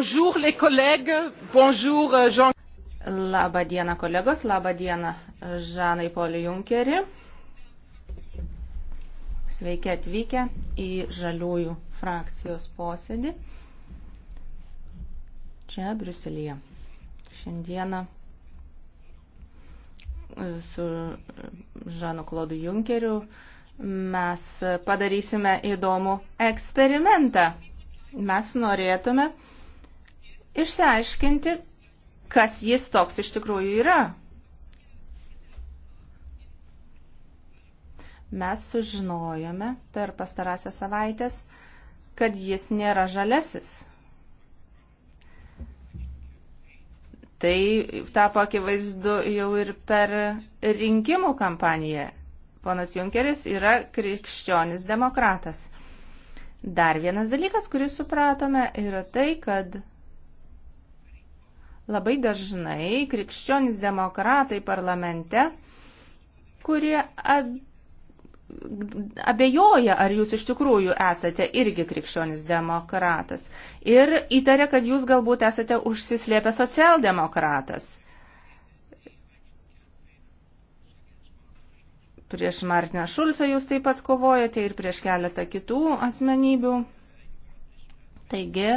Bonjour les collègues, bonjour euh, Jean. Labą dieną kolegos, labą dieną Žanai Poli Junkeri. Sveiki atvykę į Žaliųjų frakcijos posėdį čia Briuselėje. Šiandieną su Žanu Klodu Junkeriu mes padarysime įdomų eksperimentą. Mes norėtume išsiaiškinti, kas jis toks iš tikrųjų yra. Mes sužinojome per pastarąsią savaitės, kad jis nėra žalesis. Tai tapo akivaizdu jau ir per rinkimų kampaniją. Ponas Junkeris yra krikščionis demokratas. Dar vienas dalykas, kurį supratome, yra tai, kad Labai dažnai krikščionys demokratai parlamente, kurie abejoja, ar jūs iš tikrųjų esate irgi krikščionis demokratas ir įtarė, kad jūs galbūt esate užsislėpę socialdemokratas. Prieš Martiną Šulcą jūs taip pat kovojate ir prieš keletą kitų asmenybių. Taigi,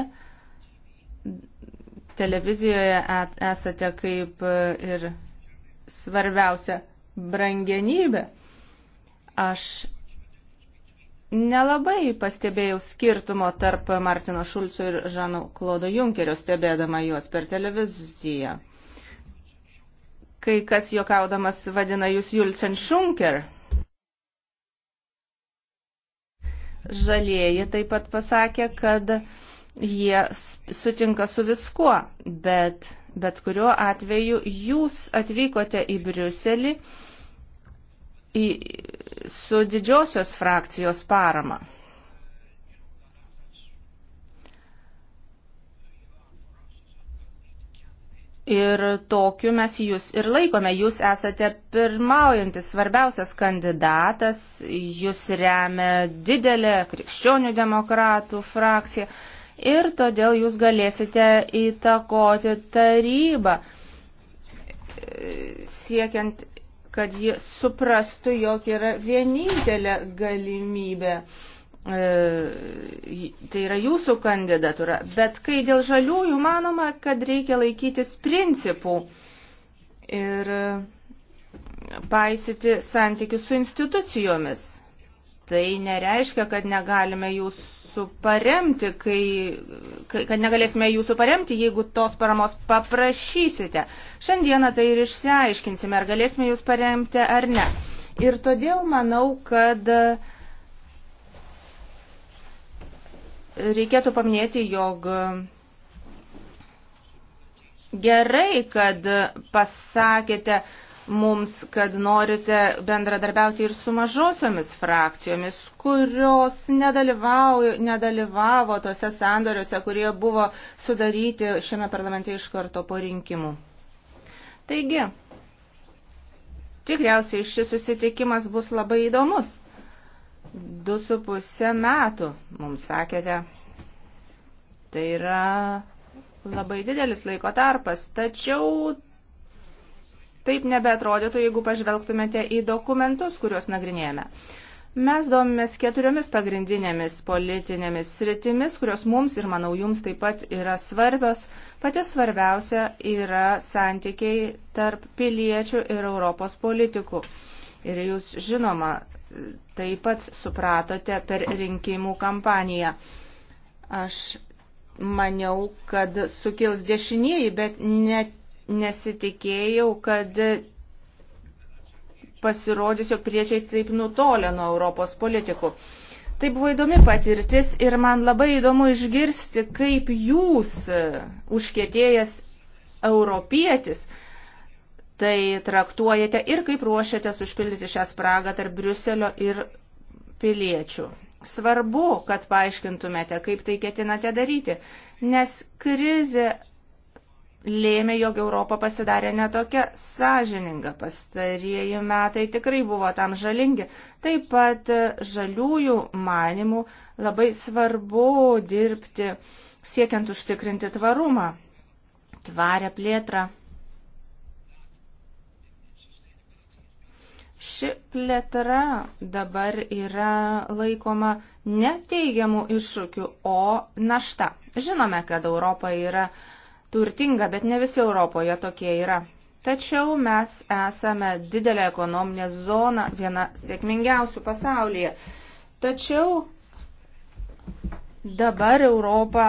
televizijoje esate kaip e, ir svarbiausia brangenybė. Aš nelabai pastebėjau skirtumo tarp Martino Šulco ir Žano Klodo Junkerio stebėdama juos per televiziją. Kai kas jokaudamas vadina jūs Julcen Šunker. Žalieji taip pat pasakė, kad jie sutinka su viskuo, bet, bet kuriuo atveju jūs atvykote į Briuselį į, su didžiosios frakcijos parama. Ir tokiu mes jūs ir laikome. Jūs esate pirmaujantis svarbiausias kandidatas, jūs remia didelė krikščionių demokratų frakcija ir todėl jūs galėsite įtakoti tarybą, siekiant, kad ji suprastų, jog yra vienintelė galimybė. E, tai yra jūsų kandidatūra. Bet kai dėl žaliųjų manoma, kad reikia laikytis principų ir e, paisyti santykių su institucijomis. Tai nereiškia, kad negalime jūs jūsų paremti, kai, kad negalėsime jūsų paremti, jeigu tos paramos paprašysite. Šiandieną tai ir išsiaiškinsime, ar galėsime jūs paremti ar ne. Ir todėl manau, kad reikėtų paminėti, jog gerai, kad pasakėte, mums, kad norite bendradarbiauti ir su mažosiomis frakcijomis, kurios nedalyvavo tose sandoriuose, kurie buvo sudaryti šiame parlamente iš karto po rinkimų. Taigi, tikriausiai šis susitikimas bus labai įdomus. Du su pusę metų, mums sakėte. Tai yra labai didelis laiko tarpas, tačiau taip nebeatrodytų, jeigu pažvelgtumėte į dokumentus, kuriuos nagrinėjame. Mes domimės keturiomis pagrindinėmis politinėmis sritimis, kurios mums ir, manau, jums taip pat yra svarbios. Pati svarbiausia yra santykiai tarp piliečių ir Europos politikų. Ir jūs, žinoma, taip pat supratote per rinkimų kampaniją. Aš maniau, kad sukils dešinieji, bet net nesitikėjau, kad pasirodys, jog priečiai taip nutolė nuo Europos politikų. Tai buvo įdomi patirtis ir man labai įdomu išgirsti, kaip jūs, užkėtėjęs europietis, tai traktuojate ir kaip ruošiatės užpildyti šią spragą tarp Briuselio ir piliečių. Svarbu, kad paaiškintumėte, kaip tai ketinate daryti, nes krizė lėmė, jog Europa pasidarė netokia sąžininga. Pastarieji metai tikrai buvo tam žalingi. Taip pat e, žaliųjų manimų labai svarbu dirbti siekiant užtikrinti tvarumą, tvarę plėtrą. Ši plėtra dabar yra laikoma neteigiamų iššūkių, o našta. Žinome, kad Europa yra uh, turtinga, bet ne visi Europoje tokie yra. Tačiau mes esame didelė ekonominė zona, viena sėkmingiausių pasaulyje. Tačiau dabar Europa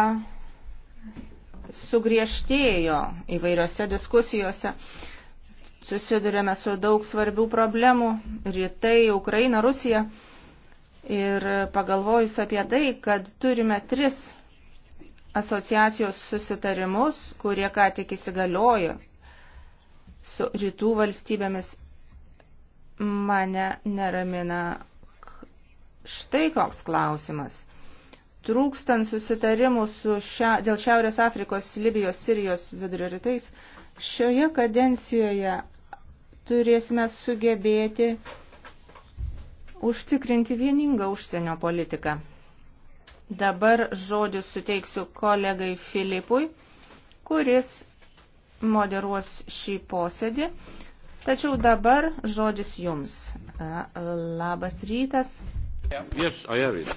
sugriežtėjo įvairiose diskusijose. Susidurėme su daug svarbių problemų - rytai, Ukraina, Rusija. Ir pagalvojus apie tai, kad turime tris asociacijos susitarimus, kurie ką tik įsigaliojo su rytų valstybėmis, mane neramina štai koks klausimas. Trūkstant susitarimų su šia, dėl Šiaurės Afrikos, Libijos, Sirijos vidurio rytais, šioje kadencijoje turėsime sugebėti užtikrinti vieningą užsienio politiką. Dabar žodį suteiksiu kolegai Filipui, kuris moderuos šį posėdį. Tačiau dabar žodis jums. Labas rytas. Yes, I have it.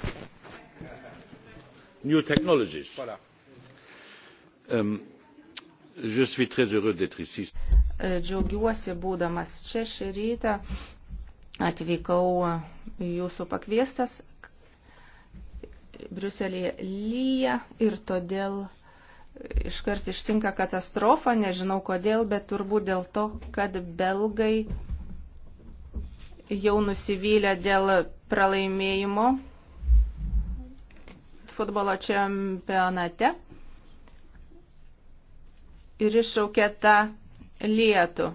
New technologies. Voilà. Um, je suis très heureux d'être ici. E, džiaugiuosi būdamas čia šį rytą. Atvykau e, jūsų pakviestas Briuselėje lyja ir todėl iškart ištinka katastrofa, nežinau kodėl, bet turbūt dėl to, kad belgai jau nusivylę dėl pralaimėjimo futbolo čempionate ir iššaukė tą lietų.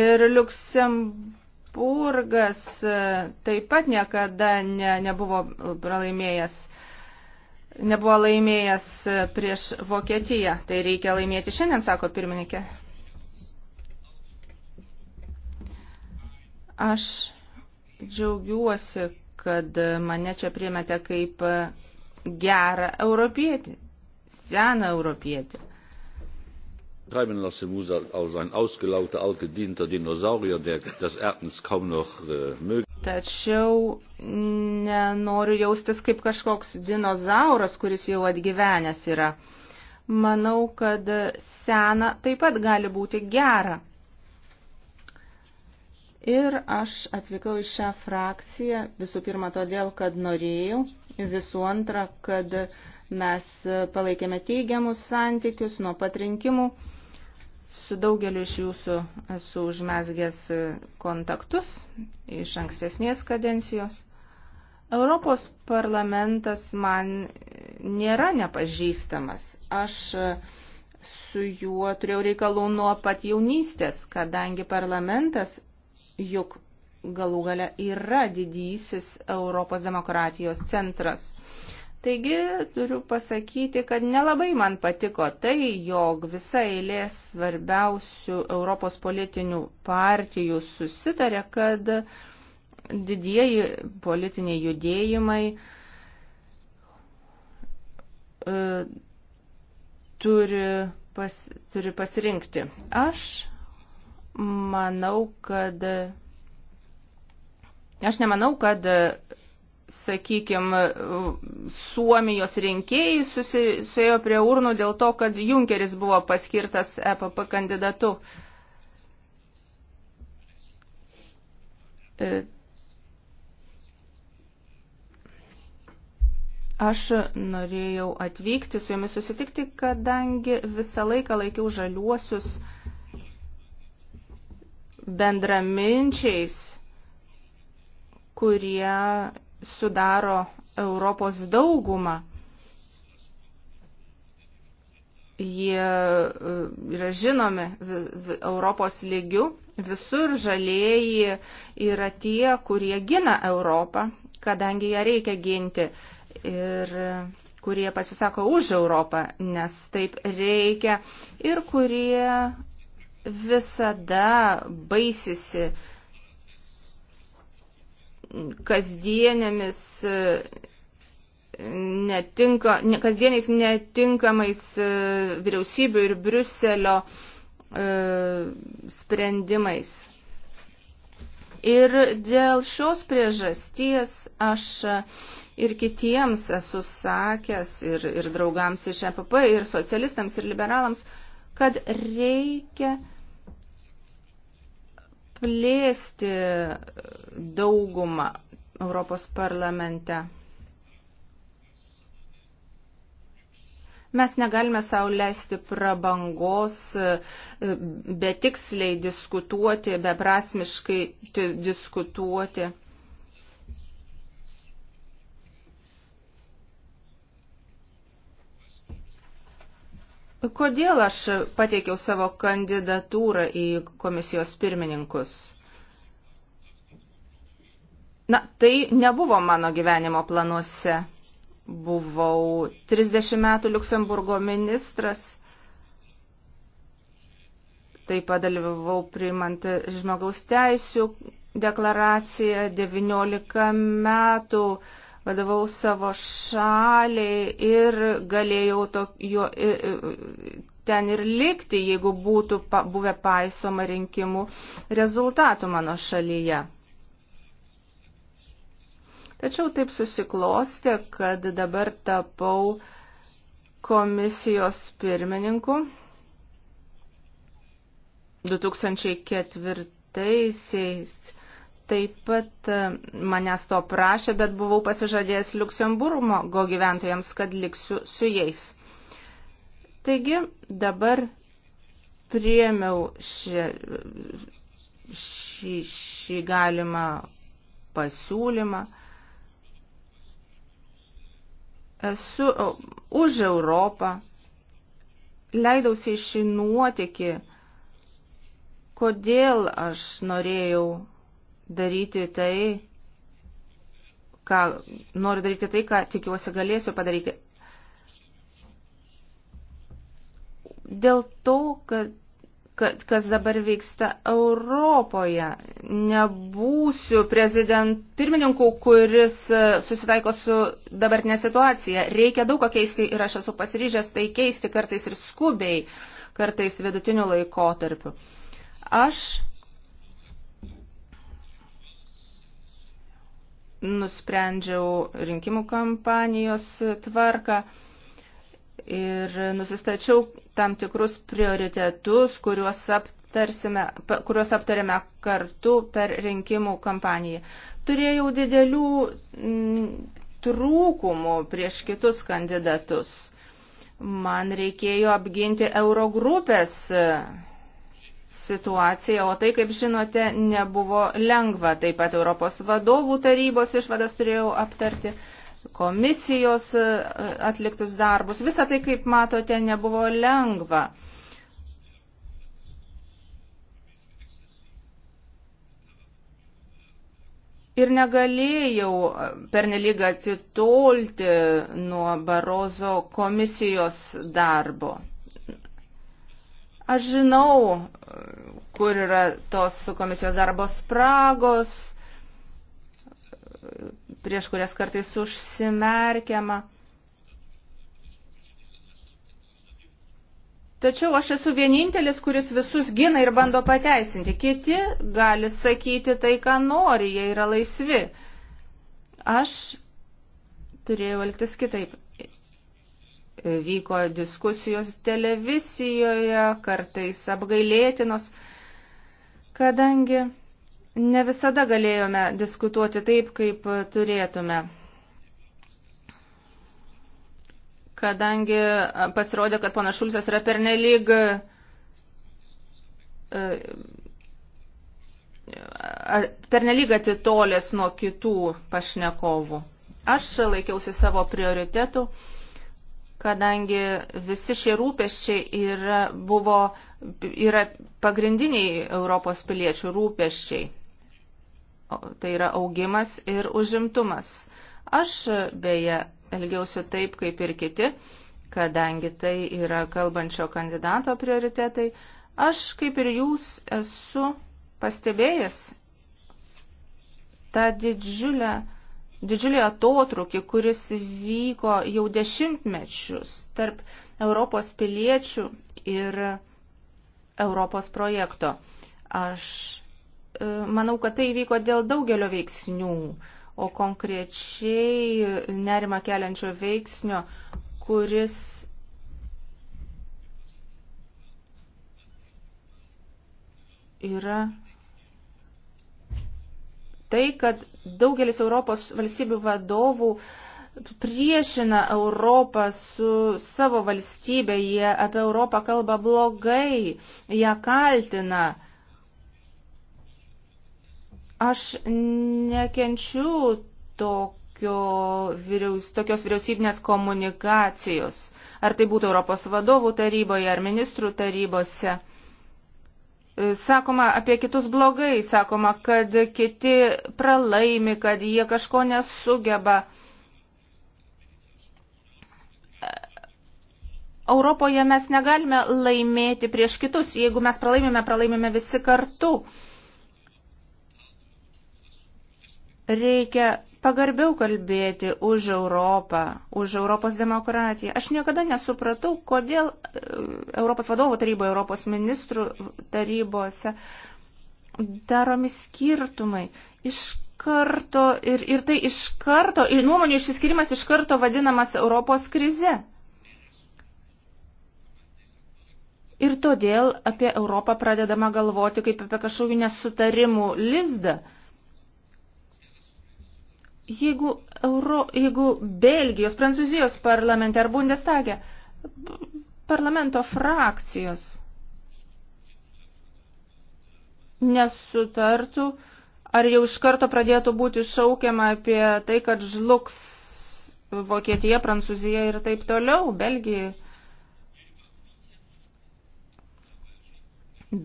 Ir Luksemburgas e, taip pat niekada ne, nebuvo pralaimėjęs nebuvo laimėjęs prieš Vokietiją. Tai reikia laimėti šiandien, sako pirmininkė. Aš džiaugiuosi, kad mane čia priimate kaip gerą europietį, seną europietį. Treiben lassen muss als ein ausgelaugter, altgedienter Dinosaurier, der das Erdens kaum noch äh, möglich Tačiau nenoriu jaustis kaip kažkoks dinozauras, kuris jau atgyvenęs yra. Manau, kad sena taip pat gali būti gera. Ir aš atvykau į šią frakciją visų pirma todėl, kad norėjau, visų antra, kad mes palaikėme teigiamus santykius nuo pat rinkimų Su daugeliu iš jūsų esu užmesgęs kontaktus iš ankstesnės kadencijos. Europos parlamentas man nėra nepažįstamas. Aš su juo turėjau reikalų nuo pat jaunystės, kadangi parlamentas juk galų gale yra didysis Europos demokratijos centras. Taigi turiu pasakyti, kad nelabai man patiko tai, jog visa eilė svarbiausių Europos politinių partijų susitarė, kad didieji politiniai judėjimai e, turi, pas, turi pasirinkti. Aš manau, kad. Aš nemanau, kad sakykime, Suomijos rinkėjai susisėjo prie urnų dėl to, kad Junkeris buvo paskirtas EPP kandidatu. E, aš norėjau atvykti su jumis susitikti, kadangi visą laiką laikiau žaliuosius bendraminčiais kurie sudaro Europos daugumą. Jie e, yra žinomi Europos lygių, visur žalieji yra tie, kurie gina Europą, kadangi ją reikia ginti. Ir kurie pasisako už Europą, nes taip reikia ir kurie visada baisisi uh, kasdienėmis e, netinka, ne, kasdieniais netinkamais e, vyriausybių ir Briuselio e, sprendimais. Ir dėl šios priežasties aš ir kitiems esu sakęs, ir, ir draugams iš EPP, ir socialistams, ir liberalams, kad reikia plėsti daugumą Europos parlamente. Mes negalime savo leisti prabangos, e, betiksliai diskutuoti, beprasmiškai diskutuoti. Kodėl aš pateikiau savo kandidatūrą į komisijos pirmininkus? Na, tai nebuvo mano gyvenimo planuose. Buvau 30 metų Luksemburgo ministras. Taip pat dalyvavau priimant žmogaus teisų deklaraciją 19 metų. Uh, vadovau savo šaliai ir galėjau to, jo, ten ir likti, jeigu būtų pa, buvę paisoma rinkimų rezultatų mano šalyje. Tačiau taip susiklosti, kad dabar tapau komisijos pirmininku 2004 teisiais taip pat e, manęs to prašė, bet buvau pasižadėjęs Luxemburgo gyventojams, kad liksiu su jais. Taigi dabar priemiau šį, šį, šį galimą pasiūlymą. Esu o, už Europą, leidausi į šį nuotykį, kodėl aš norėjau daryti tai, ką noriu daryti tai, ką tikiuosi galėsiu padaryti. Dėl to, kad, kad kas dabar vyksta Europoje, nebūsiu prezident pirmininku, kuris e, susitaiko su dabartinė situacija. Reikia daug ką keisti ir aš esu pasiryžęs tai keisti kartais ir skubiai, kartais vidutiniu laikotarpiu. Aš nusprendžiau rinkimų kampanijos tvarką ir nusistačiau tam tikrus prioritetus, kuriuos, aptarsime, kuriuos aptarėme kartu per rinkimų kampaniją. Turėjau didelių mm, trūkumų prieš kitus kandidatus. Man reikėjo apginti Eurogrupės situaciją, o tai, kaip žinote, nebuvo lengva. Taip pat Europos vadovų tarybos išvadas turėjau aptarti, komisijos e, atliktus darbus. Visą tai, kaip matote, nebuvo lengva. Ir negalėjau e, pernelyg atitolti nuo Barozo komisijos darbo. Aš žinau, kur yra tos komisijos darbo spragos, prieš kurias kartais užsimerkiama. Tačiau aš esu vienintelis, kuris visus gina ir bando pateisinti. Kiti gali sakyti tai, ką nori, jie yra laisvi. Aš turėjau elgtis kitaip. Vyko diskusijos televizijoje, kartais apgailėtinos, kadangi ne visada galėjome diskutuoti taip, kaip turėtume. Kadangi pasirodė, kad panašulsas yra pernelyg e, pernelyg atitolęs nuo kitų pašnekovų. Aš laikiausi savo prioritetų kadangi visi šie rūpeščiai yra, buvo, yra pagrindiniai Europos piliečių rūpeščiai. Tai yra augimas ir užimtumas. Aš beje elgiausi taip kaip ir kiti, kadangi tai yra kalbančio kandidato prioritetai. Aš kaip ir jūs esu pastebėjęs tą didžiulę didžiulį atotrukį, kuris vyko jau dešimtmečius tarp Europos piliečių ir Europos projekto. Aš e, manau, kad tai vyko dėl daugelio veiksnių, o konkrečiai nerima keliančio veiksnio, kuris yra tai, kad daugelis Europos valstybių vadovų priešina Europą su savo valstybė, jie apie Europą kalba blogai, ją kaltina. Aš nekenčiu tokio vyriaus, tokios vyriausybinės komunikacijos, ar tai būtų Europos vadovų taryboje ar ministrų tarybose. Sakoma apie kitus blogai, sakoma, kad kiti pralaimi, kad jie kažko nesugeba. Europoje mes negalime laimėti prieš kitus. Jeigu mes pralaimime, pralaimime visi kartu. Reikia pagarbiau kalbėti už Europą, už Europos demokratiją. Aš niekada nesupratau, kodėl e, Europos vadovų taryboje, Europos ministrų tarybose daromi skirtumai. Iš karto ir, ir tai iš karto, ir nuomonių išsiskirimas iš karto vadinamas Europos krize. Ir todėl apie Europą pradedama galvoti kaip apie kažkokį nesutarimų lizdą. Jeigu, Euro, jeigu Belgijos, Prancūzijos parlamente ar Bundestage parlamento frakcijos nesutartų, ar jau iš karto pradėtų būti šaukiama apie tai, kad žlugs Vokietija, Prancūzija ir taip toliau, Belgija.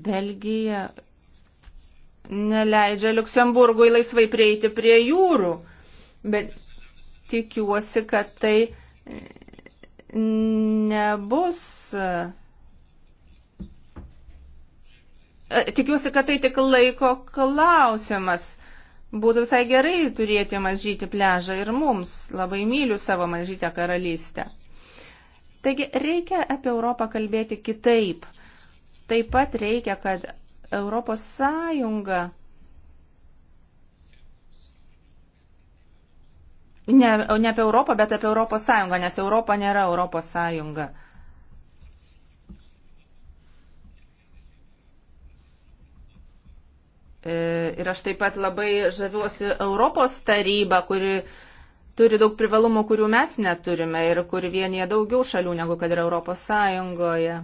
Belgija neleidžia Luksemburgui laisvai prieiti prie jūrų bet tikiuosi, kad tai e, nebus. E, e, tikiuosi, kad tai tik laiko klausimas. Būtų visai gerai turėti mažytį pležą ir mums. Labai myliu savo mažytę karalystę. Taigi reikia apie Europą kalbėti kitaip. Taip pat reikia, kad Europos Sąjunga Ne, ne apie Europą, bet apie Europos Sąjungą, nes Europa nėra Europos Sąjunga. E, ir aš taip pat labai žaviuosi Europos taryba, kuri turi daug privalumų, kurių mes neturime ir kuri vienyje daugiau šalių negu kad yra Europos Sąjungoje.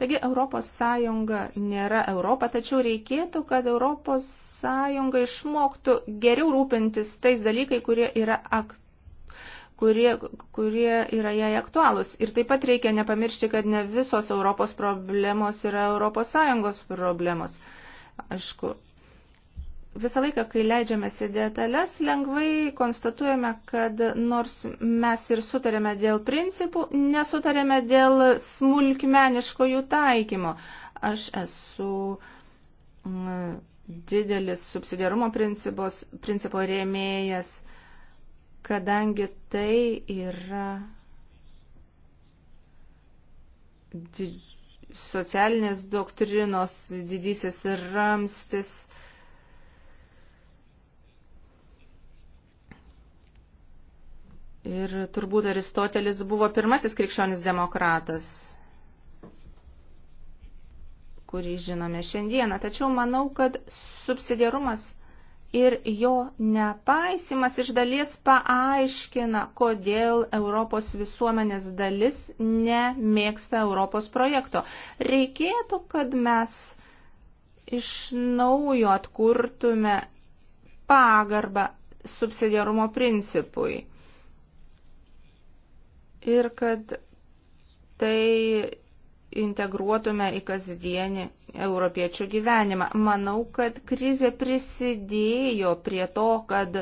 Taigi Europos Sąjunga nėra Europa, tačiau reikėtų, kad Europos Sąjunga išmoktų geriau rūpintis tais dalykai, kurie yra, ak, kurie, kurie yra jai aktualūs. Ir taip pat reikia nepamiršti, kad ne visos Europos problemos yra Europos Sąjungos problemos. Aišku, visą laiką, kai leidžiamės į detalės, lengvai konstatuojame, kad nors mes ir sutarėme dėl principų, nesutarėme dėl smulkmeniško jų taikymo. Aš esu mm, didelis subsidiarumo principos, principo rėmėjas, kadangi tai yra didž... socialinės doktrinos didysis ramstis. Ir Ir turbūt Aristotelis buvo pirmasis krikščionis demokratas, kurį žinome šiandieną. Tačiau manau, kad subsidiarumas ir jo nepaisimas iš dalies paaiškina, kodėl Europos visuomenės dalis nemėgsta Europos projekto. Reikėtų, kad mes iš naujo atkurtume pagarbą subsidiarumo principui ir kad tai integruotume į kasdienį europiečių gyvenimą. Manau, kad krizė prisidėjo prie to, kad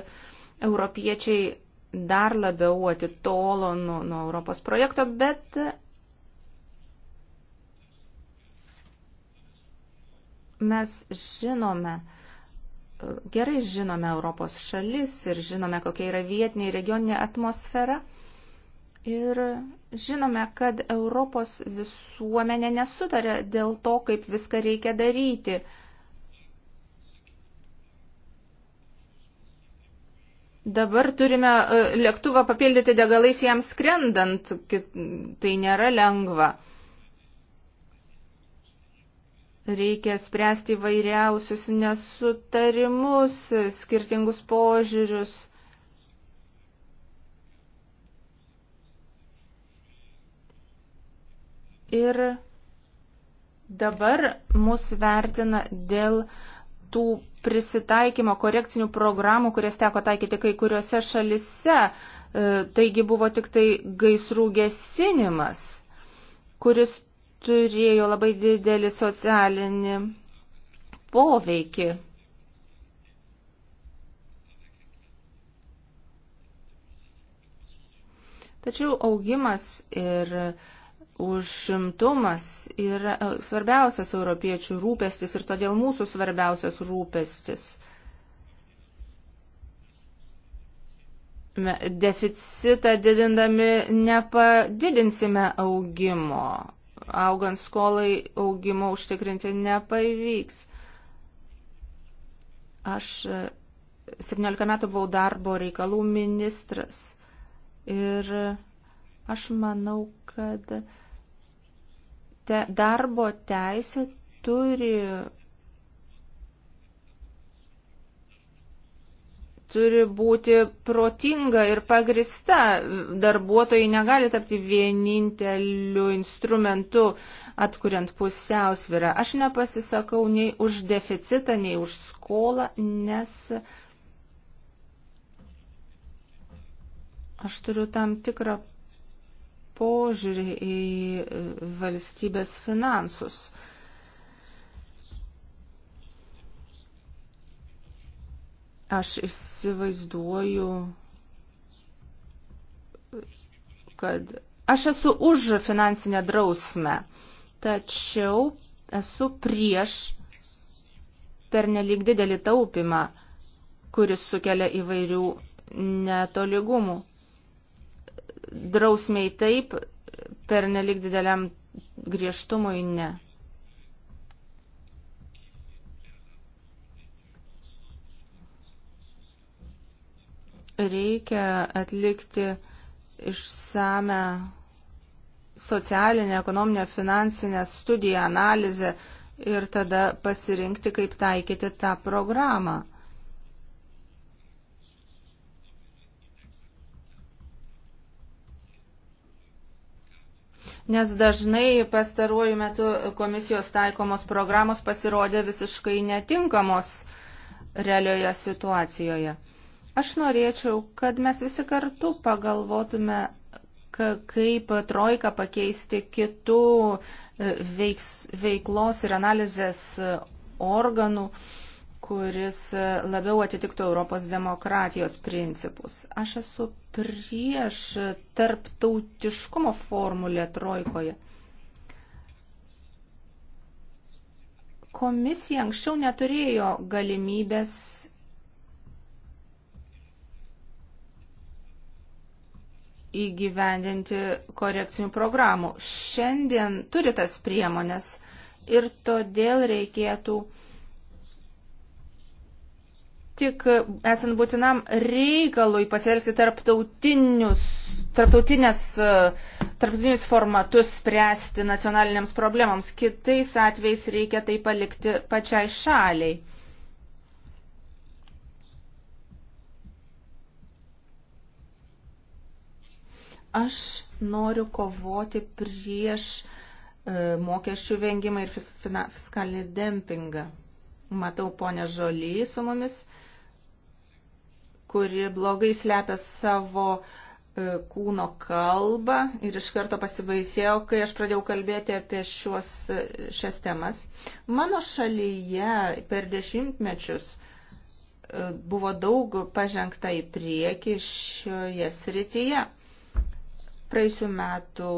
europiečiai dar labiau atitolo nuo, nuo Europos projekto, bet mes žinome, gerai žinome Europos šalis ir žinome, kokia yra vietinė ir regioninė atmosfera. Ir žinome, kad Europos visuomenė nesutarė dėl to, kaip viską reikia daryti. Dabar turime e, lėktuvą papildyti degalais jam skrendant, tai nėra lengva. Reikia spręsti vairiausius nesutarimus, skirtingus požiūrius. ir dabar mus vertina dėl tų prisitaikymo korekcinių programų, kurias teko taikyti kai kuriuose šalise. E, taigi buvo tik tai gaisrų gesinimas, kuris turėjo labai didelį socialinį poveikį. Tačiau augimas ir uh, Užimtumas yra e, svarbiausias europiečių rūpestis ir todėl mūsų svarbiausias rūpestis. Deficitą didindami nepadidinsime augimo. Augant skolai augimo užtikrinti nepavyks. Aš 17 e, metų buvau darbo reikalų ministras ir aš manau, kad te, darbo teisė turi, turi būti protinga ir pagrista. Darbuotojai negali tapti vieninteliu instrumentu atkuriant pusiausvyrą. Aš nepasisakau nei už deficitą, nei už skolą, nes aš turiu tam tikrą požiūrį į e, valstybės finansus. Aš įsivaizduoju, kad aš esu už finansinę drausmę, tačiau esu prieš pernelyg didelį taupimą, kuris sukelia įvairių netoligumų drausmiai taip, per nelik dideliam griežtumui ne. Reikia atlikti išsame socialinę, ekonominę, finansinę studiją, analizę ir tada pasirinkti, kaip taikyti tą programą. nes dažnai pastaruoju metu komisijos taikomos programos pasirodė visiškai netinkamos realioje situacijoje. Aš norėčiau, kad mes visi kartu pagalvotume, kaip trojką pakeisti kitų e, veiks, veiklos ir analizės e, organų. Uh, kuris e, labiau atitiktų Europos demokratijos principus. Aš esu prieš tarptautiškumo formulę trojkoje. Komisija anksčiau neturėjo galimybės įgyvendinti korekcinių programų. Šiandien turi tas priemonės ir todėl reikėtų uh, tik e, esant būtinam reikalui pasielgti tarptautinius, tarptautinės, e, tarptautinius formatus spręsti nacionaliniams problemams. Kitais atvejais reikia tai palikti pačiai šaliai. Aš noriu kovoti prieš e, mokesčių vengimą ir fiskalinį dempingą. Matau ponę Žolį su mumis kuri blogai slepia savo e, kūno kalbą ir iš karto pasibaisėjau, kai aš pradėjau kalbėti apie šios, e, šias temas. Mano šalyje per dešimtmečius e, buvo daug pažengta į priekį šioje srityje. Praėjusiu metu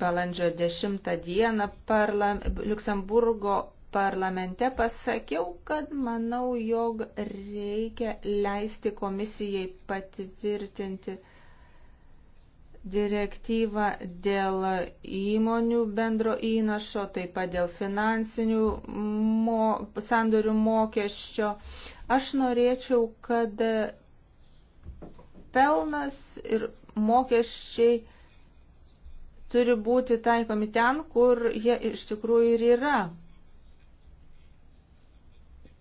balandžio 10 dieną parla, Luksemburgo parlamente pasakiau, kad manau, jog reikia leisti komisijai patvirtinti direktyvą dėl įmonių bendro įnašo, taip pat dėl finansinių mo, sandorių mokesčio. Aš norėčiau, kad pelnas ir mokesčiai turi būti taikomi ten, kur jie iš tikrųjų ir yra.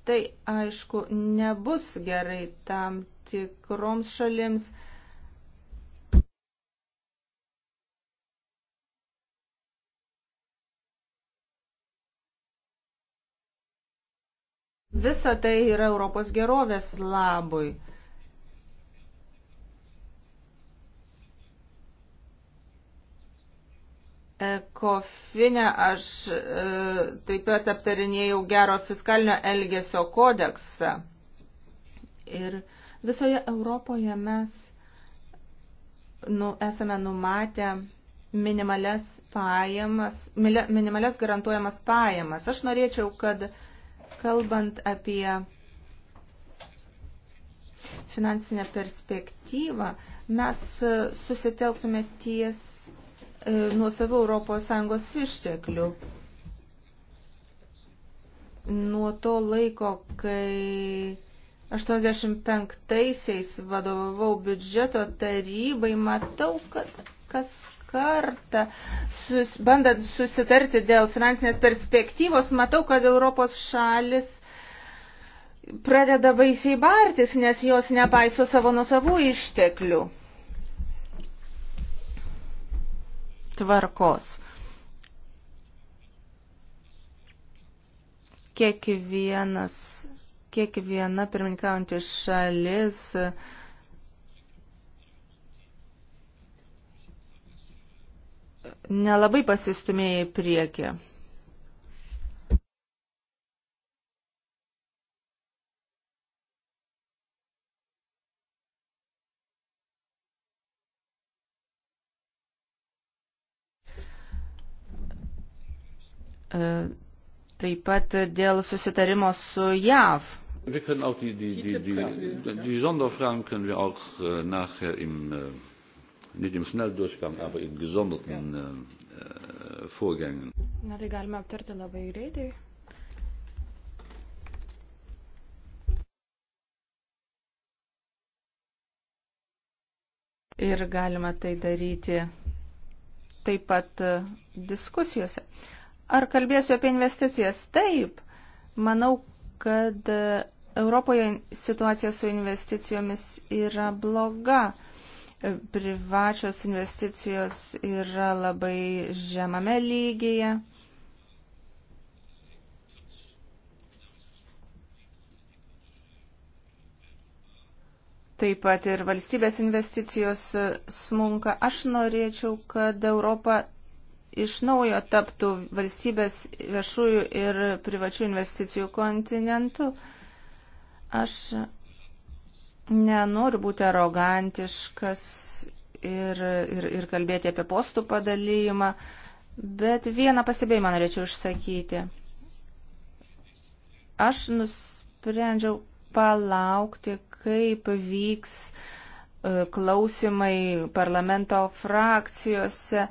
Tai aišku, nebus gerai tam tikroms šalims. Visa tai yra Europos gerovės labui. Kofine aš e, taip pat aptarinėjau gero fiskalinio elgesio kodeksą. Ir visoje Europoje mes nu, esame numatę minimales pajamas, minimales garantuojamas pajamas. Aš norėčiau, kad kalbant apie finansinę perspektyvą, mes susitelktume ties E, nuo savo ES išteklių. Nuo to laiko, kai 85-aisiais vadovavau biudžeto tarybai, matau, kad kas kartą, sus, bandant susitarti dėl finansinės perspektyvos, matau, kad Europos šalis pradeda baisiai bartis, nes jos nepaiso savo nusavų išteklių. tvarkos. Kiekvienas, kiekviena pirmininkaujanti šalis nelabai pasistumėjo į priekį. E, taip pat dėl susitarimo su JAV. Wir können auch die, die, die, die, die Sonderfragen können wir auch äh, nachher im, äh, nicht im Schnelldurchgang, aber in gesonderten äh, äh Vorgängen. Na, tai galime aptarti labai greitai. Ir galima tai daryti taip pat äh, diskusijose. Uh, Ar kalbėsiu apie investicijas? Taip. Manau, kad Europoje situacija su investicijomis yra bloga. Privačios investicijos yra labai žemame lygyje. Taip pat ir valstybės investicijos smunka. Aš norėčiau, kad Europa iš naujo taptų valstybės viešųjų ir privačių investicijų kontinentu. Aš nenoriu būti arogantiškas ir, ir, ir kalbėti apie postų padalyjimą, bet vieną pastebėjimą norėčiau išsakyti. Aš nusprendžiau palaukti, kaip vyks e, klausimai parlamento frakcijose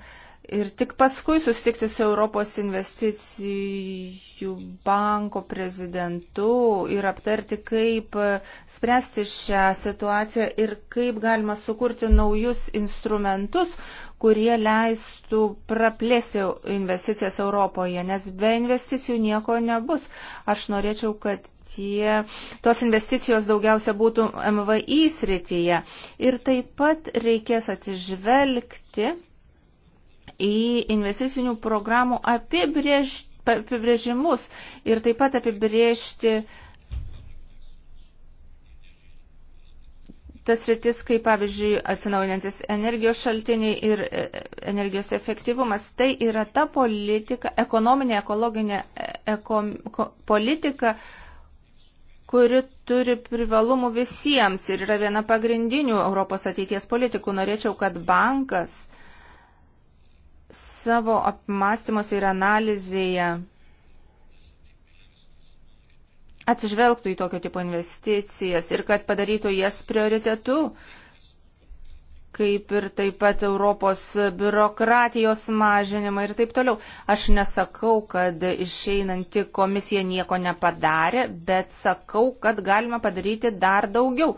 ir tik paskui susitikti su Europos investicijų banko prezidentu ir aptarti, kaip spręsti šią situaciją ir kaip galima sukurti naujus instrumentus, kurie leistų praplėsti investicijas Europoje, nes be investicijų nieko nebus. Aš norėčiau, kad tie, tos investicijos daugiausia būtų MVI srityje. Ir taip pat reikės atsižvelgti į investicinių programų apibrėž, apibrėžimus ir taip pat apibrėžti tas rytis, kaip pavyzdžiui atsinaujantis energijos šaltiniai ir e, energijos efektyvumas. Tai yra ta politika, ekonominė, ekologinė e, ekom, ko, politika, kuri turi privalumų visiems ir yra viena pagrindinių Europos ateities politikų. Norėčiau, kad bankas savo apmąstymuose ir analizėje atsižvelgtų į tokio tipo investicijas ir kad padarytų jas prioritetu, kaip ir taip pat Europos biurokratijos mažinimą ir taip toliau. Aš nesakau, kad išeinanti komisija nieko nepadarė, bet sakau, kad galima padaryti dar daugiau.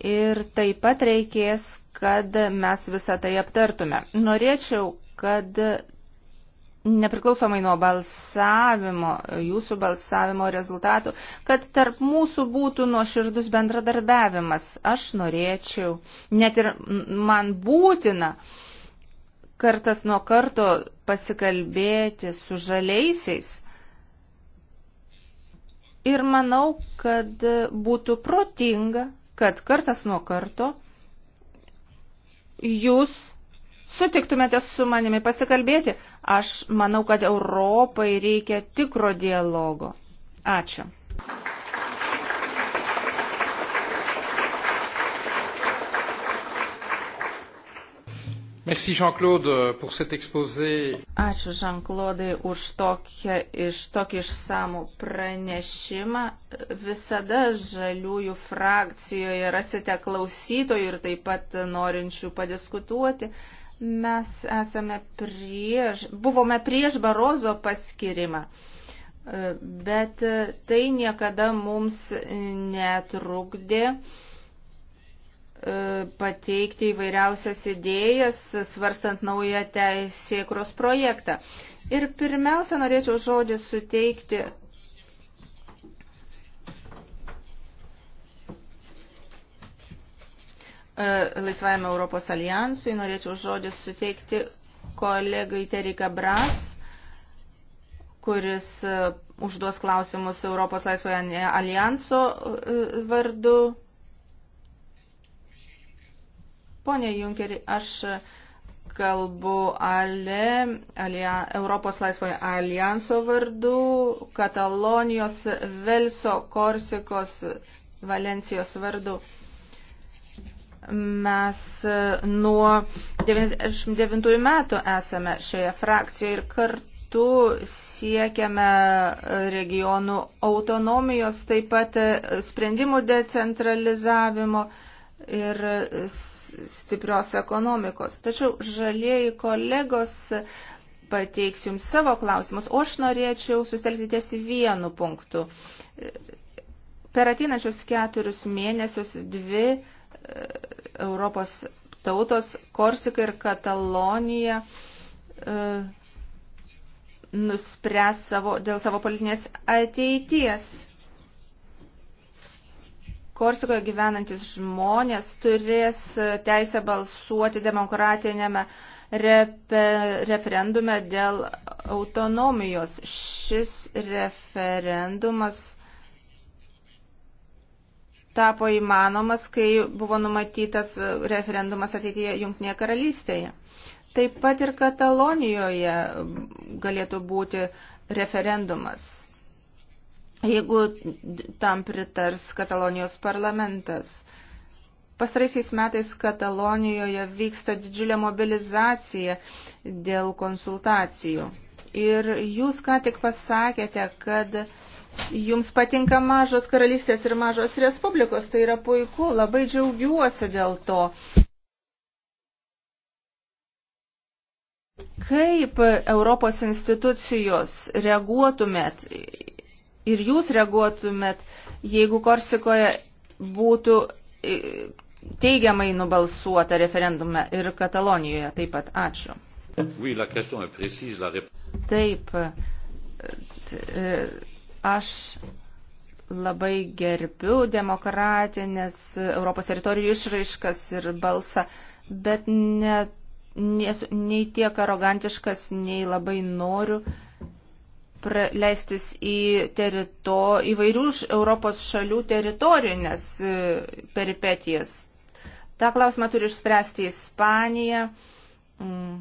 Ir taip pat reikės, kad mes visą tai aptartume. Norėčiau, kad nepriklausomai nuo balsavimo, jūsų balsavimo rezultatų, kad tarp mūsų būtų nuoširdus bendradarbiavimas. Aš norėčiau, net ir man būtina, kartas nuo karto pasikalbėti su žaliaisiais. Ir manau, kad būtų protinga, kad kartas nuo karto jūs sutiktumėte su manimi pasikalbėti, aš manau, kad Europai reikia tikro dialogo. Ačiū. Merci Jean-Claude pour cet exposé. Ačiū Jean-Claude už tokią, iš, tokį išsamų pranešimą. Visada žaliųjų frakcijoje rasite klausytojų ir taip pat norinčių padiskutuoti. Mes esame prieš, buvome prieš Barozo paskirimą, bet tai niekada mums netrukdė e, pateikti įvairiausias idėjas, svarstant naują teisėkros projektą. Ir pirmiausia, norėčiau žodį suteikti E, laisvajame Europos alijansui. Norėčiau žodį suteikti kolegai Terika Bras, kuris e, užduos klausimus Europos Laisvoje alijanso e, vardu. Pone Junkeri, aš kalbu ale, alia, Europos laisvoje alijanso vardu, Katalonijos, Velso, Korsikos, Valencijos vardu. Mes e, nuo 99 metų esame šioje frakcijoje ir kartu siekiame e, regionų autonomijos, taip pat e, sprendimų decentralizavimo ir stiprios ekonomikos. Tačiau žalieji kolegos pateiks jums savo klausimus, o aš norėčiau sustelkti ties vienu punktu. Per ateinančius keturius mėnesius dvi Europos tautos Korsika ir Katalonija e, nuspręs savo, dėl savo politinės ateities. Korsikoje gyvenantis žmonės turės teisę balsuoti demokratinėme repe, referendume dėl autonomijos. Šis referendumas tapo įmanomas, kai buvo numatytas referendumas ateityje Junktinėje karalystėje. Taip pat ir Katalonijoje galėtų būti referendumas, jeigu tam pritars Katalonijos parlamentas. Pastaraisiais metais Katalonijoje vyksta didžiulė mobilizacija dėl konsultacijų. Ir jūs ką tik pasakėte, kad Jums patinka mažos karalystės ir mažos respublikos, tai yra puiku, labai džiaugiuosi dėl to. Kaip Europos institucijos reaguotumėt ir jūs reaguotumėt, jeigu Korsikoje būtų e, teigiamai nubalsuota referendume ir Katalonijoje taip pat? Ačiū. Taip e, e, Aš labai gerbiu demokratinės Europos teritorijų išraiškas ir balsą, bet ne, nes, nei tiek arogantiškas, nei labai noriu leistis į terito, įvairių Europos šalių teritorinės e, peripetijas. Ta klausimą turi išspręsti Ispanija mm,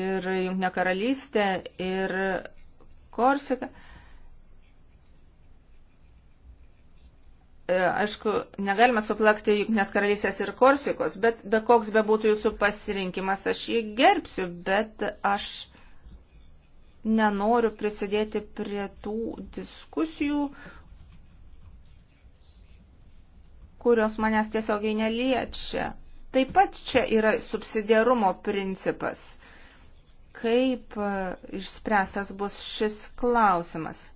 ir Junkne karalystė ir Korsika. E, aišku, negalime suplakti Junktinės karalystės ir Korsikos, bet be koks bebūtų jūsų pasirinkimas, aš jį gerbsiu, bet aš nenoriu prisidėti prie tų diskusijų, kurios manęs tiesiogiai neliečia. Taip pat čia yra subsidiarumo principas. Kaip išspręstas bus šis klausimas?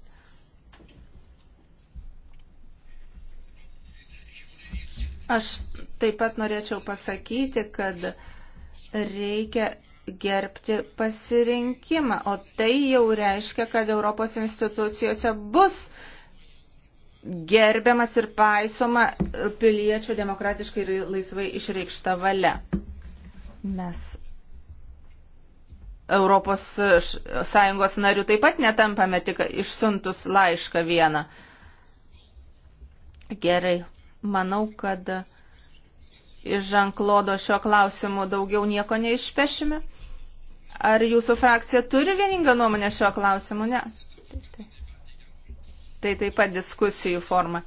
Aš taip pat norėčiau pasakyti, kad reikia gerbti pasirinkimą, o tai jau reiškia, kad Europos institucijose bus gerbiamas ir paisoma piliečių demokratiškai ir laisvai išreikšta valia. Mes Europos Sąjungos narių taip pat netampame tik išsiuntus laišką vieną. Gerai, Manau, kad iš Žanklodo šio klausimu daugiau nieko neišpešime. Ar jūsų frakcija turi vieningą nuomonę šio klausimu? Ne. Tai taip pat diskusijų forma.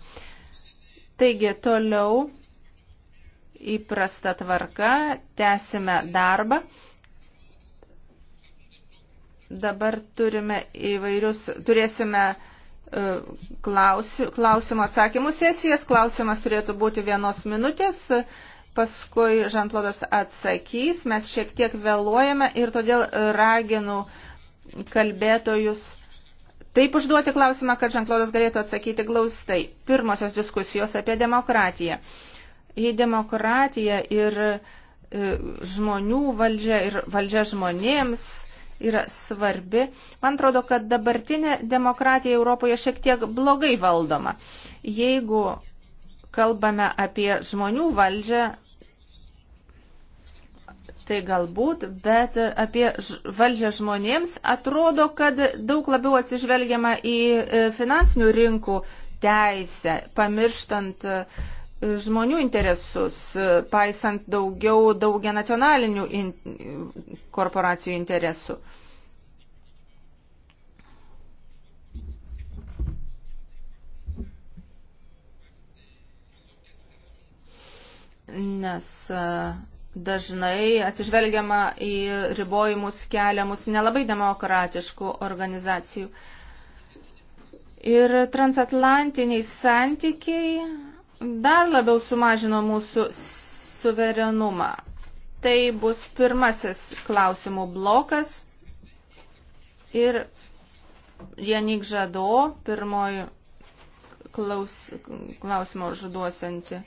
Taigi, toliau įprasta tvarka, tęsime darbą. Dabar turime įvairius, turėsime E, klausimo atsakymų sesijas. Klausimas turėtų būti vienos minutės, paskui Žantlodas atsakys. Mes šiek tiek vėluojame ir todėl raginu kalbėtojus taip užduoti klausimą, kad Žantlodas galėtų atsakyti glaustai. Pirmosios diskusijos apie demokratiją. Į demokratiją ir e, žmonių valdžia ir valdžia žmonėms yra svarbi. Man atrodo, kad dabartinė demokratija Europoje šiek tiek blogai valdoma. Jeigu kalbame apie žmonių valdžią, tai galbūt, bet apie valdžią žmonėms atrodo, kad daug labiau atsižvelgiama į e, finansinių rinkų teisę, pamirštant uh, žmonių interesus, paisant daugiau daugia nacionalinių in, korporacijų interesų. Nes e, dažnai atsižvelgiama į ribojimus keliamus nelabai demokratiškų organizacijų. Ir transatlantiniai santykiai dar labiau sumažino mūsų suverenumą. Tai bus pirmasis klausimų blokas ir Janik Žado, pirmoji klaus, klausimo žuduosianti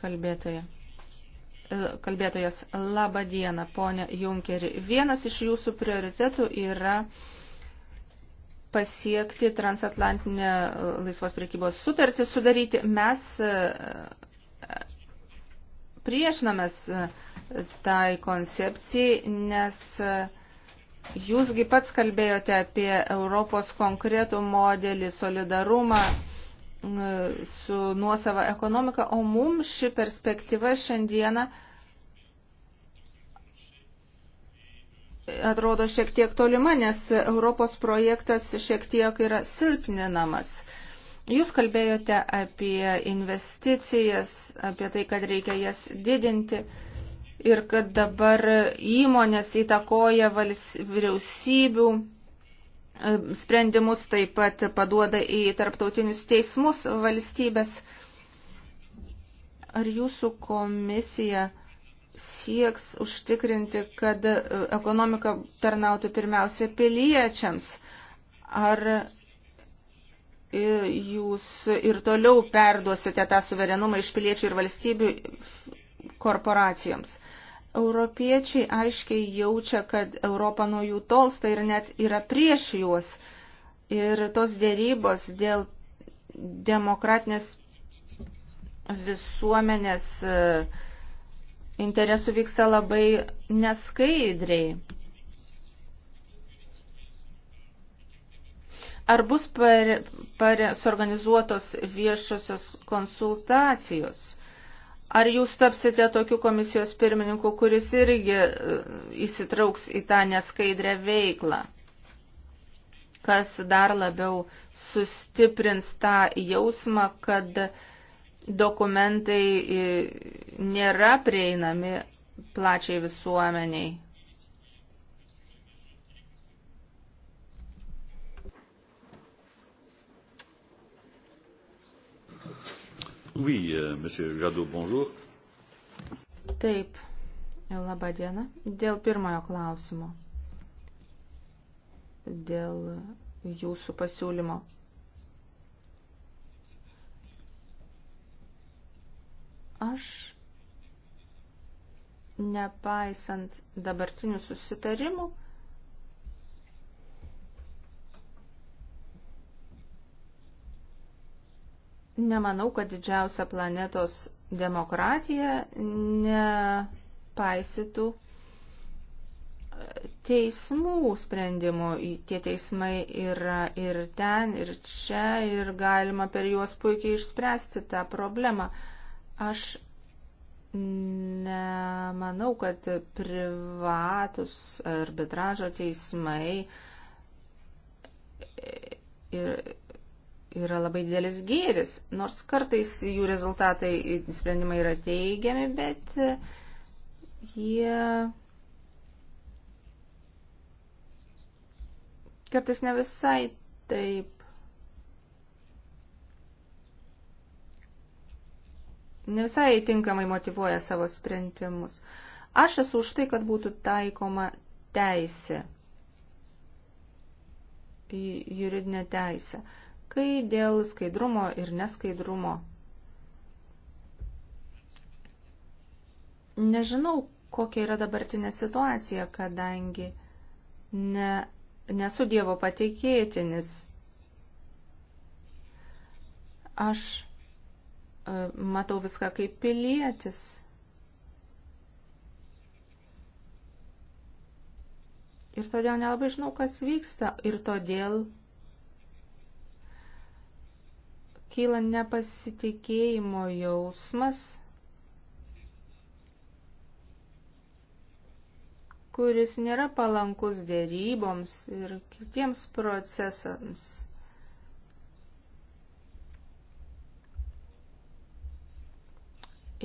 kalbėtoja. Kalbėtojas, laba diena, ponė Junkeri. Vienas iš jūsų prioritetų yra pasiekti transatlantinę e, laisvos priekybos sutartį sudaryti. Mes e, e, priešinamės tai koncepcijai, nes jūsgi pats kalbėjote apie Europos konkretų modelį, solidarumą su nuosava ekonomika, o mums ši perspektyva šiandieną atrodo šiek tiek tolima, nes Europos projektas šiek tiek yra silpninamas. Jūs kalbėjote apie investicijas, apie tai, kad reikia jas didinti ir kad dabar įmonės įtakoja vyriausybių e, sprendimus, taip pat paduoda į tarptautinius teismus valstybės. Ar jūsų komisija sieks užtikrinti, kad e, ekonomika tarnautų pirmiausia piliečiams. Ar e, jūs ir toliau perduosite tą suverenumą iš piliečių ir valstybių korporacijoms? Europiečiai aiškiai jaučia, kad Europa nuo jų tolsta ir net yra prieš juos. Ir tos dėrybos dėl demokratinės visuomenės uh, interesų vyksta labai neskaidriai. Ar bus pare, pare, suorganizuotos viešosios konsultacijos? Ar jūs tapsite tokiu komisijos pirmininku, kuris irgi e, įsitrauks į tą neskaidrę veiklą, kas dar labiau sustiprins tą jausmą, kad uh, dokumentai nėra prieinami plačiai visuomeniai. Oui, euh, monsieur Jadot, bonjour. Taip, laba diena. Dėl pirmojo klausimo. Dėl jūsų pasiūlymo. Aš, nepaisant dabartinių susitarimų, nemanau, kad didžiausia planetos demokratija nepaisytų e, teismų sprendimų. Tie teismai yra ir ten, ir čia, ir galima per juos puikiai išspręsti tą problemą. Aš nemanau, kad privatus arbitražo teismai ir yra labai didelis gėris, nors kartais jų rezultatai sprendimai yra teigiami, bet jie kartais ne visai taip ne visai tinkamai motivuoja savo sprendimus. Aš esu už tai, kad būtų taikoma teisė, juridinė teisė, kai dėl skaidrumo ir neskaidrumo. Nežinau, kokia yra dabartinė situacija, kadangi ne, nesu Dievo patikėtinis. Aš matau viską kaip pilietis. Ir todėl nelabai žinau, kas vyksta. Ir todėl kyla nepasitikėjimo jausmas, kuris nėra palankus dėryboms ir kitiems procesams.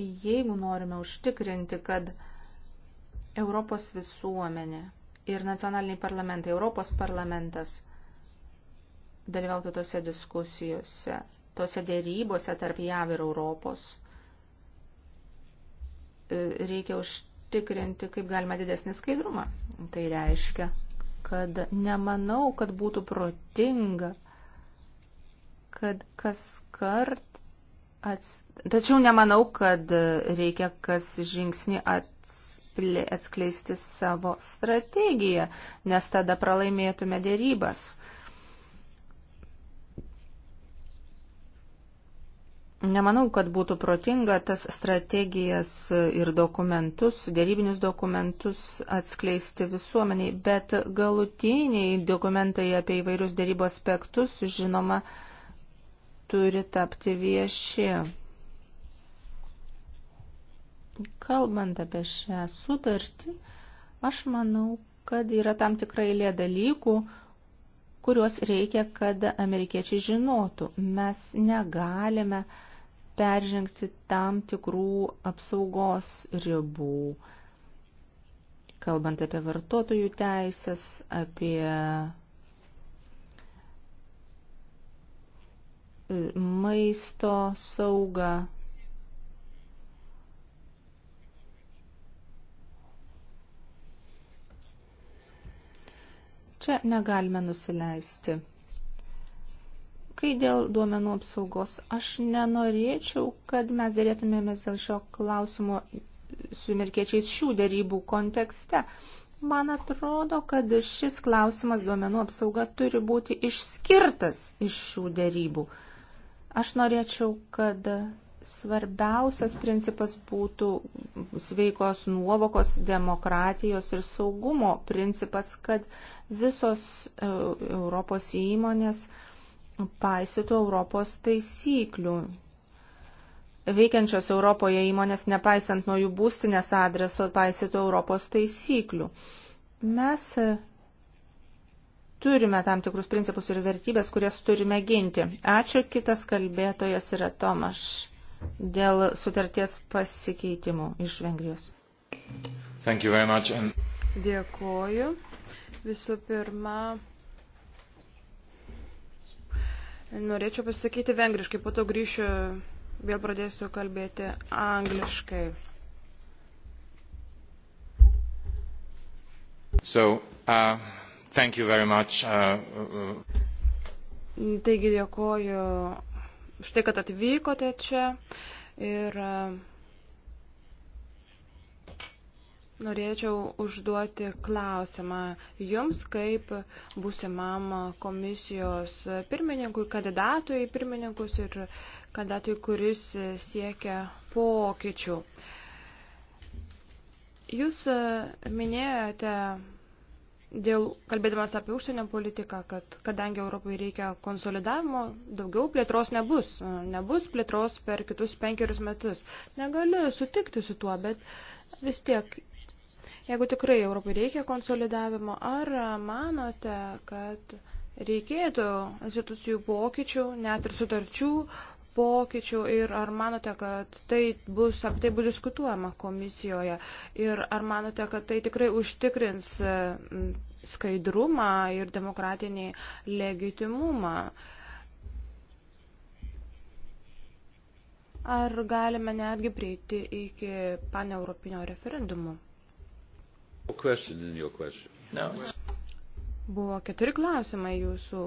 jeigu norime užtikrinti, kad Europos visuomenė ir nacionaliniai parlamentai, Europos parlamentas dalyvautų tose diskusijose, tose dėrybose tarp JAV ir Europos, e, reikia užtikrinti, kaip galima didesnį skaidrumą. Tai reiškia, kad nemanau, kad būtų protinga, kad kas kart Ats... Tačiau nemanau, kad reikia kas žingsnį atsplė... atskleisti savo strategiją, nes tada pralaimėtume dėrybas. Nemanau, kad būtų protinga tas strategijas ir dokumentus, dėrybinius dokumentus atskleisti visuomeniai, bet galutiniai dokumentai apie įvairius dėrybų aspektus, žinoma, uh, turi tapti vieši. Kalbant apie šią sutartį, aš manau, kad yra tam tikra eilė dalykų, kuriuos reikia, kad amerikiečiai žinotų. Mes negalime peržengti tam tikrų apsaugos ribų, kalbant apie vartotojų teisės, apie maisto saugą. Čia negalime nusileisti. Kai dėl duomenų apsaugos, aš nenorėčiau, kad mes dėrėtumėmės dėl šio klausimo su amerikiečiais šių dėrybų kontekste. Man atrodo, kad šis klausimas duomenų apsauga turi būti išskirtas iš šių dėrybų. Aš norėčiau, kad svarbiausias principas būtų sveikos nuovokos, demokratijos ir saugumo principas, kad visos e, Europos įmonės paisytų Europos taisyklių. Veikiančios Europoje įmonės, nepaisant nuo jų būstinės adreso, paisytų Europos taisyklių. Mes turime tam tikrus principus ir vertybės, kurias turime ginti. Ačiū, kitas kalbėtojas yra Tomaš dėl sutarties pasikeitimų iš Vengrijos. And... Dėkuoju. Visų pirma, norėčiau pasakyti vengriškai, po to grįšiu, vėl pradėsiu kalbėti angliškai. So, uh, Thank you very much. Uh, uh. uh. Taigi dėkoju štai, kad atvykote čia ir uh, norėčiau užduoti klausimą jums kaip būsimam komisijos pirmininkui, kandidatui į pirmininkus ir kandidatui, kuris siekia pokyčių. Jūs minėjote dėl, kalbėdamas apie užsienio politiką, kad kadangi Europai reikia konsolidavimo, daugiau plėtros nebus. Nebus plėtros per kitus penkerius metus. Negaliu sutikti su tuo, bet vis tiek, jeigu tikrai Europai reikia konsolidavimo, ar manote, kad reikėtų institucijų pokyčių, net ir sutarčių pokyčių ir ar manote, kad tai bus, apie tai bus diskutuojama komisijoje ir ar manote, kad tai tikrai užtikrins skaidrumą ir demokratinį legitimumą? Ar galime netgi prieiti iki paneuropinio referendumo? No. Buvo keturi klausimai jūsų,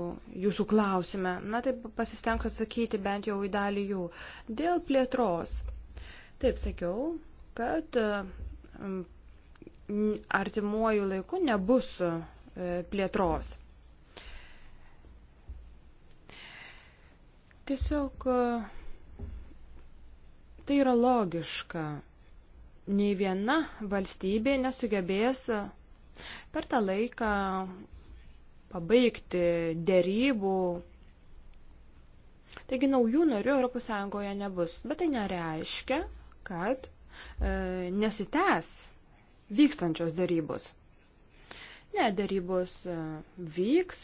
jūsų klausime. Na, taip pasistengsiu atsakyti bent jau į dalį jų. Dėl plėtros. Taip sakiau, kad artimuoju laiku nebus e, plėtros. Tiesiog e, tai yra logiška. Nei viena valstybė nesugebės e, per tą laiką pabaigti dėrybų. Taigi naujų narių ES nebus, bet tai nereiškia, kad e, nesitęs vykstančios dėrybos. Ne, dėrybos e, vyks,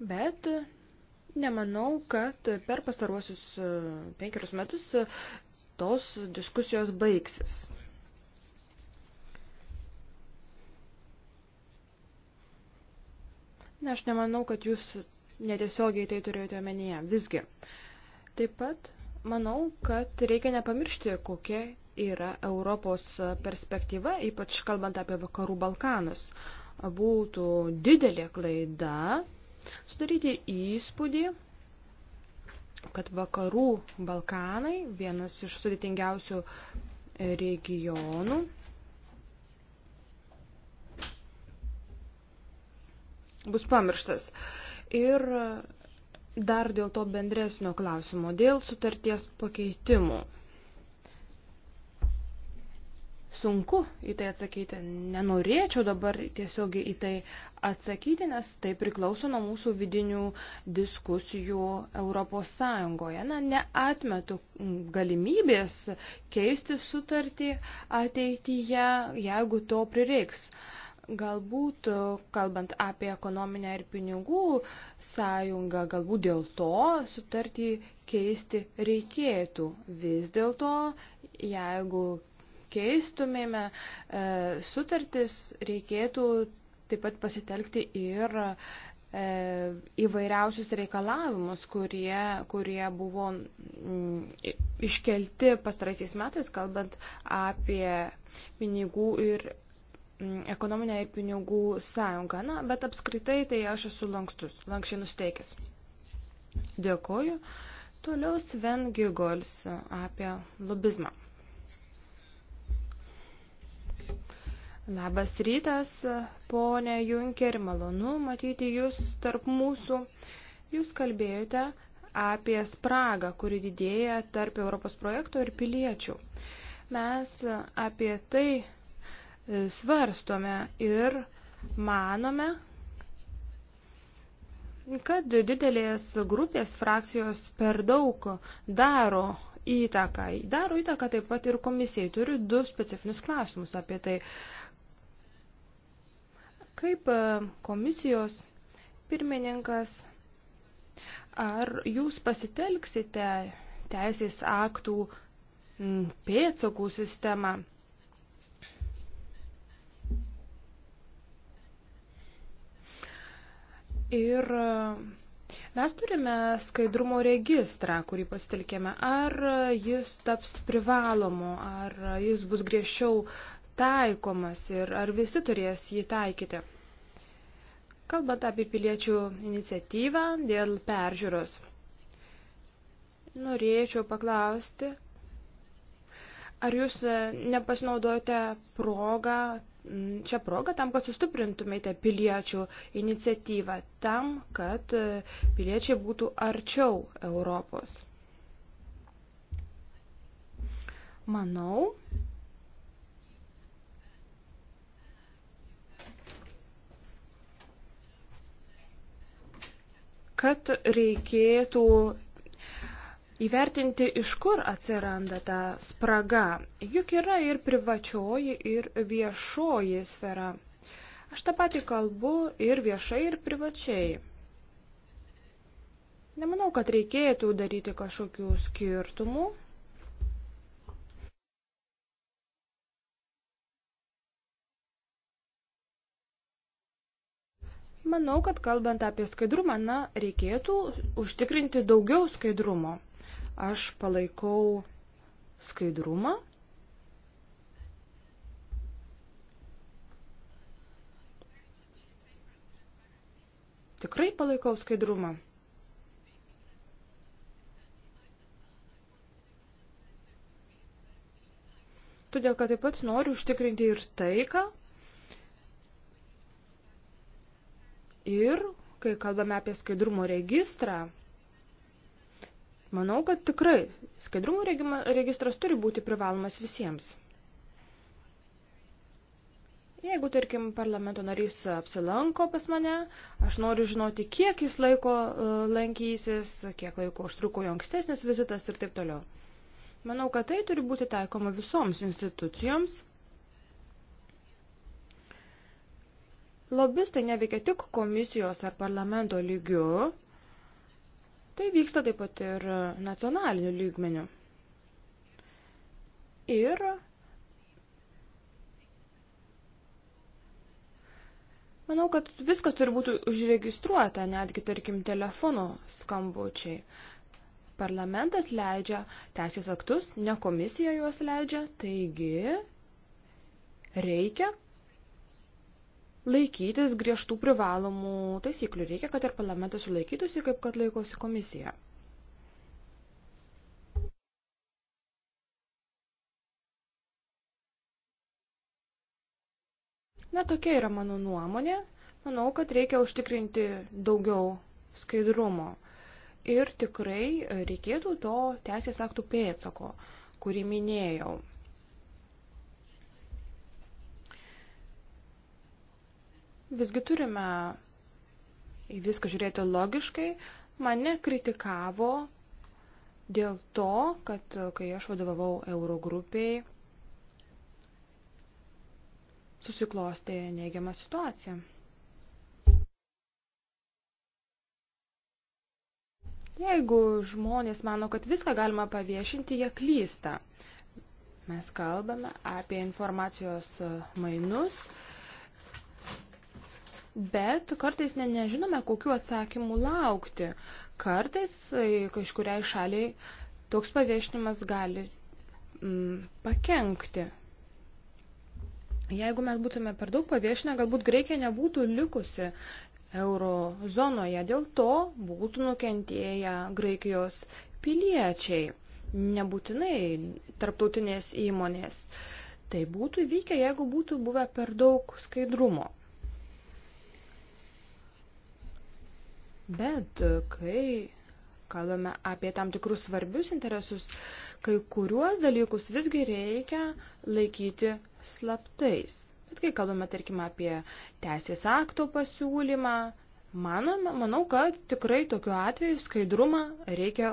bet nemanau, kad per pastaruosius e, penkerius metus e, tos diskusijos baigsis. Ne, aš nemanau, kad jūs netiesiogiai tai turėjote omenyje. Visgi. Taip pat manau, kad reikia nepamiršti, kokia yra Europos perspektyva, ypač kalbant apie vakarų Balkanus. Būtų didelė klaida sudaryti įspūdį, kad vakarų Balkanai vienas iš sudėtingiausių regionų bus pamirštas. Ir dar dėl to bendresnio klausimo, dėl sutarties pakeitimų. Sunku į tai atsakyti, nenorėčiau dabar tiesiog į tai atsakyti, nes tai priklauso nuo mūsų vidinių diskusijų Europos Sąjungoje. Na, neatmetu galimybės keisti sutartį ateityje, jeigu to prireiks. Uh, Galbūt, kalbant apie ekonominę ir pinigų sąjungą, galbūt dėl to sutartį keisti reikėtų. Vis dėlto, jeigu keistumėme e, sutartis, reikėtų taip pat pasitelkti ir e, įvairiausius reikalavimus, kurie, kurie buvo mm, iškelti pastaraisiais metais, kalbant apie pinigų ir Mm, ekonominę ir pinigų sąjungą. Na, bet apskritai tai aš esu lankstus, lankščiai nusteikęs. Dėkoju. Toliau Sven Gigols apie lobizmą. Labas rytas, ponė Junker, malonu matyti Jūs tarp mūsų. Jūs kalbėjote apie spragą, kuri didėja tarp Europos projektų ir piliečių. Mes apie tai E, svarstome ir manome, kad didelės grupės frakcijos per daug daro įtaką. Daro įtaką taip pat ir komisijai. Turiu du specifinius klausimus apie tai. Kaip e, komisijos pirmininkas, ar jūs pasitelksite teisės aktų pėdsakų sistemą? Ir e, mes turime skaidrumo registrą, kurį pasitelkėme. Ar jis taps privalomu, ar jis bus griežčiau taikomas ir ar visi turės jį taikyti. Kalbant apie piliečių iniciatyvą dėl peržiūros, norėčiau paklausti, ar jūs e, nepasinaudojate progą šią progą tam, kad sustiprintumėte piliečių iniciatyvą, tam, kad e, piliečiai būtų arčiau Europos. Manau, kad reikėtų įvertinti, iš kur atsiranda ta spraga. Juk yra ir privačioji, ir viešoji sfera. Aš tą patį kalbu ir viešai, ir privačiai. Nemanau, kad reikėtų daryti kažkokių skirtumų. Manau, kad kalbant apie skaidrumą, na, reikėtų užtikrinti daugiau skaidrumo. Aš palaikau skaidrumą. Tikrai palaikau skaidrumą. todėl kad taip pat noriu užtikrinti ir taiką. Ir, kai kalbame apie skaidrumo registrą, Manau, kad tikrai skaidrumo registras turi būti privalomas visiems. Jeigu, tarkim, parlamento narys apsilanko pas mane, aš noriu žinoti, kiek jis laiko e, lankysis, kiek laiko užtruko jo ankstesnis vizitas ir taip toliau. Manau, kad tai turi būti taikoma visoms institucijoms. Lobistai neveikia tik komisijos ar parlamento lygiu, Tai vyksta taip pat ir nacionaliniu lygmeniu. Ir manau, kad viskas turi būti užregistruota, netgi, tarkim, telefonų skambučiai. Parlamentas leidžia teisės aktus, ne komisija juos leidžia, taigi reikia, laikytis griežtų privalomų taisyklių. Reikia, kad ir parlamentas sulaikytųsi, kaip kad laikosi komisija. Na, tokia yra mano nuomonė. Manau, kad reikia užtikrinti daugiau skaidrumo. Ir tikrai reikėtų to teisės aktų pėdsako, kurį minėjau. Visgi turime į viską žiūrėti logiškai. Mane kritikavo dėl to, kad e, kai aš vadovavau Eurogrupiai, susiklostė neigiama situacija. Jeigu žmonės mano, kad viską galima paviešinti, jie klysta. Mes kalbame apie informacijos mainus, bet kartais ne, nežinome, kokiu atsakymu laukti. Kartais e, kažkuriai šaliai toks paviešinimas gali mm, pakenkti. Jeigu mes būtume per daug paviešinę, galbūt Graikija nebūtų likusi euro zonoje, dėl to būtų nukentėję Graikijos piliečiai, nebūtinai tarptautinės įmonės. Tai būtų vykę, jeigu būtų buvę per daug skaidrumo. Bet e, kai kalbame apie tam tikrus svarbius interesus, kai kuriuos dalykus visgi reikia laikyti slaptais. Bet kai kalbame, tarkime, apie teisės akto pasiūlymą, manome, manau, kad tikrai tokiu atveju skaidrumą reikia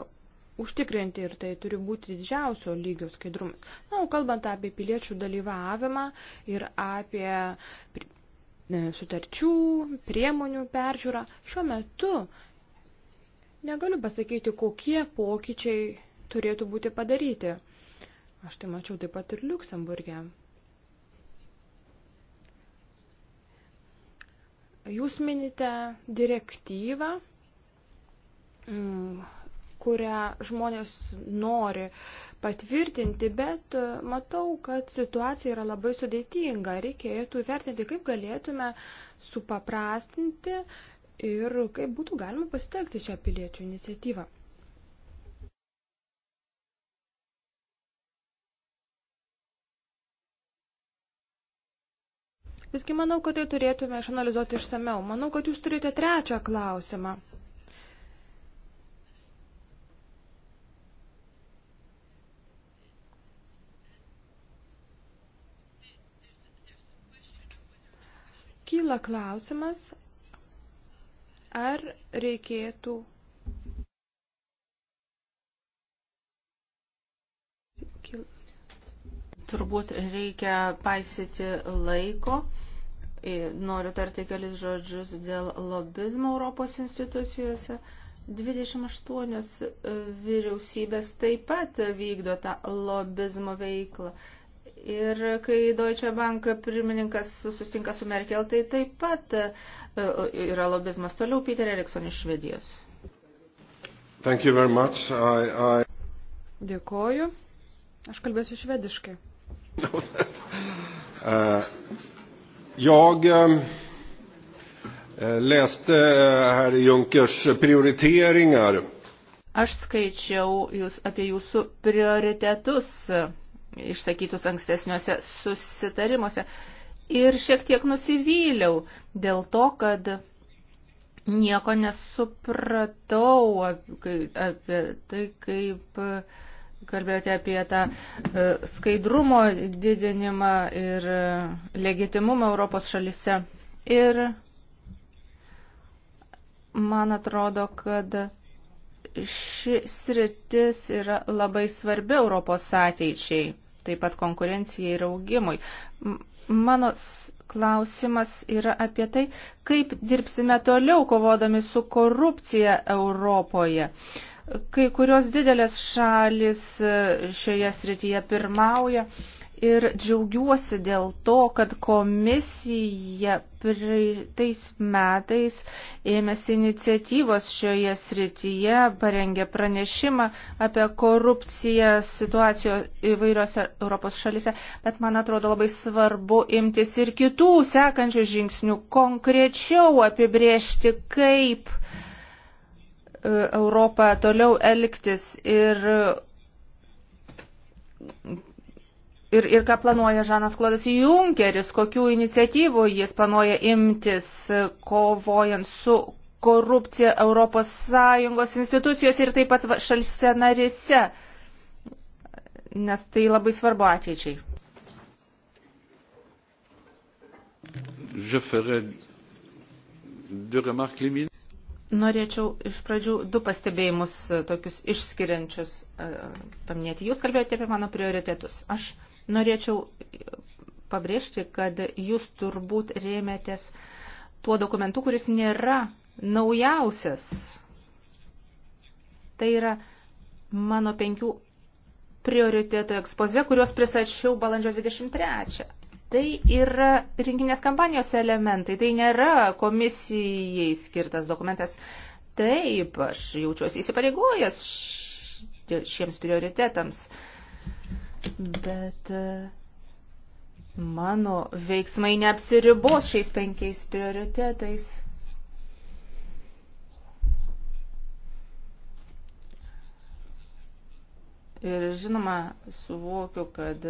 užtikrinti ir tai turi būti didžiausio lygio skaidrumas. Na, o kalbant apie piliečių dalyvavimą ir apie E, sutarčių, priemonių peržiūrą. Šiuo metu negaliu pasakyti, kokie pokyčiai turėtų būti padaryti. Aš tai mačiau taip pat ir Luksemburgė. Jūs minite direktyvą, mm, kurią žmonės nori patvirtinti, bet e, matau, kad situacija yra labai sudėtinga. Reikėtų vertinti, kaip galėtume supaprastinti ir kaip būtų galima pasitelkti šią piliečių iniciatyvą. Visgi manau, kad tai turėtume išanalizuoti išsameu. Manau, kad jūs turite trečią klausimą. kyla klausimas, ar reikėtų turbūt reikia paisyti laiko. Noriu tarti kelis žodžius dėl lobizmo Europos institucijose. 28 e, vyriausybės taip pat vykdo tą lobizmo veiklą. Ir kai Deutsche Bank pirmininkas susitinka su Merkel, tai taip pat e, yra lobizmas toliau Peter Erikson iš Švedijos. Thank you very much. I, I... Dėkoju. Aš kalbėsiu švediškai. uh, jag um, läste herr eh, Junkers prioriteringar. Aš skaičiau jūs apie jūsų prioritetus. Uh, išsakytus ankstesniuose susitarimuose. Ir šiek tiek nusivyliau dėl to, kad nieko nesupratau apie tai, kaip kalbėjote apie tą e, skaidrumo didinimą ir e, legitimumą Europos šalise. Ir man atrodo, kad ši sritis yra labai svarbi Europos ateičiai, taip pat konkurencijai ir augimui. Mano klausimas yra apie tai, kaip dirbsime toliau kovodami su korupcija Europoje. Kai kurios didelės šalis e, šioje srityje pirmauja ir džiaugiuosi dėl to, kad komisija tais metais ėmėsi iniciatyvos šioje srityje, parengė pranešimą apie korupciją situacijos įvairiose Europos šalise, bet man atrodo labai svarbu imtis ir kitų sekančių žingsnių, konkrečiau apibriežti, kaip e, Europą toliau elgtis ir ir, ir ką planuoja Žanas Klodas Junkeris, kokių iniciatyvų jis planuoja imtis e, kovojant su korupcija Europos Sąjungos institucijose ir taip pat šalse narise, nes tai labai svarbu ateičiai. Norėčiau iš pradžių du pastebėjimus e, tokius išskiriančius e, paminėti. Jūs kalbėjote apie mano prioritetus. Aš Norėčiau pabrėžti, kad jūs turbūt rėmėtės tuo dokumentu, kuris nėra naujausias. Tai yra mano penkių prioritėtų ekspoze, kuriuos pristačiau balandžio 23. Tai yra rinkinės kampanijos elementai, tai nėra komisijai skirtas dokumentas. Taip, aš jaučiuosi įsipareigojęs šiems prioritetams. Uh, bet e, mano veiksmai neapsiribos šiais penkiais prioritetais. Ir žinoma, suvokiu, kad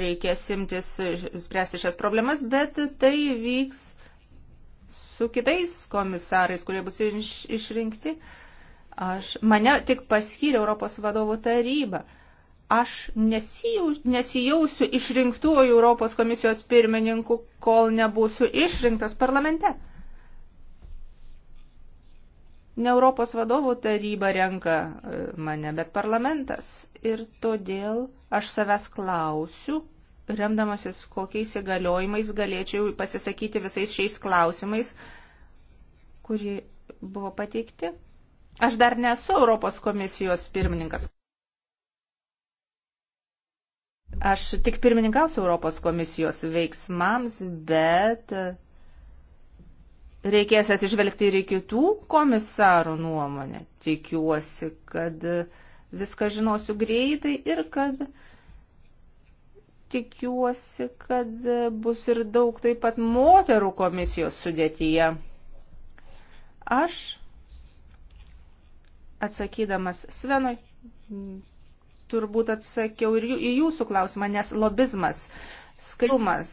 reikės imtis spręsti šias problemas, bet tai vyks su kitais komisarais, kurie bus išrinkti. Aš mane tik paskyrė Europos vadovų taryba aš nesijaus, nesijausiu išrinktuoju Europos komisijos pirmininku, kol nebūsiu išrinktas parlamente. Ne Europos vadovų taryba renka e, mane, bet parlamentas. Ir todėl aš savęs klausiu, remdamasis kokiais įgaliojimais galėčiau pasisakyti visais šiais klausimais, kurie buvo pateikti. Aš dar nesu Europos komisijos pirmininkas. Aš tik pirmininkausiu Europos komisijos veiksmams, bet reikės atsižvelgti ir į kitų komisarų nuomonę. Tikiuosi, kad viską žinosiu greitai ir kad tikiuosi, kad bus ir daug taip pat moterų komisijos sudėtyje. Aš atsakydamas Svenui turbūt atsakiau ir į jūsų klausimą, nes lobizmas, skaidrumas,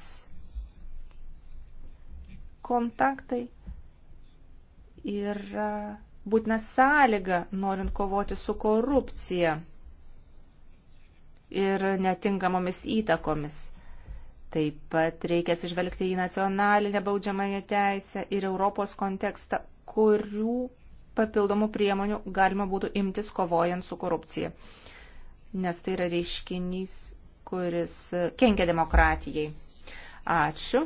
kontaktai yra būtina sąlyga, norint kovoti su korupcija ir netinkamomis įtakomis. Taip pat reikia atsižvelgti į nacionalinę baudžiamąją teisę ir Europos kontekstą, kurių papildomų priemonių galima būtų imtis kovojant su korupcija nes tai yra reiškinys, kuris kenkia demokratijai. Ačiū.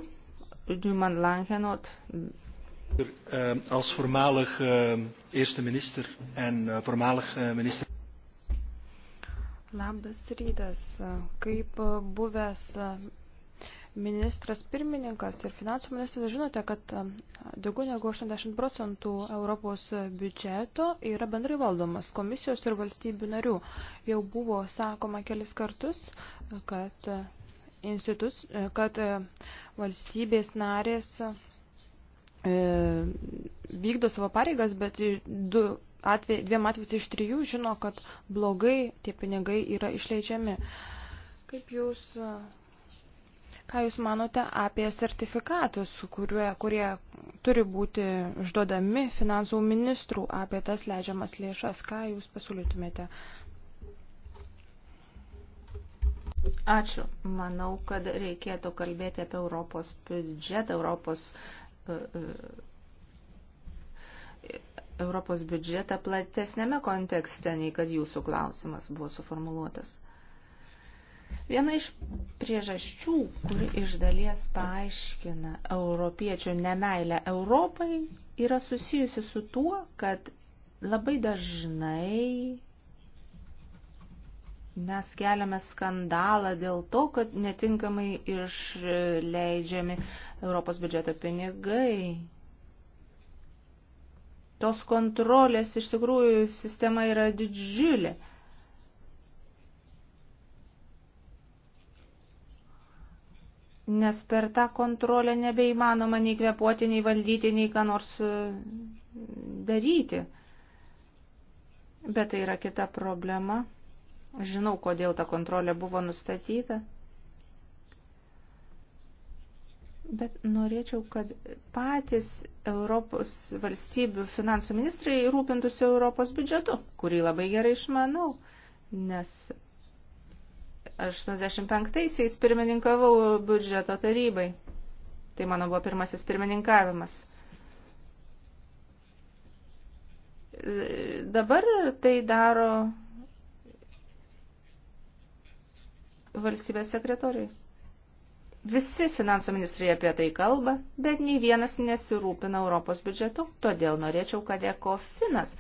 Duman Langenot. Eh, als voormalig uh, eerste minister en uh, voormalig uh, minister. Labas rytas. Kaip buvęs ministras pirmininkas ir finansų ministras žinote, kad e, daugiau negu 80 procentų Europos biudžeto yra bendrai valdomas komisijos ir valstybių narių. Jau buvo sakoma kelis kartus, kad, e, instituc, e, kad valstybės narės vykdo savo pareigas, bet du, atvej, dviem atvejais iš trijų žino, kad blogai tie pinigai yra išleidžiami. Kaip jūs Ką Jūs manote apie sertifikatus, kurie, kurie turi būti išduodami finansų ministrų apie tas leidžiamas lėšas? Ką Jūs pasiūlytumėte? Ačiū. Manau, kad reikėtų kalbėti apie Europos biudžetą, Europos e, e, Europos biudžetą platesnėme kontekste, nei kad jūsų klausimas buvo suformuluotas. Viena iš priežasčių, kuri iš dalies paaiškina europiečių nemailę Europai, yra susijusi su tuo, kad labai dažnai mes keliame skandalą dėl to, kad netinkamai išleidžiami Europos biudžeto pinigai. Tos kontrolės iš tikrųjų sistema yra didžiulė. nes per tą kontrolę nebeįmanoma nei kvepuoti, nei valdyti, nei ką nors e, daryti. Bet tai yra kita problema. Žinau, kodėl ta kontrolė buvo nustatyta. Bet norėčiau, kad patys Europos valstybių finansų ministrai rūpintųsi Europos biudžetu, kurį labai gerai išmanau, nes 85-aisiais pirmininkavau biudžeto tarybai. Tai mano buvo pirmasis pirmininkavimas. Dabar tai daro valstybės sekretoriai. Visi finansų ministrai apie tai kalba, bet nei vienas nesirūpina Europos biudžetu. Todėl norėčiau, kad ekofinas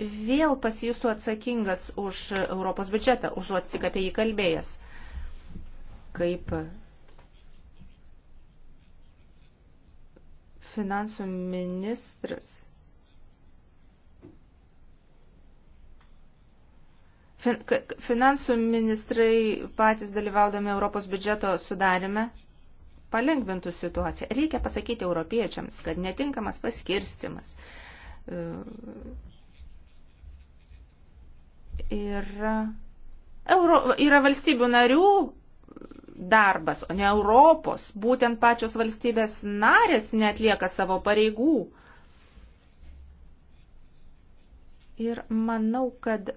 vėl pasijustų atsakingas už Europos biudžetą, užuot tik apie jį kalbėjęs. Kaip finansų ministras. Fin, finansų ministrai patys dalyvaudami Europos biudžeto sudarime palengvintų situaciją. Reikia pasakyti europiečiams, kad netinkamas paskirstimas e, yra, Euro, yra valstybių narių darbas, o ne Europos. Būtent pačios valstybės narės netlieka savo pareigų. Ir manau, kad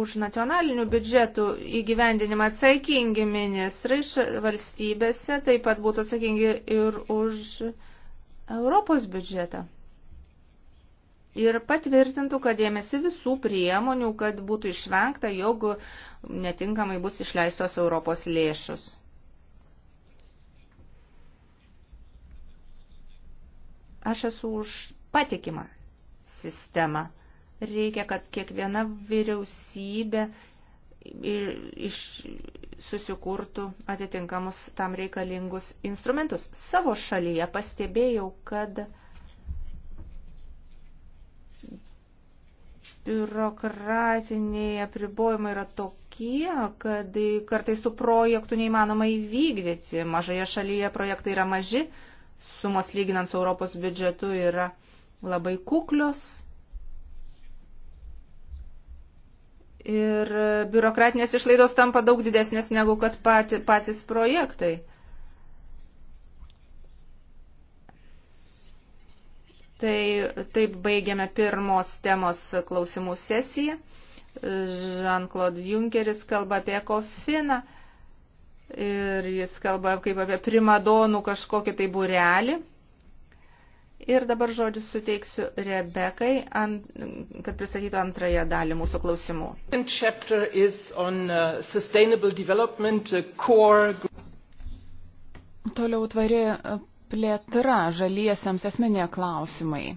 už nacionalinių biudžetų įgyvendinimą atsakingi ministrai valstybėse taip pat būtų atsakingi ir už Europos biudžetą ir patvirtintų, kad ėmėsi visų priemonių, kad būtų išvengta, jog netinkamai bus išleistos Europos lėšus. Aš esu už patikimą sistemą. Reikia, kad kiekviena vyriausybė iš, susikurtų atitinkamus tam reikalingus instrumentus. Savo šalyje pastebėjau, kad biurokratiniai apribojimai yra tokie, kad kartais tų projektų neįmanoma įvykdyti. Mažoje šalyje projektai yra maži, sumos lyginant su Europos biudžetu yra labai kuklios. Ir biurokratinės išlaidos tampa daug didesnės negu kad pati, patys projektai. Tai taip baigiame pirmos temos klausimų sesiją. Jean-Claude Junkeris kalba apie kofiną ir jis kalba kaip apie primadonų kažkokį tai būrelį. Ir dabar žodžius suteiksiu Rebekai, ant, kad pristatytų antrąją dalį mūsų klausimų. Uh, uh, Toliau tvari plėtra žaliesiams esminė klausimai.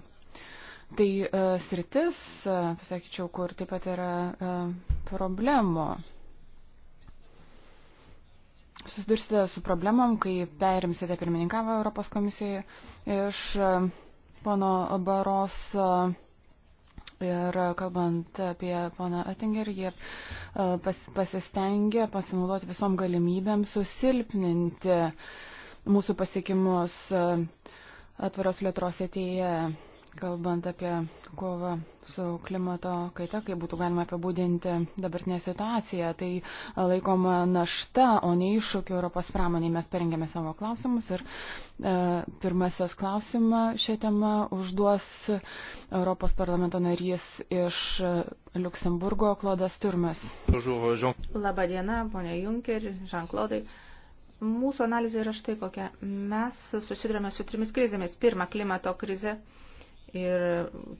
Tai uh, sritis, uh, sakyčiau, kur taip pat yra uh, problemų. Susidursite su problemom, kai perimsite pirmininkavą Europos komisijoje iš uh, pono Baros. Uh, Ir kalbant apie poną Attinger, jie pas, pasistengė pasinaudoti visom galimybėm susilpninti uh, mūsų pasiekimus e, atvaros plėtros ateityje kalbant apie kovą su klimato kaita, kaip būtų galima apibūdinti dabartinę situaciją, tai laikoma našta, o ne iššūkiu Europos pramoniai. Mes parengėme savo klausimus ir e, pirmasis klausimą šią temą užduos Europos parlamento narys iš Luksemburgo, Klodas Turmas. Labadiena, ponia Junker, Žanklodai. Mūsų analizė yra štai kokia. Mes susidurėme su trimis krizėmis. Pirma, klimato krize ir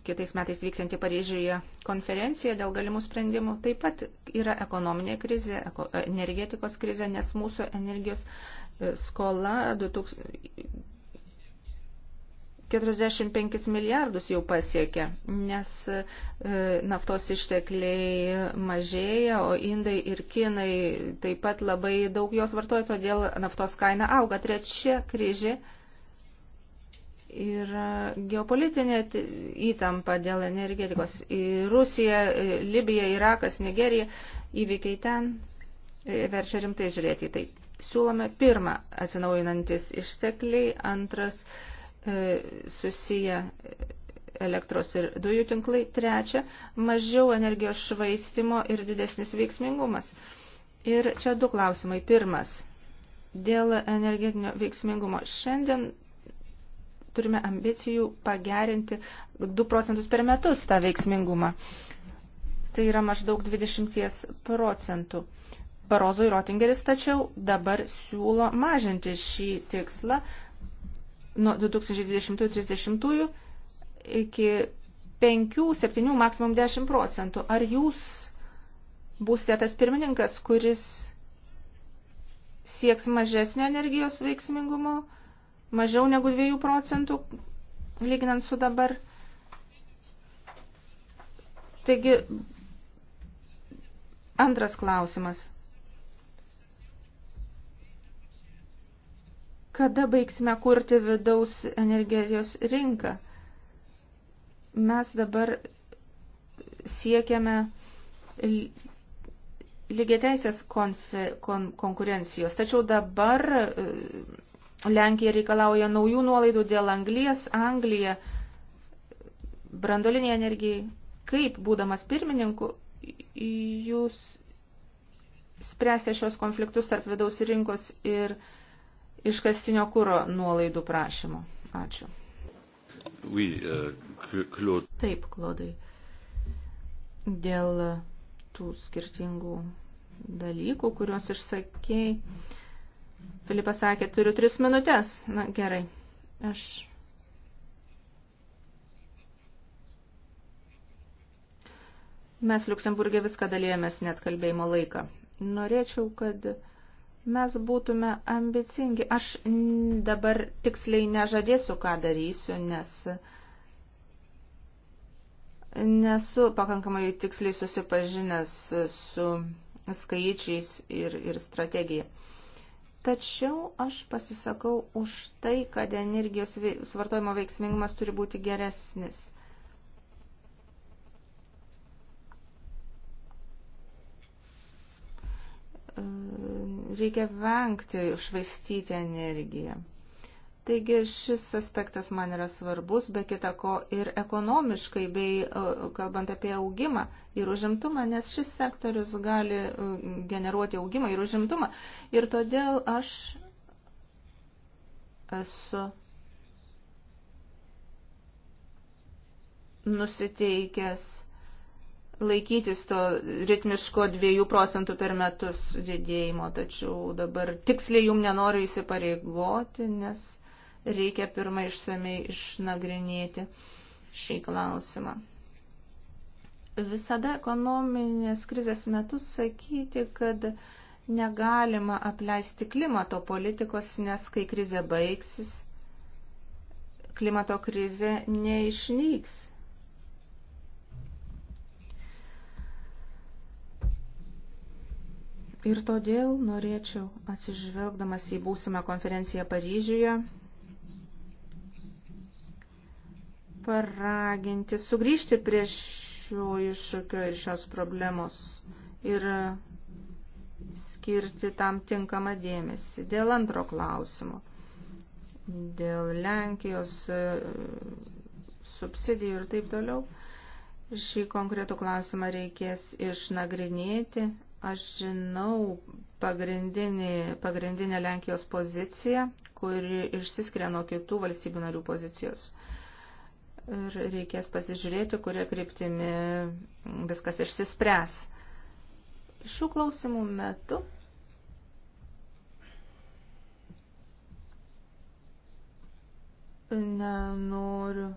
kitais metais vyksianti Paryžiuje konferencija dėl galimų sprendimų. Taip pat yra ekonominė krizė, energetikos krizė, nes mūsų energijos skola 2000, 45 milijardus jau pasiekė, nes e, naftos ištekliai mažėja, o indai ir kinai taip pat labai daug jos vartoja, todėl naftos kaina auga. Trečia kryžė yra geopolitinė įtampa dėl energetikos. Į Rusija, e, Libija, Irakas, Nigerija įvykiai ten e, verčia rimtai žiūrėti į tai. Siūlome pirmą atsinaujinantis ištekliai, antras – E, susiję elektros ir dujų tinklai. Trečia, mažiau energijos švaistimo ir didesnis veiksmingumas. Ir čia du klausimai. Pirmas, dėl energetinio veiksmingumo. Šiandien turime ambicijų pagerinti 2 procentus per metus tą veiksmingumą. Tai yra maždaug 20 procentų. Barozo ir Rotingeris tačiau dabar siūlo mažinti šį tikslą nuo 2020-30 iki 5-7, maksimum 10 procentų. Ar jūs būsite tas pirmininkas, kuris sieks mažesnio energijos veiksmingumo, mažiau negu 2 procentų, lyginant su dabar? Taigi, antras klausimas. Kada baigsime kurti vidaus energijos rinką? Mes dabar siekiame lygiateisės kon, konkurencijos. Tačiau dabar e, Lenkija reikalauja naujų nuolaidų dėl anglies, Anglija, brandoliniai energijai. Kaip, būdamas pirmininku, jūs spręsite šios konfliktus tarp vidaus rinkos ir iškastinio kūro nuolaidų prašymų. Ačiū. Oui, uh, Taip, Klodai. Dėl tų skirtingų dalykų, kuriuos išsakėjai, Filipas sakė, turiu tris minutės. Na, gerai. Aš Mes Luksemburgė viską dalėjomės net kalbėjimo laiką. Norėčiau, kad mes būtume ambicingi. Aš dabar tiksliai nežadėsiu, ką darysiu, nes nesu pakankamai tiksliai susipažinęs su skaičiais ir, ir strategija. Tačiau aš pasisakau už tai, kad energijos suvartojimo veiksmingumas turi būti geresnis. Reikia vengti švaistyti energiją. Taigi šis aspektas man yra svarbus, be kita ko ir ekonomiškai, bei e, kalbant apie augimą ir užimtumą, nes šis sektorius gali e, generuoti augimą ir užimtumą. Ir todėl aš esu nusiteikęs laikytis to ritmiško 2 procentų per metus didėjimo, tačiau dabar tiksliai jum nenoriu įsipareigoti, nes reikia pirmą išsamei išnagrinėti šį klausimą. Visada ekonominės krizės metus sakyti, kad negalima apleisti klimato politikos, nes kai krizė baigsis, klimato krizė neišnyks Ir todėl norėčiau, atsižvelgdamas į būsimą konferenciją Paryžiuje, paraginti sugrįžti prie šio iššūkio ir šios problemos ir skirti tam tinkamą dėmesį. Dėl antro klausimo, dėl Lenkijos e, subsidijų ir taip toliau, šį konkretų klausimą reikės išnagrinėti Aš žinau pagrindinę Lenkijos poziciją, kuri išsiskiria nuo kitų valstybių narių pozicijos. Ir reikės pasižiūrėti, kurie kryptimi viskas išsispręs. Šių klausimų metu nenoriu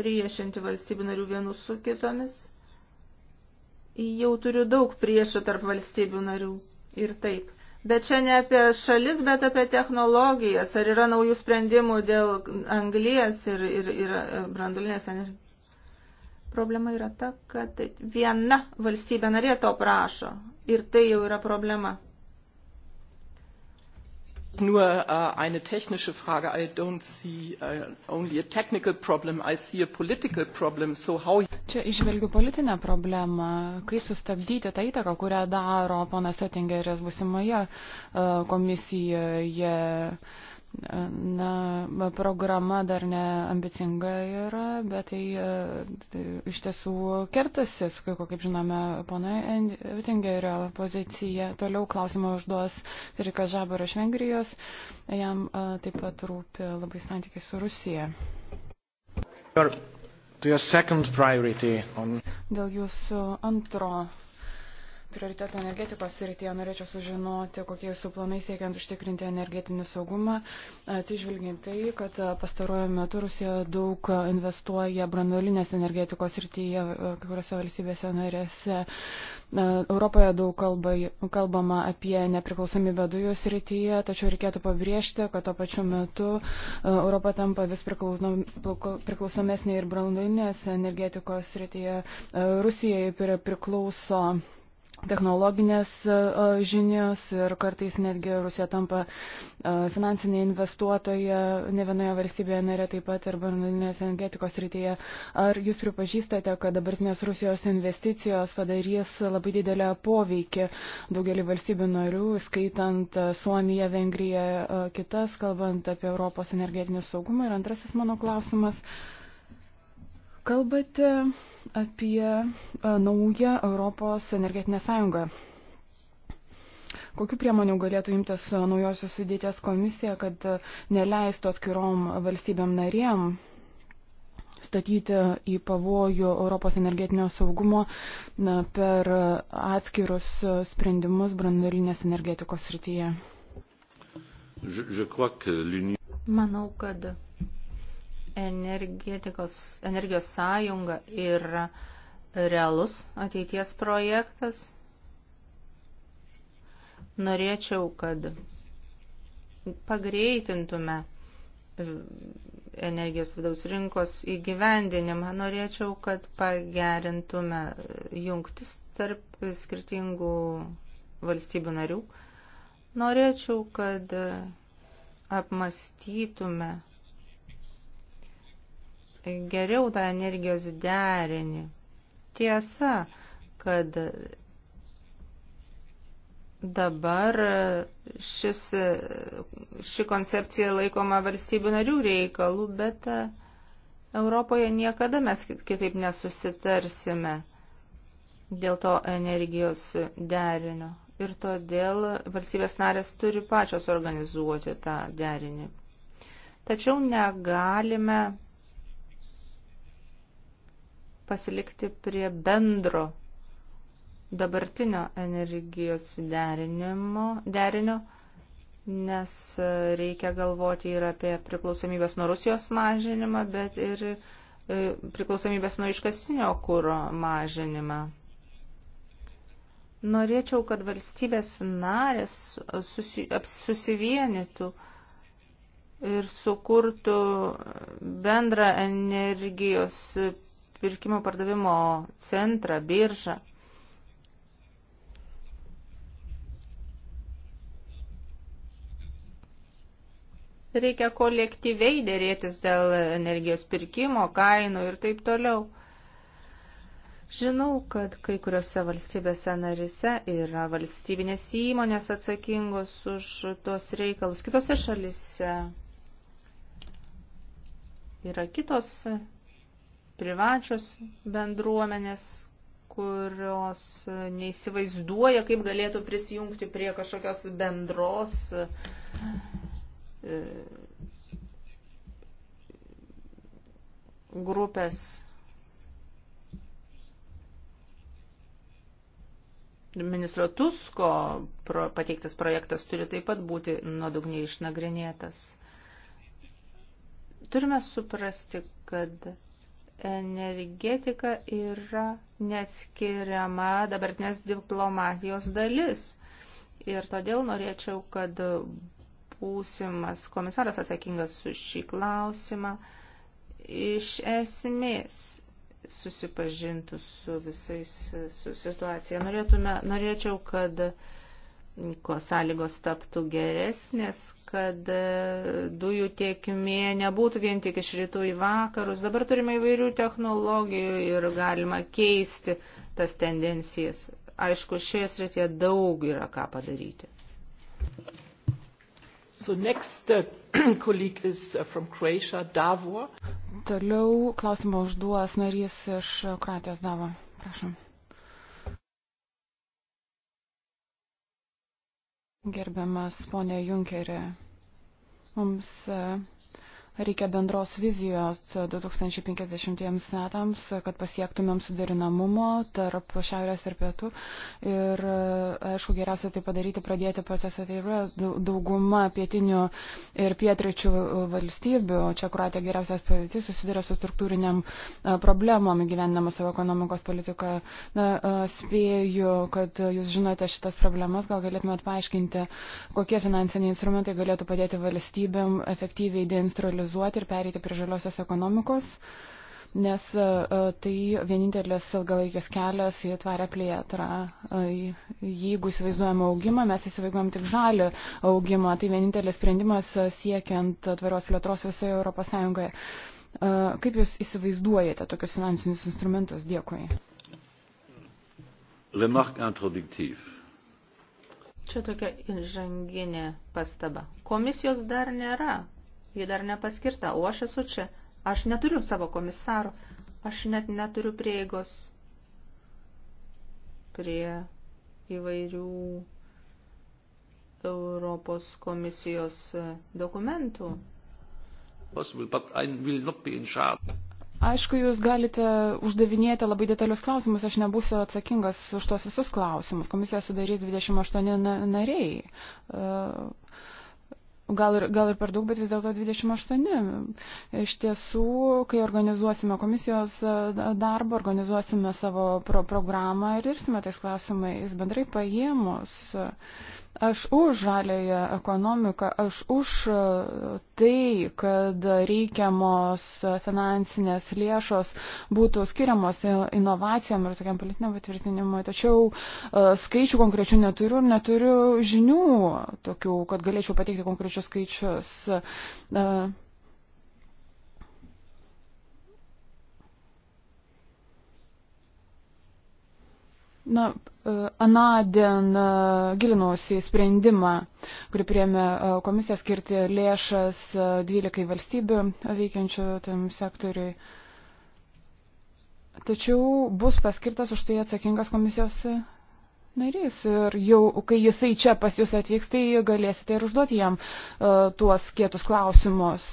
priešinti valstybių narių vienus su kitomis jau turiu daug priešų tarp valstybių narių. Ir taip. Bet čia ne apie šalis, bet apie technologijas. Ar yra naujų sprendimų dėl anglijas ir, ir, ir e, brandulinės energijos? Problema yra ta, kad viena valstybė narė to prašo. Ir tai jau yra problema. Nur uh, eine technische Frage. I don't see uh, only a technical problem, I see a political problem. So how... Čia išvelgiu politinę problemą. Kaip sustabdyti tą įtaką, kurią daro ponas Settingeris būsimoje uh, komisijoje? Uh, Na, programa dar neambicinga yra, bet tai, e, tai iš tiesų kertasi, kaip žinome, pana Oettingerio pozicija. Toliau klausimą užduos Rikas Žabar iš Vengrijos. Jam e, taip pat rūpi labai santykiai su Rusija. Dėl jūsų antro prioritetų energetikos srityje norėčiau sužinoti, kokie jūsų planai siekiant užtikrinti energetinį saugumą, atsižvelgiant tai, kad e, pastaruoju metu Rusija daug investuoja branduolinės energetikos srityje, e, kai kuriuose valstybėse narėse. E, Europoje daug kalba, kalbama apie nepriklausomybę dujų srityje, tačiau reikėtų pabrėžti, kad tuo pačiu metu Europa tampa vis priklausomesnė ir branduolinės energetikos srityje. Rusijai priklauso technologinės e, e, žinios ir kartais netgi Rusija tampa e, finansinė investuotoja ne vienoje valstybėje narė taip pat ir branduolinės energetikos rytyje. Ar jūs pripažįstate, kad dabartinės Rusijos investicijos padarys labai didelę poveikį daugelį valstybių narių, skaitant Suomiją, Vengriją, kitas, kalbant apie Europos energetinį saugumą? Ir antrasis mano klausimas. Uh, Kalbate apie e, naują Europos energetinę sąjungą. Kokiu priemonių galėtų imtis naujosios sudėties komisija, kad neleistų atskirom valstybėm narėm statyti į pavojų Europos energetinio saugumo na, per atskirus sprendimus brandalinės energetikos srityje? Manau, kad energijos sąjunga yra realus ateities projektas. Norėčiau, kad pagreitintume energijos vidaus rinkos įgyvendinimą. Norėčiau, kad pagerintume jungtis tarp skirtingų valstybių narių. Norėčiau, kad apmastytume geriau tą energijos derinį. Tiesa, kad dabar šis, ši koncepcija laikoma valstybių narių reikalų, bet e, Europoje niekada mes kitaip nesusitarsime dėl to energijos derinio. Ir todėl valstybės narės turi pačios organizuoti tą derinį. Tačiau negalime pasilikti prie bendro dabartinio energijos derinimo, derinio, nes reikia galvoti ir apie priklausomybės nuo Rusijos mažinimą, bet ir e, priklausomybės nuo iškasinio kūro mažinimą. Norėčiau, kad valstybės narės susi, susivienytų ir sukurtų bendrą energijos pirkimo pardavimo centrą, biržą. Reikia kolektyviai dėrėtis dėl energijos pirkimo, kainų ir taip toliau. Žinau, kad kai kuriuose valstybėse narise yra valstybinės įmonės atsakingos už tuos reikalus. Kitose šalise yra kitos privačios bendruomenės, kurios neįsivaizduoja, kaip galėtų prisijungti prie kažkokios bendros e, grupės. Ministro Tusko pateiktas projektas turi taip pat būti nuodugniai išnagrinėtas. Turime suprasti, kad energetika yra neatskiriama dabartinės diplomatijos dalis. Ir todėl norėčiau, kad būsimas komisaras atsakingas su šį klausimą iš esmės susipažintų su visais su situacija. Norėtume, norėčiau, kad uh, ko sąlygos taptų geresnės, kad e, dujų tiekmė nebūtų vien tik iš rytų į vakarus. Dabar turime įvairių technologijų ir galima keisti tas tendencijas. Aišku, šioje srityje daug yra ką padaryti. So next uh, colleague is uh, from Croatia, Davor. Toliau klausimą užduos narys iš Kroatijos Davo. Prašom. Gerbiamas ponė Junkerė, mums Reikia bendros vizijos 2050 metams, kad pasiektumėm suderinamumo tarp šiaurės ir pietų. Ir aišku, geriausia tai padaryti, pradėti procesą. Tai yra dauguma pietinių ir pietričių valstybių. Čia Kroatija geriausias pavyzdys susiduria su struktūriniam problemom įgyvendama savo ekonomikos politiką. Na, spėju, kad jūs žinote šitas problemas. Gal galėtumėt paaiškinti, kokie finansiniai instrumentai galėtų padėti valstybėm efektyviai deinstrualizuoti dekarbonizuoti ir pereiti prie žaliosios ekonomikos, nes e, e, tai vienintelis ilgalaikis kelias į tvarę plėtrą. E, jeigu įsivaizduojame augimą, mes įsivaizduojam tik žalį augimą, tai vienintelis sprendimas siekiant tvarios plėtros visoje Europos Sąjungoje. Kaip Jūs įsivaizduojate tokius finansinius instrumentus? Dėkui. Remarque introductive. Čia tokia inžanginė pastaba. Komisijos dar nėra ji dar nepaskirta, o aš esu čia. Aš neturiu savo komisaro, aš net neturiu prieigos prie įvairių Europos komisijos dokumentų. Aišku, jūs galite uždavinėti labai detalius klausimus, aš nebūsiu atsakingas už tos visus klausimus. Komisija sudarys 28 nariai. Uh, gal ir, gal ir per daug, bet vis dėlto 28. Iš tiesų, kai organizuosime komisijos e, darbą, organizuosime savo pro programą ir irsime tais klausimais bendrai paėmus. Uh, Aš už žalėją ekonomiką, aš už e, tai, kad reikiamos finansinės lėšos būtų skiriamos inovacijom ir tokiam politiniam patvirtinimui. Tačiau e, skaičių konkrečių neturiu ir neturiu žinių tokių, kad galėčiau pateikti konkrečius skaičius. Uh, Na, e, anadien e, gilinausi į sprendimą, kurį priemė e, komisija skirti lėšas 12 valstybių veikiančių tam sektoriui. Tačiau bus paskirtas už tai atsakingas komisijos narys. Ir jau, kai jisai čia pas jūs atvyks, tai galėsite ir užduoti jam uh, tuos kietus klausimus.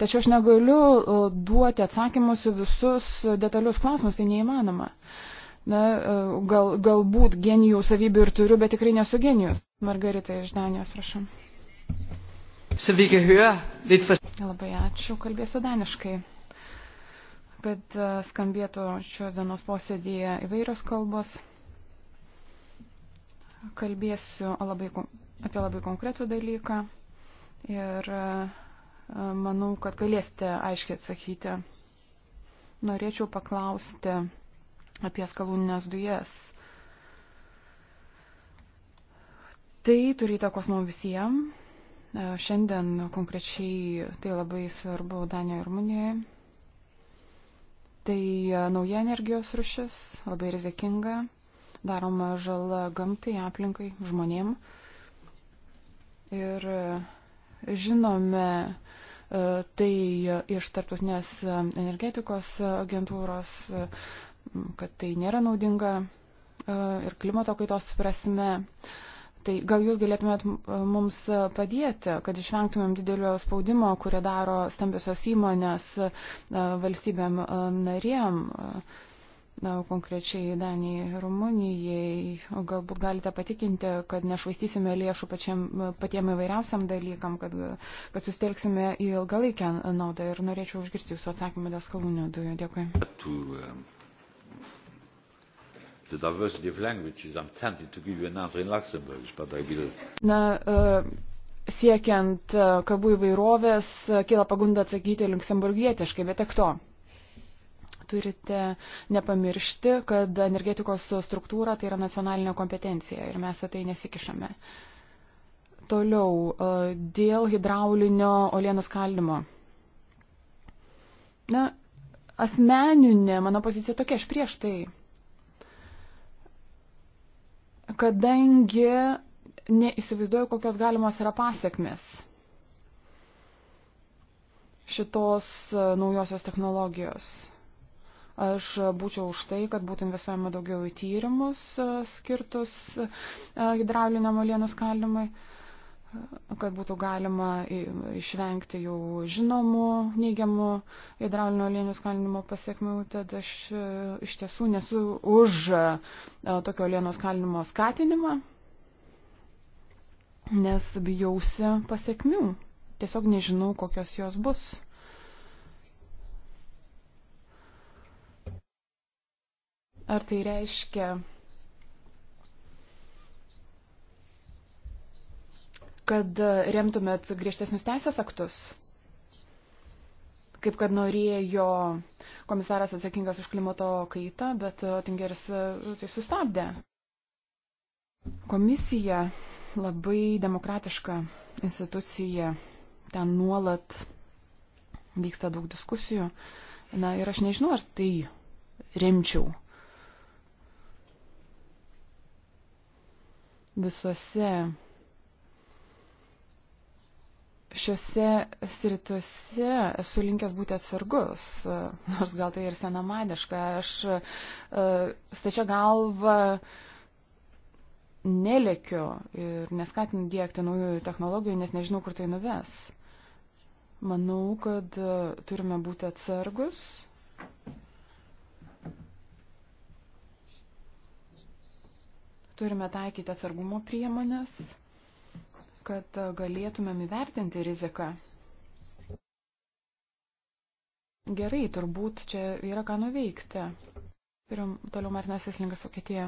Tačiau aš negaliu uh, duoti atsakymus į visus detalius klausimus, tai neįmanoma. Uh, Na, e, gal, galbūt genijų savybių ir turiu, bet tikrai nesu genijus. Margarita iš Danijos, prašom. Labai ačiū, kalbėsiu daniškai kad e, skambėtų šios dienos posėdėje įvairios kalbos. Kalbėsiu labai, apie labai konkretų dalyką ir e, manau, kad galėsite aiškiai atsakyti. Norėčiau paklausti apie skalūninės dujas. Tai turi įtakos mums visiems. E, šiandien konkrečiai tai labai svarbu Danijoje ir Rumunijoje. Tai e, nauja energijos rušis, labai rizikinga, daroma žala gamtai, aplinkai, žmonėm. Ir e, žinome tai iš tarptautinės energetikos agentūros kad tai nėra naudinga e, ir klimato kaitos prasme. Tai gal jūs galėtumėt e, mums padėti, kad išvengtumėm didelio spaudimo, kurį daro stambiosios įmonės e, valstybėm narėm, konkrečiai Danijai, Rumunijai. Galbūt galite patikinti, kad nešvaistysime lėšų pačiam, patiem įvairiausiam dalykam, kad, kad sustelksime į ilgalaikę naudą. Ir norėčiau užgirsti jūsų atsakymą dėl skalūnių dujų. Dėkui. Um, the diversity of languages, I'm tempted to give you an answer in Luxembourg, but I will. Na, uh, siekiant uh, e, kalbų įvairovės, uh, e, kila pagunda atsakyti liuksemburgietiškai, bet tiek to. Turite nepamiršti, kad energetikos struktūra tai yra nacionalinė kompetencija ir mes tai nesikišame. Toliau, uh, dėl hidraulinio olienos kalimo. Na, asmeninė mano pozicija tokia, aš prieš tai kadangi neįsivaizduoju, kokios galimos yra pasiekmes šitos e, naujosios technologijos. Aš būčiau už tai, kad būtų investuojama daugiau į tyrimus e, skirtus e, hidrauliniam alienų skaldimui. Uh, kad būtų galima išvengti jau žinomų neigiamų hidraulinio aliejinio skalinimo pasiekmių, tad aš e, iš tiesų nesu už e, tokio aliejinio skalinimo skatinimą, nes bijausi pasiekmių. Tiesiog nežinau, kokios jos bus. Ar tai reiškia, kad remtumėt griežtesnius teisės aktus, kaip kad norėjo komisaras atsakingas už klimato kaitą, bet Tingeris e, tai sustabdė. Komisija labai demokratiška institucija, ten nuolat vyksta daug diskusijų. Na ir aš nežinau, ar tai remčiau. Visose šiuose sritose esu linkęs būti atsargus, nors gal tai ir senamadiška. Aš e, stačia galva nelekiu ir neskatinu dėkti naujų technologijų, nes nežinau, kur tai nuves. Manau, kad e, turime būti atsargus. Turime taikyti atsargumo priemonės kad e, galėtumėm įvertinti riziką. Gerai, turbūt čia yra ką nuveikti. Pirm, toliau Martinas Eslingas Vokietija.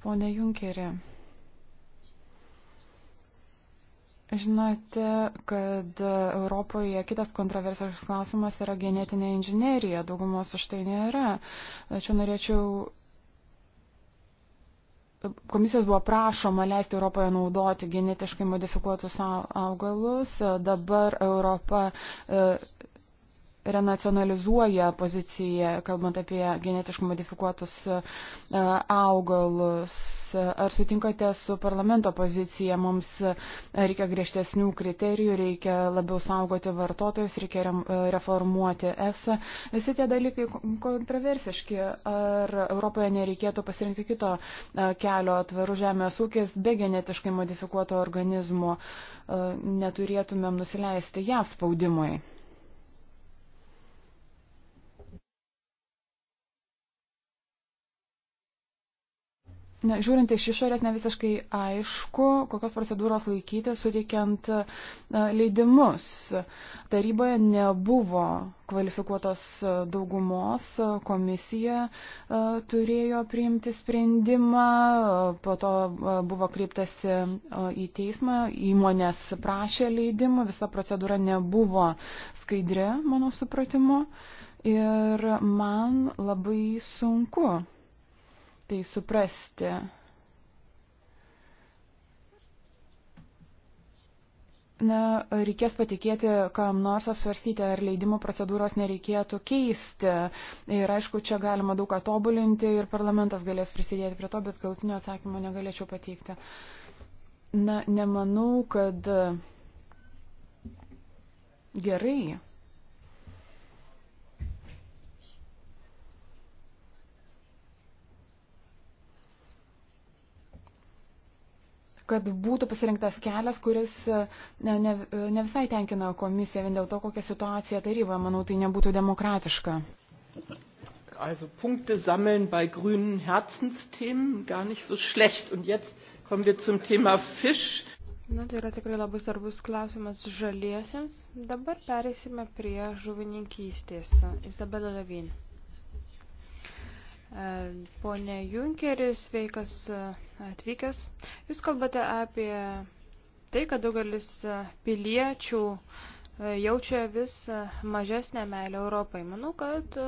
Pone Junkerė, žinote, kad Europoje kitas kontroversiškas klausimas yra genetinė inžinerija, daugumos už tai nėra. Čia norėčiau komisijos buvo prašoma leisti Europoje naudoti genetiškai modifikuotus augalus. Dabar Europa e, renacionalizuoja poziciją, kalbant apie genetiškai modifikuotus e, augalus. Ar sutinkate su parlamento pozicija? Mums e, reikia griežtesnių kriterijų, reikia labiau saugoti vartotojus, reikia e, reformuoti ESA. Visi tie dalykai kontroversiški. Ar Europoje nereikėtų pasirinkti kito kelio atvarų žemės ūkis be genetiškai modifikuoto organizmo? Neturėtumėm nusileisti ją spaudimui. Na, žiūrint iš išorės, ne visiškai aišku, kokios procedūros laikyti, suteikiant leidimus. Taryboje nebuvo kvalifikuotos daugumos, komisija turėjo priimti sprendimą, po to buvo kreiptasi į teismą, įmonės prašė leidimų, visa procedūra nebuvo skaidri, mano supratimu, ir man labai sunku tai suprasti. Na, reikės patikėti, kam nors apsvarstyti, ar leidimų procedūros nereikėtų keisti. Ir aišku, čia galima daug ką tobulinti ir parlamentas galės prisidėti prie to, bet galutinio atsakymo negalėčiau pateikti. Na, nemanau, kad gerai kad būtų pasirinktas kelias, kuris e, ne, ne, ne visai tenkina komisiją, vien dėl to, kokia situacija taryboje, manau, tai nebūtų demokratiška. Also Punkte sammeln bei grünen Herzensthemen gar nicht so schlecht. Und jetzt kommen wir zum Thema Fisch. Na, tai yra tikrai labai svarbus klausimas žaliesiems. Dabar pereisime prie žuvininkystės. Izabela Levin. Pone Junkeris, sveikas e, atvykęs. Jūs kalbate apie tai, kad daugelis e, piliečių e, jaučia vis mažesnę meilę Europai. Manau, kad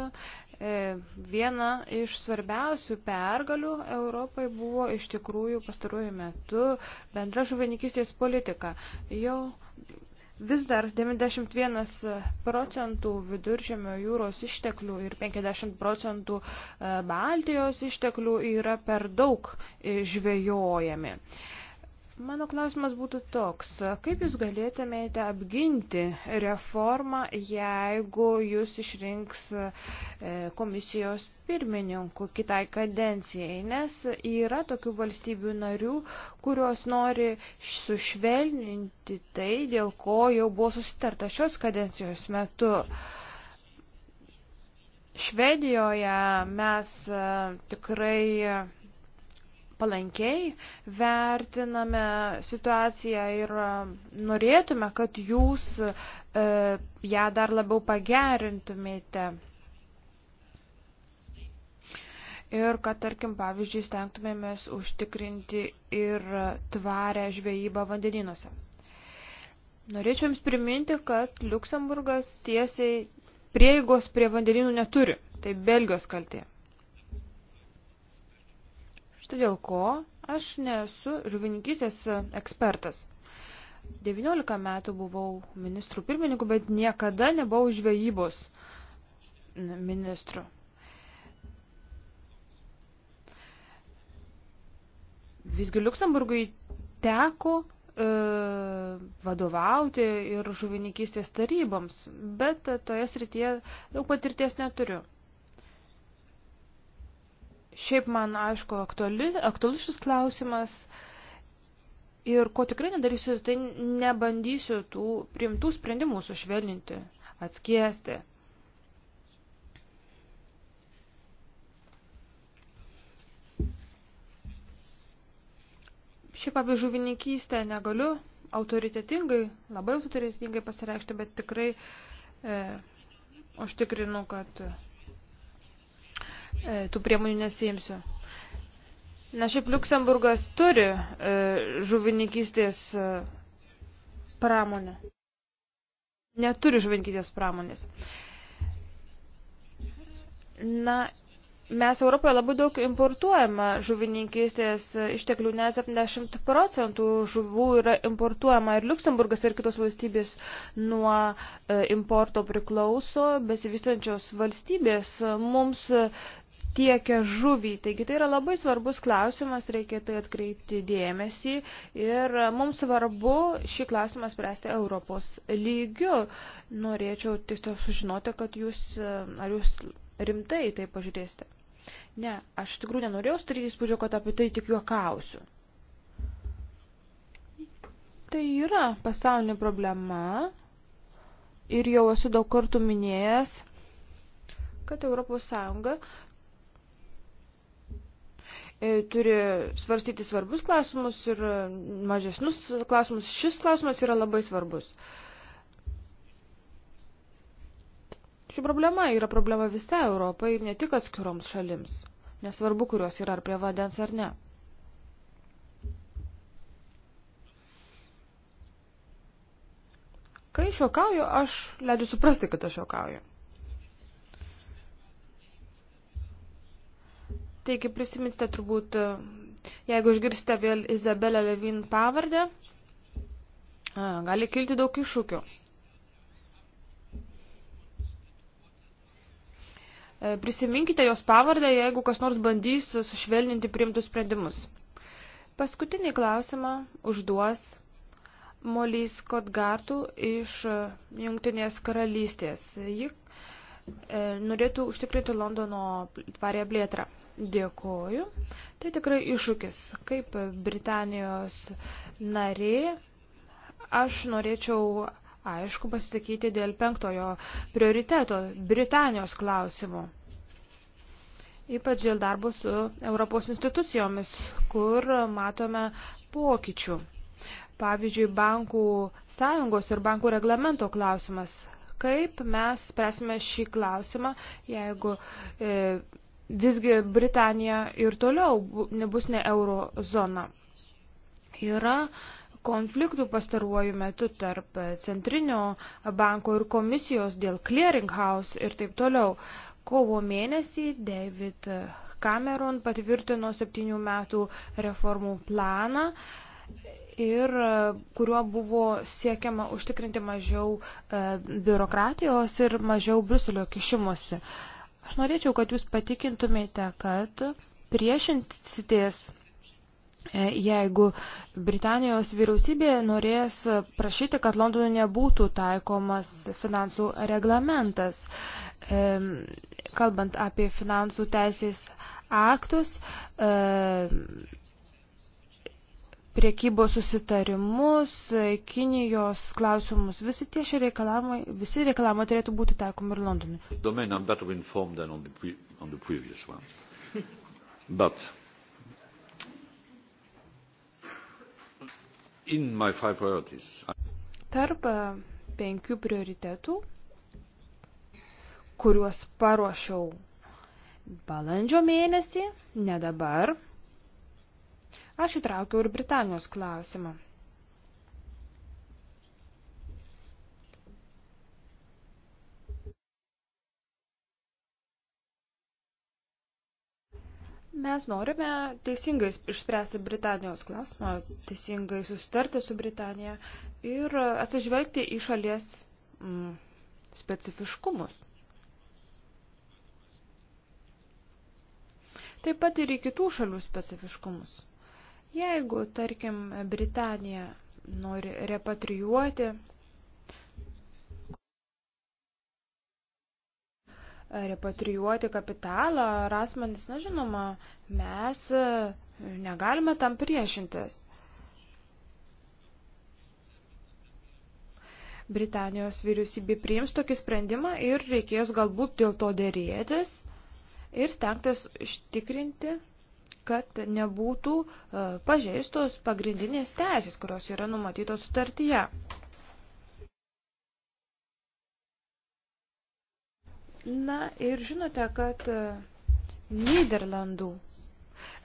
viena iš svarbiausių pergalių Europai buvo iš tikrųjų pastaruoju metu bendra žuvininkistės politika. Jau Vis dar 91 procentų viduržėmio jūros išteklių ir 50 procentų e, Baltijos išteklių yra per daug e, žvejojami. E, Mano klausimas būtų toks, kaip jūs galėtumėte apginti reformą, jeigu jūs išrinks e, komisijos pirmininku kitai kadencijai, nes yra tokių valstybių narių, kurios nori sušvelninti tai, dėl ko jau buvo susitarta šios kadencijos metu. Švedijoje mes e, tikrai palankiai vertiname situaciją ir e, norėtume, kad jūs e, ją dar labiau pagerintumėte. Ir kad, tarkim, pavyzdžiui, stengtumėmės užtikrinti ir tvarę žvejybą vandeninuose. Norėčiau Jums priminti, kad Luksemburgas tiesiai prieigos prie vandeninų neturi. Tai Belgijos kaltė. Tai dėl ko aš nesu žuvininkystės ekspertas. 19 metų buvau ministrų pirmininku, bet niekada nebuvau žvejybos ministru. Visgi Luksemburgui teko e, vadovauti ir žuvininkystės taryboms, bet toje srityje daug patirties neturiu. Šiaip man, aišku, aktuali, aktualus šis klausimas. Ir ko tikrai nedarysiu, tai nebandysiu tų priimtų sprendimų sušvelninti, atskiesti. Šiaip apie žuvininkystę negaliu autoritetingai, labai autoritetingai pasireikšti, bet tikrai e, užtikrinu, kad E, tų priemonių nesijimsiu. Na šiaip Luksemburgas turi e, žuvininkystės e, pramonę. Neturi žuvininkystės pramonės. Na, mes Europoje labai daug importuojame žuvininkystės išteklių, nes 70 procentų žuvų yra importuojama ir Luksemburgas ir kitos valstybės nuo importo priklauso, besivystančios valstybės mums tiekia žuvį. Taigi tai yra labai svarbus klausimas, reikia tai atkreipti dėmesį ir mums svarbu šį klausimą spręsti Europos lygiu. Norėčiau tiesiog sužinoti, kad jūs, ar jūs rimtai tai pažiūrėsite. Ne, aš tikrųjų nenorėjau sudaryti įspūdžio, kad apie tai tik juokausiu. Tai yra pasaulinė problema ir jau esu daug kartų minėjęs, kad ES E, turi svarstyti svarbus klausimus ir e, mažesnius klausimus. Šis klausimas yra labai svarbus. Ši problema yra problema visai Europai ir ne tik atskiroms šalims. Nesvarbu, kurios yra ar prie vandens ar ne. Kai šokauju, aš leidžiu suprasti, kad aš šokauju. Taigi prisiminsite turbūt, e, jeigu išgirsite vėl Izabelę Levin pavardę, e, gali kilti daug iššūkių. E, prisiminkite jos pavardę, jeigu kas nors bandys sušvelninti priimtus sprendimus. Paskutinį klausimą užduos Molys Kotgartų iš Jungtinės karalystės. Ji norėtų užtikrinti Londono tvarę plėtrą. Dėkoju. Tai tikrai iššūkis. Kaip Britanijos narė, aš norėčiau aišku pasisakyti dėl penktojo prioriteto Britanijos klausimų. Ypač dėl darbo su Europos institucijomis, kur matome pokyčių. Pavyzdžiui, bankų sąjungos ir bankų reglamento klausimas. Kaip mes spręsime šį klausimą, jeigu e, visgi Britanija ir toliau nebus ne euro zona. Yra konfliktų pastaruoju metu tarp Centrinio banko ir komisijos dėl clearinghouse ir taip toliau. Kovo mėnesį David Cameron patvirtino septynių metų reformų planą ir kuriuo buvo siekiama užtikrinti mažiau e, biurokratijos ir mažiau Bruselio kišimuose. Aš norėčiau, kad jūs patikintumėte, kad priešinsitės, e, jeigu Britanijos vyriausybė norės prašyti, kad Londonui nebūtų taikomas finansų reglamentas. E, kalbant apie finansų teisės aktus, e, priekybos susitarimus, Kinijos klausimus, visi tie šie reikalavimai, visi reikalavimai turėtų būti taikomi ir Londonui. Domain, I'm better informed than on the, pre on the previous one. But in my five priorities. I... Tarp e, penkių prioritetų, kuriuos paruošiau balandžio mėnesį, ne dabar, Aš įtraukiau ir Britanijos klausimą. Mes norime teisingai išspręsti Britanijos klausimą, teisingai susitarti su Britanija ir atsižvelgti į šalies mm, specifiškumus. Taip pat ir į kitų šalių specifiškumus. Jeigu, tarkim, Britanija nori repatrijuoti repatrijuoti kapitalą ar asmenys, na žinoma, mes e, negalime tam priešintis. Britanijos vyriausybė priims tokį sprendimą ir reikės galbūt dėl to dėrėtis ir stengtis ištikrinti kad nebūtų e, pažeistos pagrindinės teisės, kurios yra numatytos sutartyje. Na ir žinote, kad e, Niderlandų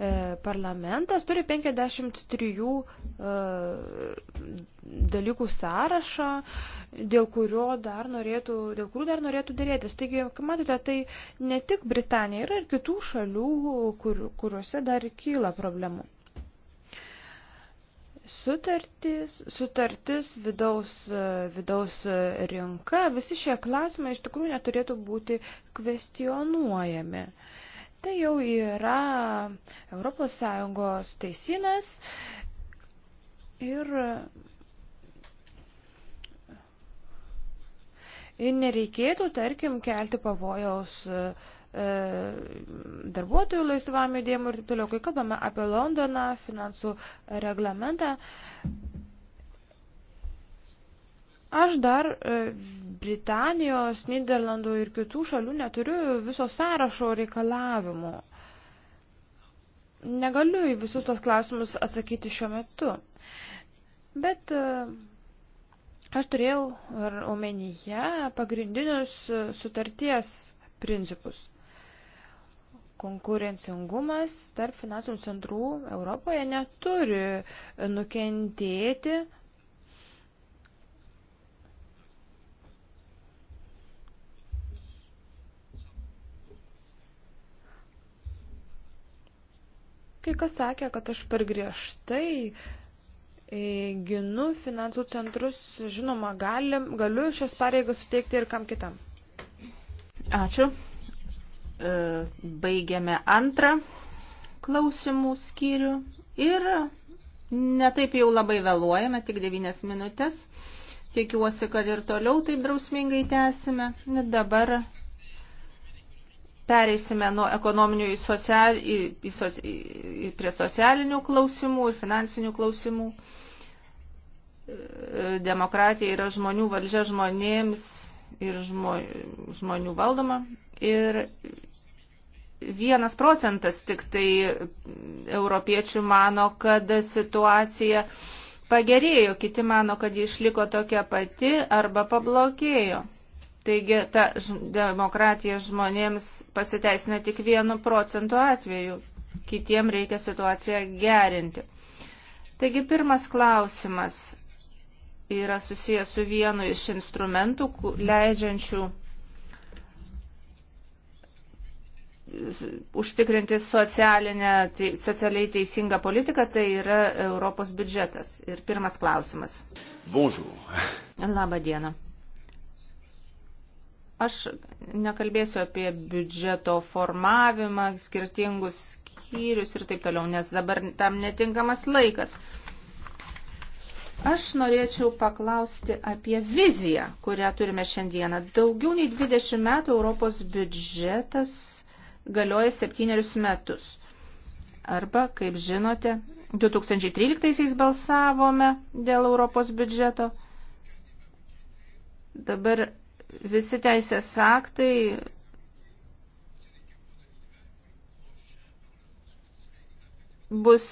E, parlamentas turi 53 e, dalykų sąrašą, dėl, kurio dar norėtų, dėl kurių dar norėtų dėrėtis. Taigi, matote, tai ne tik Britanija, yra ir kitų šalių, kur, kuriuose dar kyla problemų. Sutartis, sutartis vidaus, vidaus rinka, visi šie klausimai iš tikrųjų neturėtų būti kvestionuojami. Uh, Tai jau yra ES teisinas ir Ir nereikėtų, tarkim, kelti pavojaus e, darbuotojų laisvam judėjimui ir taip toliau. Kai kalbame apie Londoną, finansų reglamentą, Aš dar e, Britanijos, Niderlandų ir kitų šalių neturiu viso sąrašo reikalavimų. Negaliu į visus tos klausimus atsakyti šiuo metu. Bet e, aš turėjau ir omenyje pagrindinius e, sutarties principus. Konkurencingumas tarp finansinių centrų Europoje neturi nukentėti Kai kas sakė, kad aš per griežtai e, ginu finansų centrus, žinoma, galim, galiu šias pareigas suteikti ir kam kitam. Ačiū. E, baigiame antrą klausimų skyrių ir netaip jau labai vėluojame, tik 9 minutės. Tikiuosi, kad ir toliau taip drausmingai tęsime. Dabar pereisime nuo ekonominių į social, į, į, į, prie socialinių klausimų ir finansinių klausimų. E, demokratija yra žmonių valdžia žmonėms ir žmo, žmonių valdoma. Ir vienas procentas tik tai europiečių mano, kad situacija pagerėjo, kiti mano, kad ji išliko tokia pati arba pablogėjo. Taigi ta demokratija žmonėms pasiteisina tik vienu procentu atveju, kitiem reikia situaciją gerinti. Taigi pirmas klausimas yra susijęs su vienu iš instrumentų, leidžiančių užtikrinti socialiai teisingą politiką, tai yra Europos biudžetas. Ir pirmas klausimas. Bonjour. Labą dieną. Aš nekalbėsiu apie biudžeto formavimą, skirtingus skyrius ir taip toliau, nes dabar tam netinkamas laikas. Aš norėčiau paklausti apie viziją, kurią turime šiandieną. Daugiau nei 20 metų Europos biudžetas galioja septynerius metus. Arba, kaip žinote, 2013 balsavome dėl Europos biudžeto. Dabar visi teisės aktai bus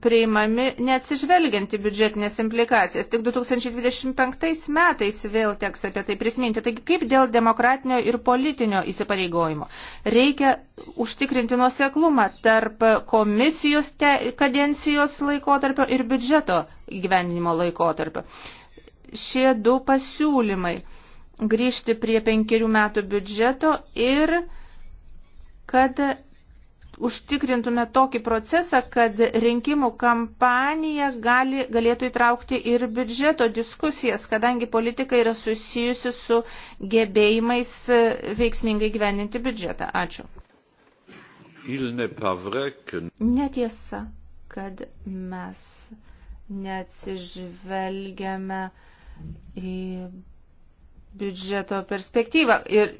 priimami neatsižvelgiant į biudžetinės implikacijas. Tik 2025 metais vėl teks apie tai prisiminti. Taigi kaip dėl demokratinio ir politinio įsipareigojimo? Reikia užtikrinti nuoseklumą tarp komisijos te, kadencijos laikotarpio ir biudžeto gyvendinimo laikotarpio. Šie du pasiūlymai grįžti prie penkerių metų biudžeto ir kad užtikrintume tokį procesą, kad rinkimų kampanija gali, galėtų įtraukti ir biudžeto diskusijas, kadangi politika yra susijusi su gebėjimais veiksmingai gyveninti biudžetą. Ačiū. Netiesa, kad mes neatsižvelgiame į biudžeto perspektyvą. Ir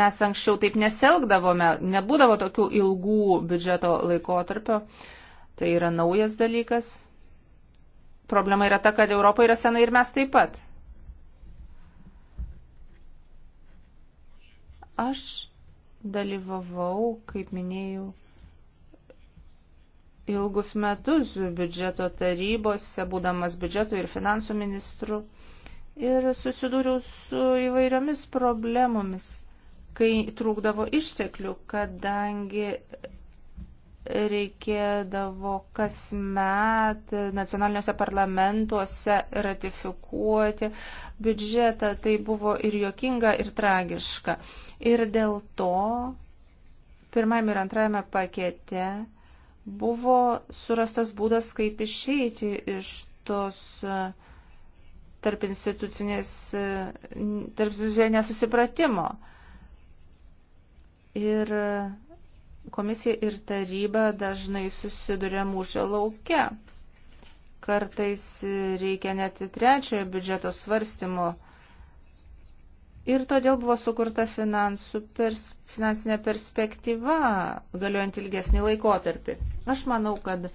mes anksčiau taip neselgdavome, nebūdavo tokių ilgų biudžeto laikotarpio. Tai yra naujas dalykas. Problema yra ta, kad Europa yra sena ir mes taip pat. Aš dalyvavau, kaip minėjau, ilgus metus biudžeto tarybose, būdamas biudžeto ir finansų ministru ir susidūriau su įvairiomis problemomis, kai trūkdavo išteklių, kadangi reikėdavo kasmet nacionaliniuose parlamentuose ratifikuoti biudžetą. Tai buvo ir jokinga, ir tragiška. Ir dėl to pirmajame ir antrajame pakete buvo surastas būdas, kaip išeiti iš tos uh, tarp institucinės, e, tarp institucinės nesusipratimo. Ir komisija ir taryba dažnai susiduria mūšio laukia. Kartais reikia net trečiojo biudžeto svarstymo. Ir todėl buvo sukurta pers, finansinė perspektyva, galiuojant ilgesnį laikotarpį. Aš manau, kad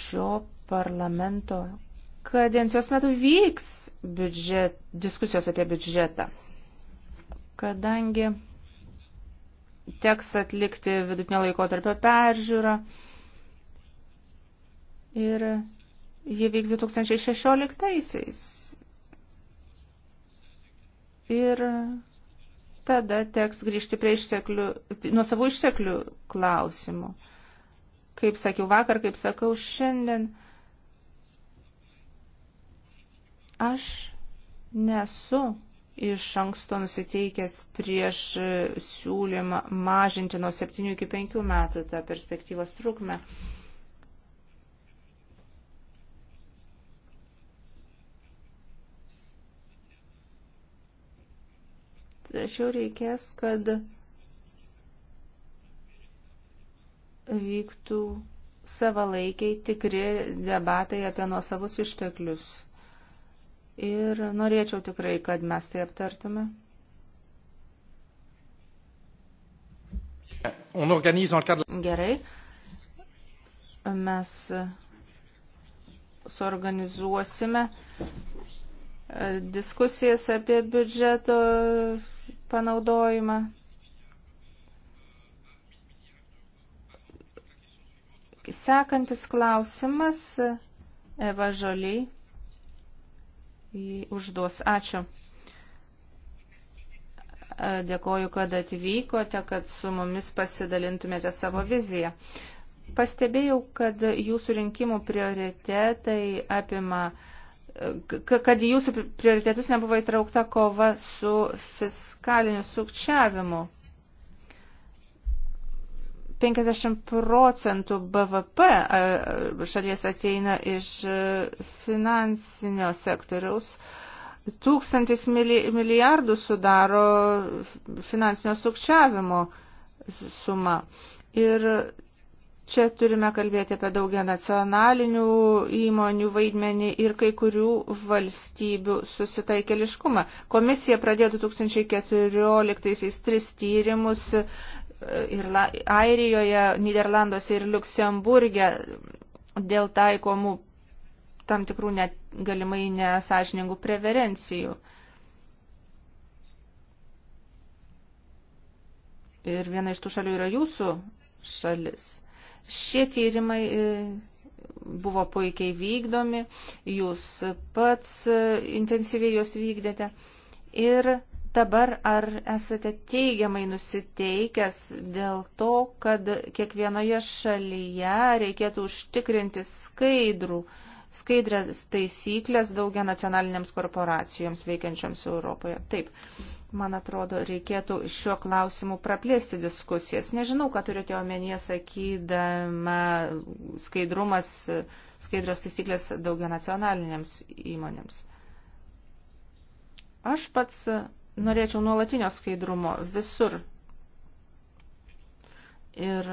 šio parlamento kadencijos metu vyks biudžet, diskusijos apie biudžetą, kadangi teks atlikti vidutinio laikotarpio peržiūrą ir jie vyks 2016-aisiais. Ir tada teks grįžti prie išteklių, nuo savų išteklių klausimų. Kaip sakiau vakar, kaip sakau šiandien, Aš nesu iš anksto nusiteikęs prieš e, siūlymą mažinti nuo 7 iki 5 metų tą perspektyvos trukmę. Tačiau reikės, kad vyktų savalaikiai tikri debatai apie nuosavus išteklius. Ir norėčiau tikrai, kad mes tai aptartume. Gerai. Mes suorganizuosime e, diskusijas apie biudžeto panaudojimą. Sekantis klausimas, Eva Žoliai jį užduos. Ačiū. Dėkoju, kad atvykote, kad su mumis pasidalintumėte savo viziją. Pastebėjau, kad jūsų rinkimų prioritetai apima, kad jūsų prioritetus nebuvo įtraukta kova su fiskaliniu sukčiavimu. 50 procentų BVP šalies ateina iš e, finansinio sektoriaus. Tūkstantis milijardų sudaro finansinio sukčiavimo suma. Ir čia turime kalbėti apie daugia nacionalinių įmonių vaidmenį ir kai kurių valstybių susitaikeliškumą. Komisija pradėjo 2014-aisiais tris tyrimus ir Airijoje, Niderlanduose ir Luksemburgė dėl taikomų tam tikrų net galimai nesažiningų preferencijų. Ir viena iš tų šalių yra jūsų šalis. Šie tyrimai e, buvo puikiai vykdomi, jūs pats e, intensyviai juos vykdėte. Ir Dabar ar esate teigiamai nusiteikęs dėl to, kad kiekvienoje šalyje reikėtų užtikrinti skaidrų, skaidrės taisyklės daugia nacionalinėms korporacijoms veikiančioms Europoje? Taip, man atrodo, reikėtų šiuo klausimu praplėsti diskusijas. Nežinau, ką turite omenyje sakydama skaidrumas, skaidrios taisyklės daugia nacionalinėms įmonėms. Aš pats norėčiau nuolatinio skaidrumo visur. Ir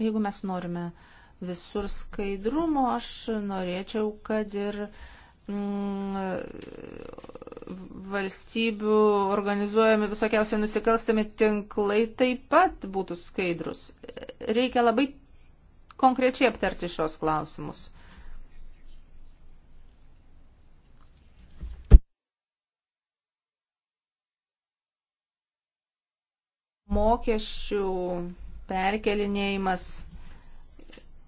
jeigu mes norime visur skaidrumo, aš norėčiau, kad ir mm, valstybių organizuojami visokiausiai nusikalstami tinklai taip pat būtų skaidrus. Reikia labai konkrečiai aptarti šios klausimus. mokesčių perkelinėjimas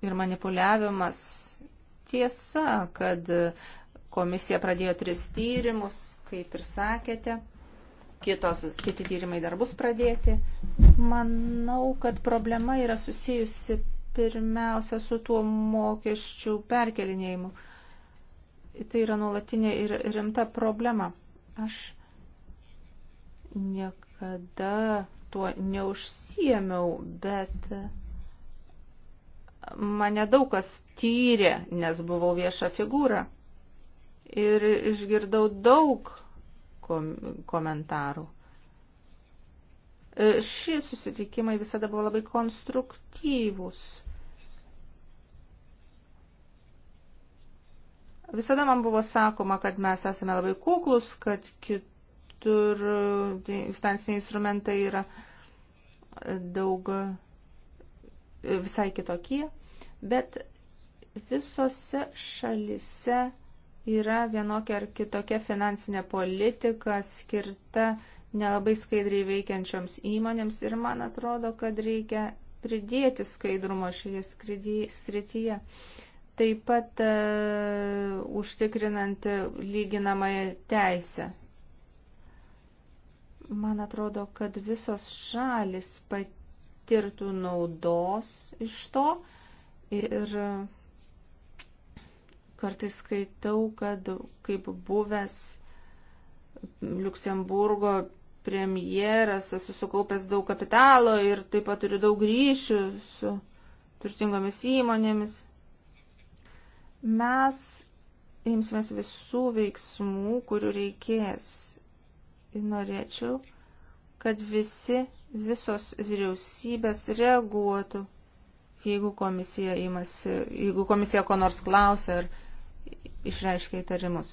ir manipuliavimas. Tiesa, kad komisija pradėjo tris tyrimus, kaip ir sakėte, kitos, kiti tyrimai dar bus pradėti. Manau, kad problema yra susijusi pirmiausia su tuo mokesčių perkelinėjimu. Tai yra nuolatinė ir rimta problema. Aš niekada tuo neužsiemiau, bet mane daug kas tyrė, nes buvau vieša figūra. Ir išgirdau daug kom komentarų. Šie susitikimai visada buvo labai konstruktyvūs. Visada man buvo sakoma, kad mes esame labai kuklus, kad kitų kitur tai instanciniai instrumentai yra daug e, visai kitokie, bet visose šalise yra vienokia ar kitokia finansinė politika skirta nelabai skaidriai veikiančioms įmonėms ir man atrodo, kad reikia pridėti skaidrumo šioje srityje. Taip pat uh, užtikrinant lyginamąją teisę Man atrodo, kad visos šalis patirtų naudos iš to ir kartais skaitau, kad kaip buvęs Luksemburgo premjeras, esu sukaupęs daug kapitalo ir taip pat turiu daug ryšių su turtingomis įmonėmis. Mes imsimės visų veiksmų, kurių reikės norėčiau, kad visi, visos vyriausybės reaguotų, jeigu komisija, įmasi, jeigu komisija ko nors klausia ar išreiškia įtarimus.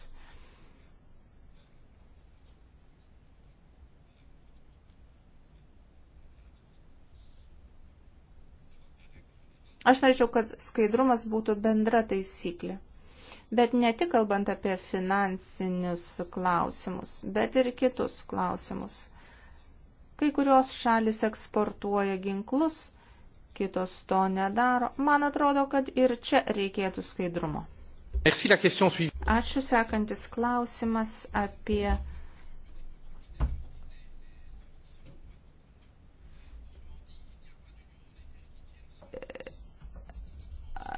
Aš norėčiau, kad skaidrumas būtų bendra taisyklė bet ne tik kalbant apie finansinius klausimus, bet ir kitus klausimus. Kai kurios šalis eksportuoja ginklus, kitos to nedaro. Man atrodo, kad ir čia reikėtų skaidrumo. Ačiū sekantis klausimas apie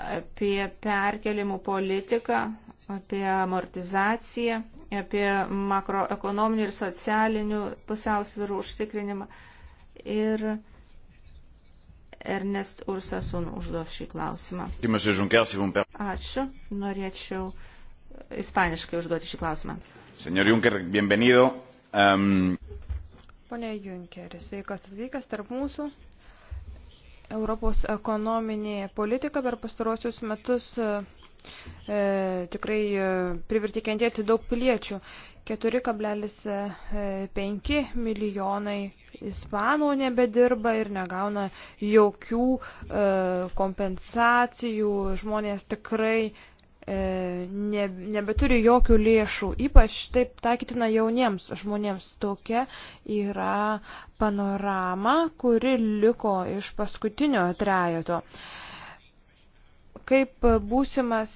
apie perkelimų politiką, apie amortizaciją, apie makroekonominių ir socialinių pusiausvirų užtikrinimą. Ir Ernest Ursasun užduos šį klausimą. Ačiū. Norėčiau ispaniškai užduoti šį klausimą. Senor Juncker, bienvenido. Um... Pone Junkeris, sveikas atvykęs tarp mūsų. Europos ekonominė politika per pastarosius metus e, e tikrai e, privertė kentėti daug piliečių. 4,5 e, milijonai ispanų nebedirba ir negauna jokių e, kompensacijų. Žmonės tikrai E, ne, nebeturi jokių lėšų, ypač taip taikytina jauniems žmonėms. Tokia yra panorama, kuri liko iš paskutinio trejato. Kaip būsimas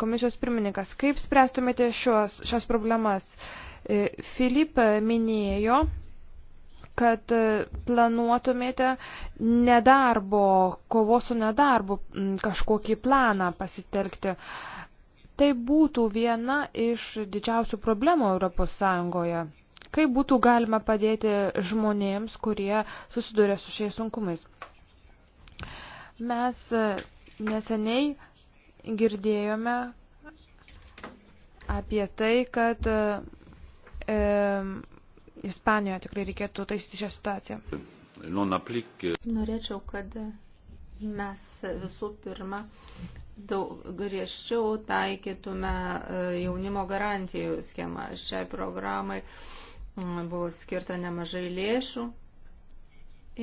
komisijos pirmininkas, kaip spręstumėte šios, šios problemas? E, Filip minėjo, kad e, planuotumėte nedarbo, kovos su nedarbu kažkokį planą pasitelkti. Tai būtų viena iš didžiausių problemų ES. Kaip būtų galima padėti žmonėms, kurie susiduria su šiais sunkumais? Mes e, neseniai girdėjome apie tai, kad e, Ispanijoje tikrai reikėtų taisyti šią situaciją. Norėčiau, kad mes visų pirma daug griežčiau taikytume e, jaunimo garantijų schemą. Šiai programai mm, buvo skirta nemažai lėšų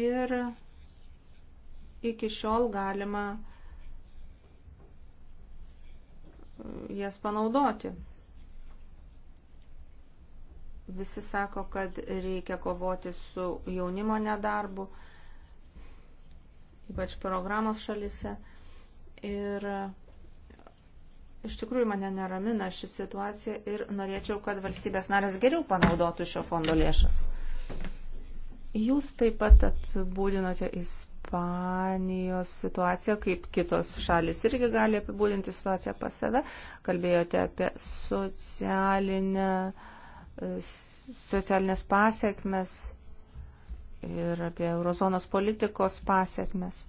ir iki šiol galima e, jas panaudoti. Visi sako, kad reikia kovoti su jaunimo nedarbu, ypač programos šalise. Ir iš tikrųjų mane neramina ši situacija ir norėčiau, kad valstybės narės geriau panaudotų šio fondo lėšas. Jūs taip pat apibūdinote Ispanijos situaciją, kaip kitos šalis irgi gali apibūdinti situaciją pas save. Kalbėjote apie socialinę uh, socialinės pasiekmes ir apie eurozonos politikos pasiekmes.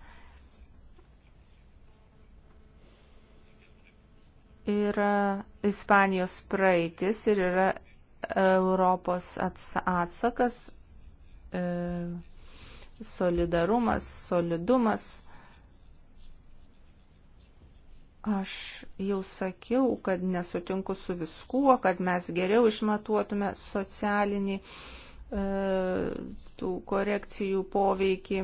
Yra Ispanijos praeitis ir yra Europos atsakas, e, solidarumas, solidumas. Aš jau sakiau, kad nesutinku su viskuo, kad mes geriau išmatuotume socialinį e, tų korekcijų poveikį.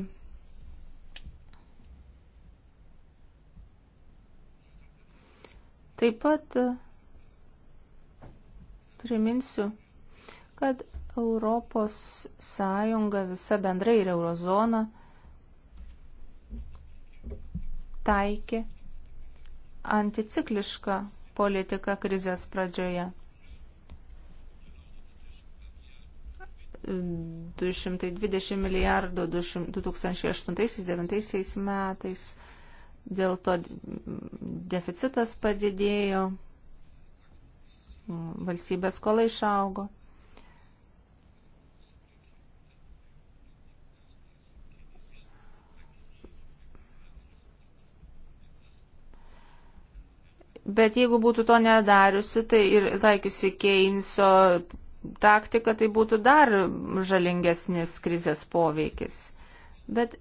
Taip pat e, priminsiu, kad Europos Sąjunga visa bendrai ir eurozona taikė anticiklišką politiką krizės pradžioje. 220 milijardų 2008-2009 metais. Dėl to deficitas padidėjo, valstybės skola išaugo. Bet jeigu būtų to nedariusi, tai ir taikiusi Keinso taktiką, tai būtų dar žalingesnis krizės poveikis. Bet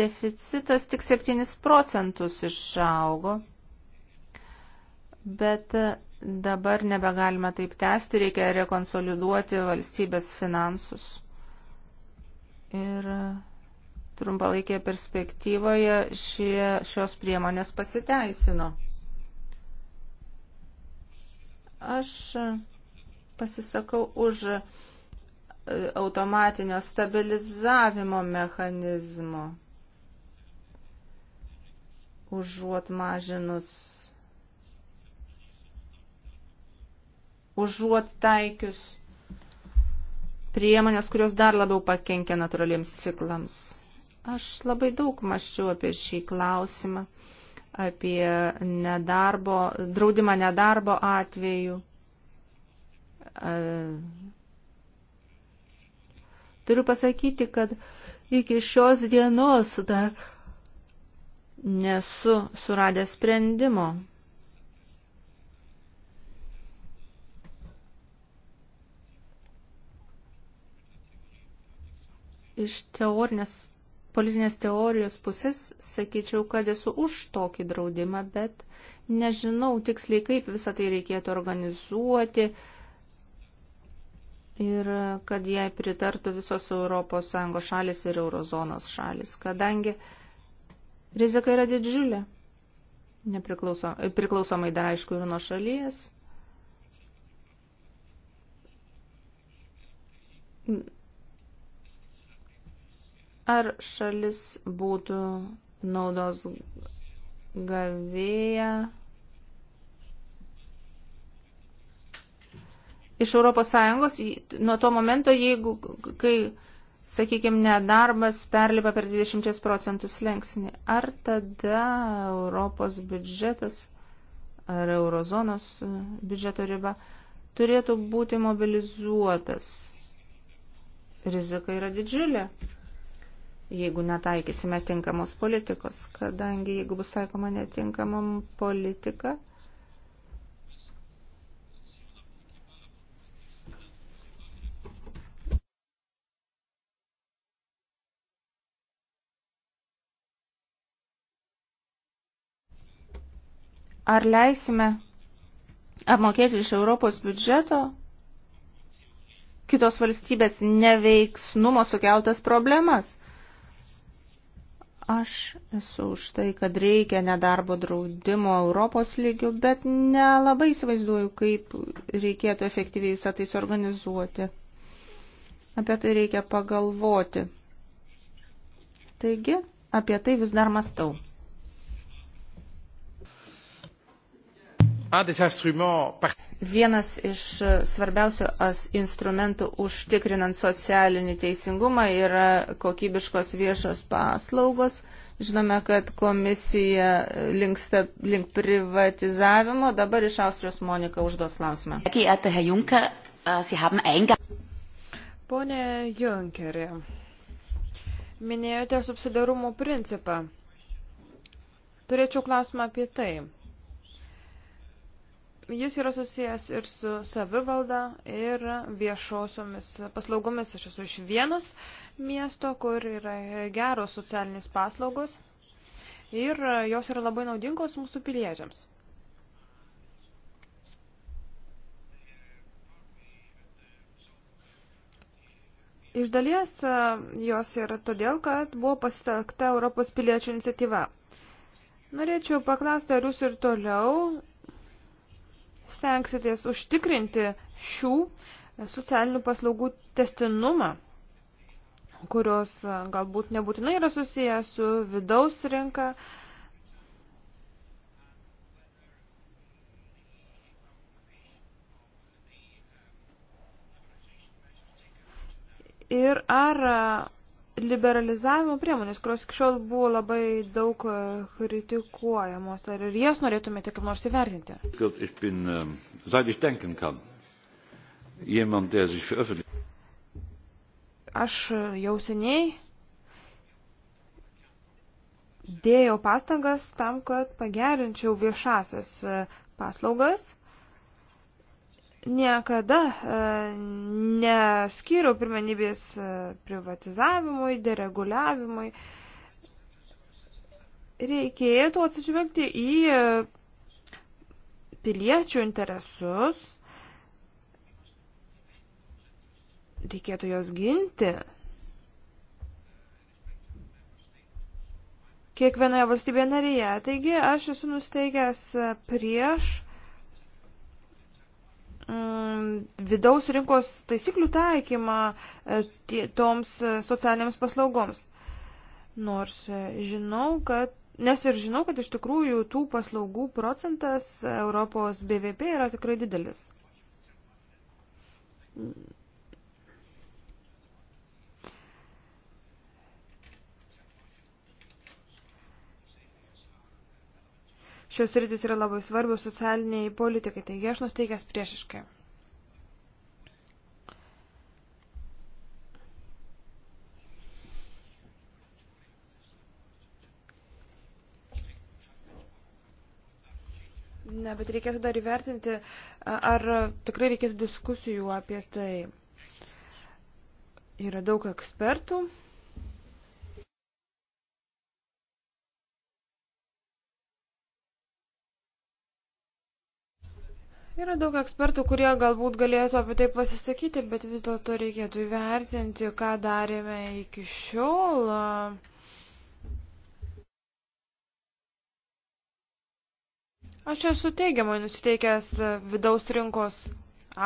deficitas tik 7 procentus išaugo. Bet dabar nebegalime taip tęsti, reikia rekonsoliduoti valstybės finansus. Ir trumpalaikėje perspektyvoje šie, šios priemonės pasiteisino. Aš pasisakau už e, automatinio stabilizavimo mechanizmo, užuot mažinus, užuot taikius priemonės, kurios dar labiau pakenkia natūraliems ciklams. Aš labai daug maščiau apie šį klausimą apie nedarbo, draudimą nedarbo atveju. E, turiu pasakyti, kad iki šios dienos dar nesu suradęs sprendimo. Iš teorinės politinės teorijos pusės sakyčiau, kad esu už tokį draudimą, bet nežinau tiksliai, kaip visą tai reikėtų organizuoti ir kad jai pritartų visos ES šalis ir eurozonos šalis, kadangi rizika yra didžiulė, Nepriklauso, priklausomai dar aišku ir nuo šalies ar šalis būtų naudos gavėja iš Europos Sąjungos nuo to momento, jeigu, kai, sakykime, nedarbas perlipa per 20 procentų slengsnį, ar tada Europos biudžetas ar eurozonos biudžeto riba turėtų būti mobilizuotas. Rizika yra didžiulė jeigu netaikysime tinkamos politikos, kadangi jeigu bus taikoma netinkamam politika, ar leisime apmokėti iš Europos biudžeto kitos valstybės neveiksnumo sukeltas problemas – Aš esu už tai, kad reikia nedarbo draudimo Europos lygių, bet nelabai įsivaizduoju, kaip reikėtų efektyviai visą tai suorganizuoti. Apie tai reikia pagalvoti. Taigi, apie tai vis dar mastau. Vienas iš svarbiausių instrumentų užtikrinant socialinį teisingumą yra kokybiškos viešos paslaugos. Žinome, kad komisija linksta link privatizavimo. Dabar iš Austrijos Monika užduos klausimą. Äh, Pone Junkeri, minėjote subsidarumo principą. Turėčiau klausimą apie tai. Jis yra susijęs ir su savivalda, ir viešosiomis paslaugomis. Aš esu iš vienos miesto, kur yra geros socialinės paslaugos ir jos yra labai naudingos mūsų piliečiams. Iš dalies e, jos yra todėl, kad buvo pasitelkta Europos piliečių iniciatyva. Norėčiau paklausti, ar jūs ir toliau stengsitės užtikrinti šių socialinių paslaugų testinumą, kurios e, galbūt nebūtinai yra susiję su vidaus rinka. Ir ar e, liberalizavimo priemonės, kurios iki šiol buvo labai daug e, kritikuojamos. Ar ir jas norėtumėte kaip nors įvertinti? Ähm, Aš e, jau seniai dėjau pastangas tam, kad pagerinčiau viešasias e, paslaugas niekada e, neskyriau pirmenybės e, privatizavimui, dereguliavimui. Reikėtų atsižvelgti į e, piliečių interesus, reikėtų jos ginti. Kiekvienoje valstybėje narėje. Taigi aš esu nusteigęs prieš Mm, vidaus rinkos taisyklių taikymą e, toms e, socialinėms paslaugoms. Nors e, žinau, kad, nes ir žinau, kad iš tikrųjų tų paslaugų procentas Europos BVP yra tikrai didelis. šios rytis yra labai svarbios socialiniai politikai, taigi aš nusteikęs priešiškai. Ne, bet reikėtų dar įvertinti, ar tikrai reikėtų diskusijų apie tai. Yra daug ekspertų, Yra daug ekspertų, kurie galbūt galėtų apie tai pasisakyti, bet vis dėlto reikėtų įvertinti, ką darėme iki šiol. Aš esu teigiamai nusiteikęs vidaus rinkos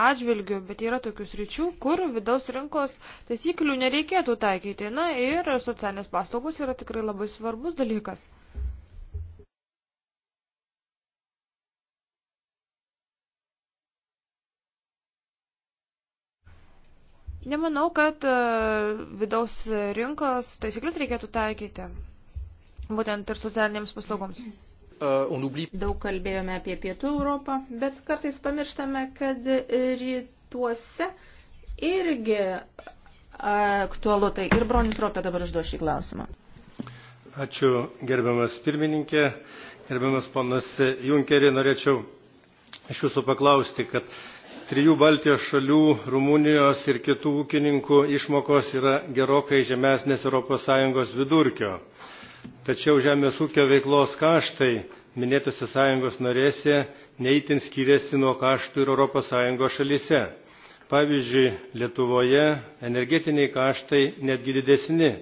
atžvilgių, bet yra tokius ryčių, kur vidaus rinkos taisyklių nereikėtų taikyti. Na ir socialinės paslaugos yra tikrai labai svarbus dalykas. Nemanau, kad e, vidaus rinkos taisyklės reikėtų taikyti, būtent ir socialinėms paslaugoms. E, Daug kalbėjome apie Pietų Europą, bet kartais pamirštame, kad rytuose irgi aktualu tai. Ir Bronis Ropė dabar užduos šį klausimą. Ačiū gerbiamas pirmininkė, gerbiamas ponas Junkerį, norėčiau iš jūsų paklausti, kad trijų baltijos šalių rumunijos ir kitų ūkininkų išmokos yra gerokai žemesnės europos sąjungos vidurkio tačiau žemės ūkio veiklos kaštai minėtose sąjungos narėse ne itin skiriasi nuo kaštų ir europos sąjungos šalyse pavyzdžiui lietuvoje energetiniai kaštai netgi didesni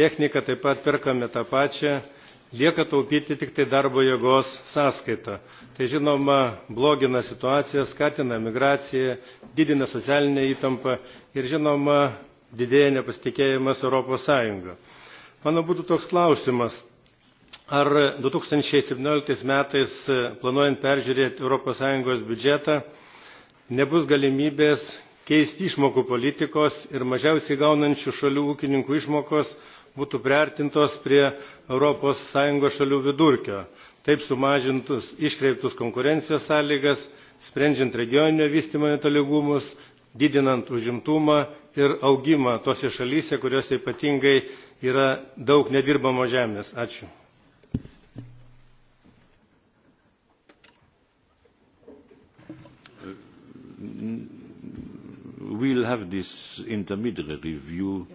technika taip pat perkame tą pačią lieka taupyti tik tai darbo jėgos sąskaita. Tai žinoma blogina situaciją, skatina migraciją, didina socialinę įtampą ir žinoma didėja nepasitikėjimas Europos Sąjunga. Mano būtų toks klausimas. Ar 2017 metais, planuojant peržiūrėti ES biudžetą, nebus galimybės keisti išmokų politikos ir mažiausiai gaunančių šalių ūkininkų išmokos būtų priartintos prie europos sąjungos šalių vidurkio taip sumažinus iškreiptas konkurencijos sąlygas sprendžiant regioninio vystymo netolygumus didinant užimtumą ir augimą tose šalyse kuriose ypatingai yra daug nedirbamos žemės. ačiū. we will have this intermediary review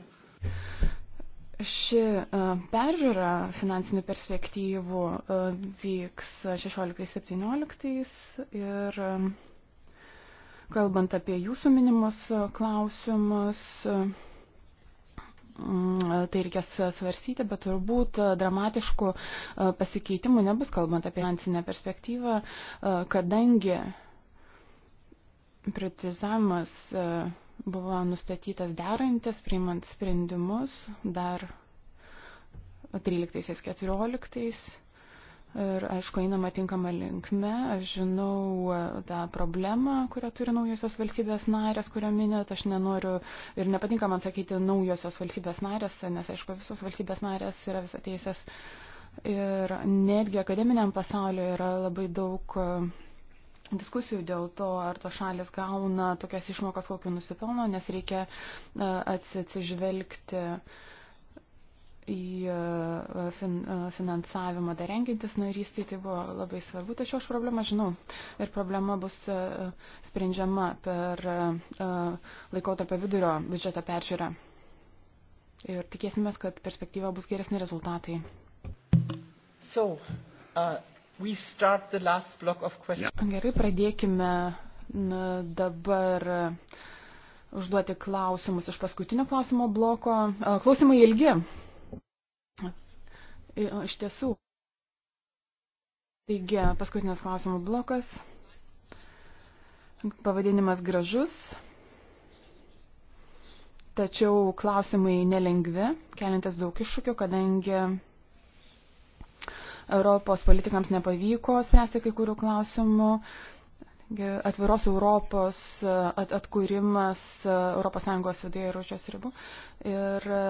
Ši e, peržiūra finansinių perspektyvų e, vyks 16-17 ir e, kalbant apie jūsų minimus klausimus, mm, tai reikės svarstyti, bet turbūt dramatiškų pasikeitimų nebus, kalbant apie finansinę perspektyvą, kadangi privatizavimas buvo nustatytas derantis, priimant sprendimus dar 13-14. Ir aišku, einama tinkama linkme. Aš žinau e, tą problemą, kurią turi naujosios valstybės narės, kurią minėt. Aš nenoriu ir nepatinka man sakyti naujosios valstybės narės, nes aišku, visos valstybės narės yra visateisės. Ir netgi akademiniam pasauliu yra labai daug uh, diskusijų dėl to, ar to šalis gauna tokias išmokas, kokiu nusipelno, nes reikia e, atsižvelgti į e, fin, e, finansavimą dar rengintis narystį, tai, tai buvo labai svarbu, tačiau aš problemą žinau ir problema bus sprendžiama per laikotarpio vidurio biudžeto peržiūrą. Ir tikėsime, kad perspektyva bus geresni rezultatai. So, uh... Gerai, pradėkime na, dabar uh, užduoti klausimus iš paskutinio klausimo bloko. Uh, klausimai ilgi. Iš tiesų. Taigi, paskutinis klausimų blokas. Pavadinimas gražus. Tačiau klausimai nelengvi, kelintis daug iššūkių, kadangi Europos politikams nepavyko spręsti kai kurių klausimų. Atviros Europos at atkūrimas ES viduje ir už jos ribų. Ir e,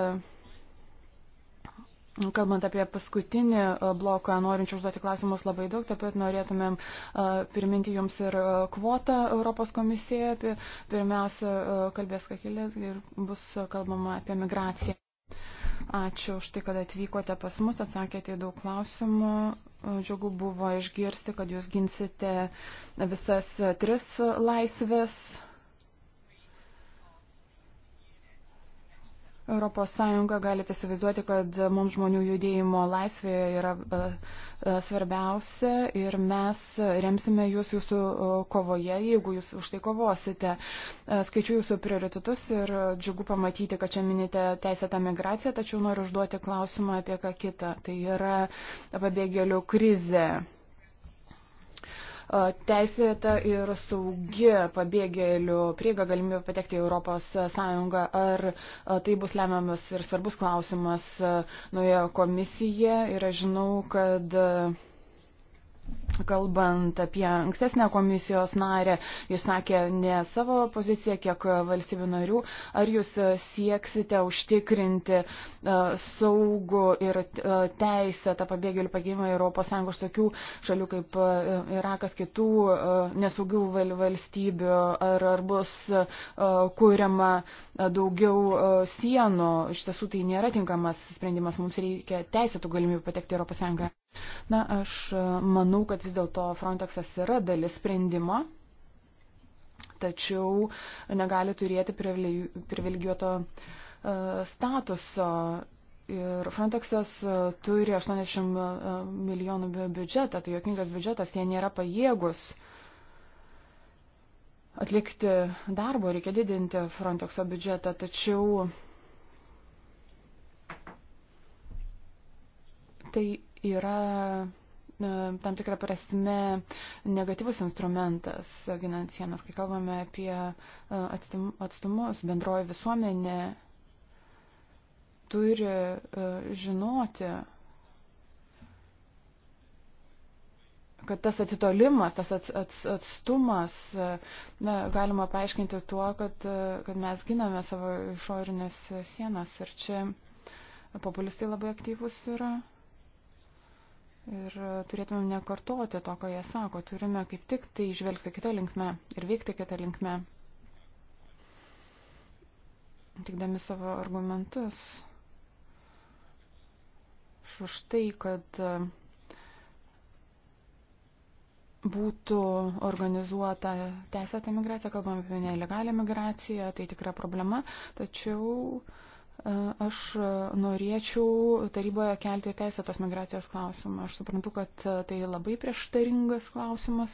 Kalbant apie paskutinį e, bloką, norinčių užduoti klausimus labai daug, taip pat norėtumėm e, priminti jums ir kvotą Europos komisijoje. Pirmiausia, kalbės Kakilė ir bus kalbama apie migraciją. Ačiū už tai, kad atvykote pas mus, atsakėte į daug klausimų. Džiugu buvo išgirsti, kad jūs ginsite visas tris laisvės. Europos Sąjunga galite įsivaizduoti, kad mums žmonių judėjimo laisvė yra E, svarbiausia ir mes remsime jūs jūsų e, kovoje, jeigu jūs už tai kovosite. E, skaičiu jūsų prioritetus ir džiugu pamatyti, kad čia minite teisėtą migraciją, tačiau noriu užduoti klausimą apie ką kitą. Tai yra pabėgėlių krizė teisėta ir saugi pabėgėlių prieiga galimybė patekti į ES. Ar tai bus lemiamas ir svarbus klausimas naujoje komisijoje? Ir aš žinau, kad kalbant apie ankstesnę komisijos narę, jūs sakė ne savo poziciją, kiek valstybių narių, ar jūs sieksite užtikrinti e, saugų ir e, teisę tą pabėgėlių pagimą Europos Sąjungos tokių šalių kaip e, Irakas, kitų nesaugių valstybių, ar, ar bus kuriama daugiau sienų. Iš tiesų tai nėra tinkamas sprendimas, mums reikia teisėtų galimybių patekti Europos Sąjungą. Na, aš e, manau, kad vis dėlto Frontexas yra dalis sprendimo, tačiau negali turėti privilegijuoto e, statuso. Ir Frontexas e, turi 80 milijonų biudžetą, tai jokingas biudžetas, jie nėra pajėgus atlikti darbo, reikia didinti Frontexo biudžetą, tačiau tai yra tam tikrą prasme negatyvus instrumentas ginant sienas, kai kalbame apie atstumus, bendroji visuomenė turi žinoti, kad tas atitolimas, tas ats, ats, atstumas na, galima paaiškinti tuo, kad, kad mes giname savo išorinės sienas ir čia populistai labai aktyvus yra. Ir turėtumėm nekartoti to, ko jie sako, turime kaip tik tai žvelgti kitą linkmę ir veikti kitą linkmę, tikdami savo argumentus. Už tai, kad būtų organizuota teisėta migracija, kalbam apie nelegalią migraciją, tai tikra problema, tačiau uh, Aš norėčiau taryboje kelti ir teisę tos migracijos klausimą. Aš suprantu, kad tai labai prieštaringas klausimas.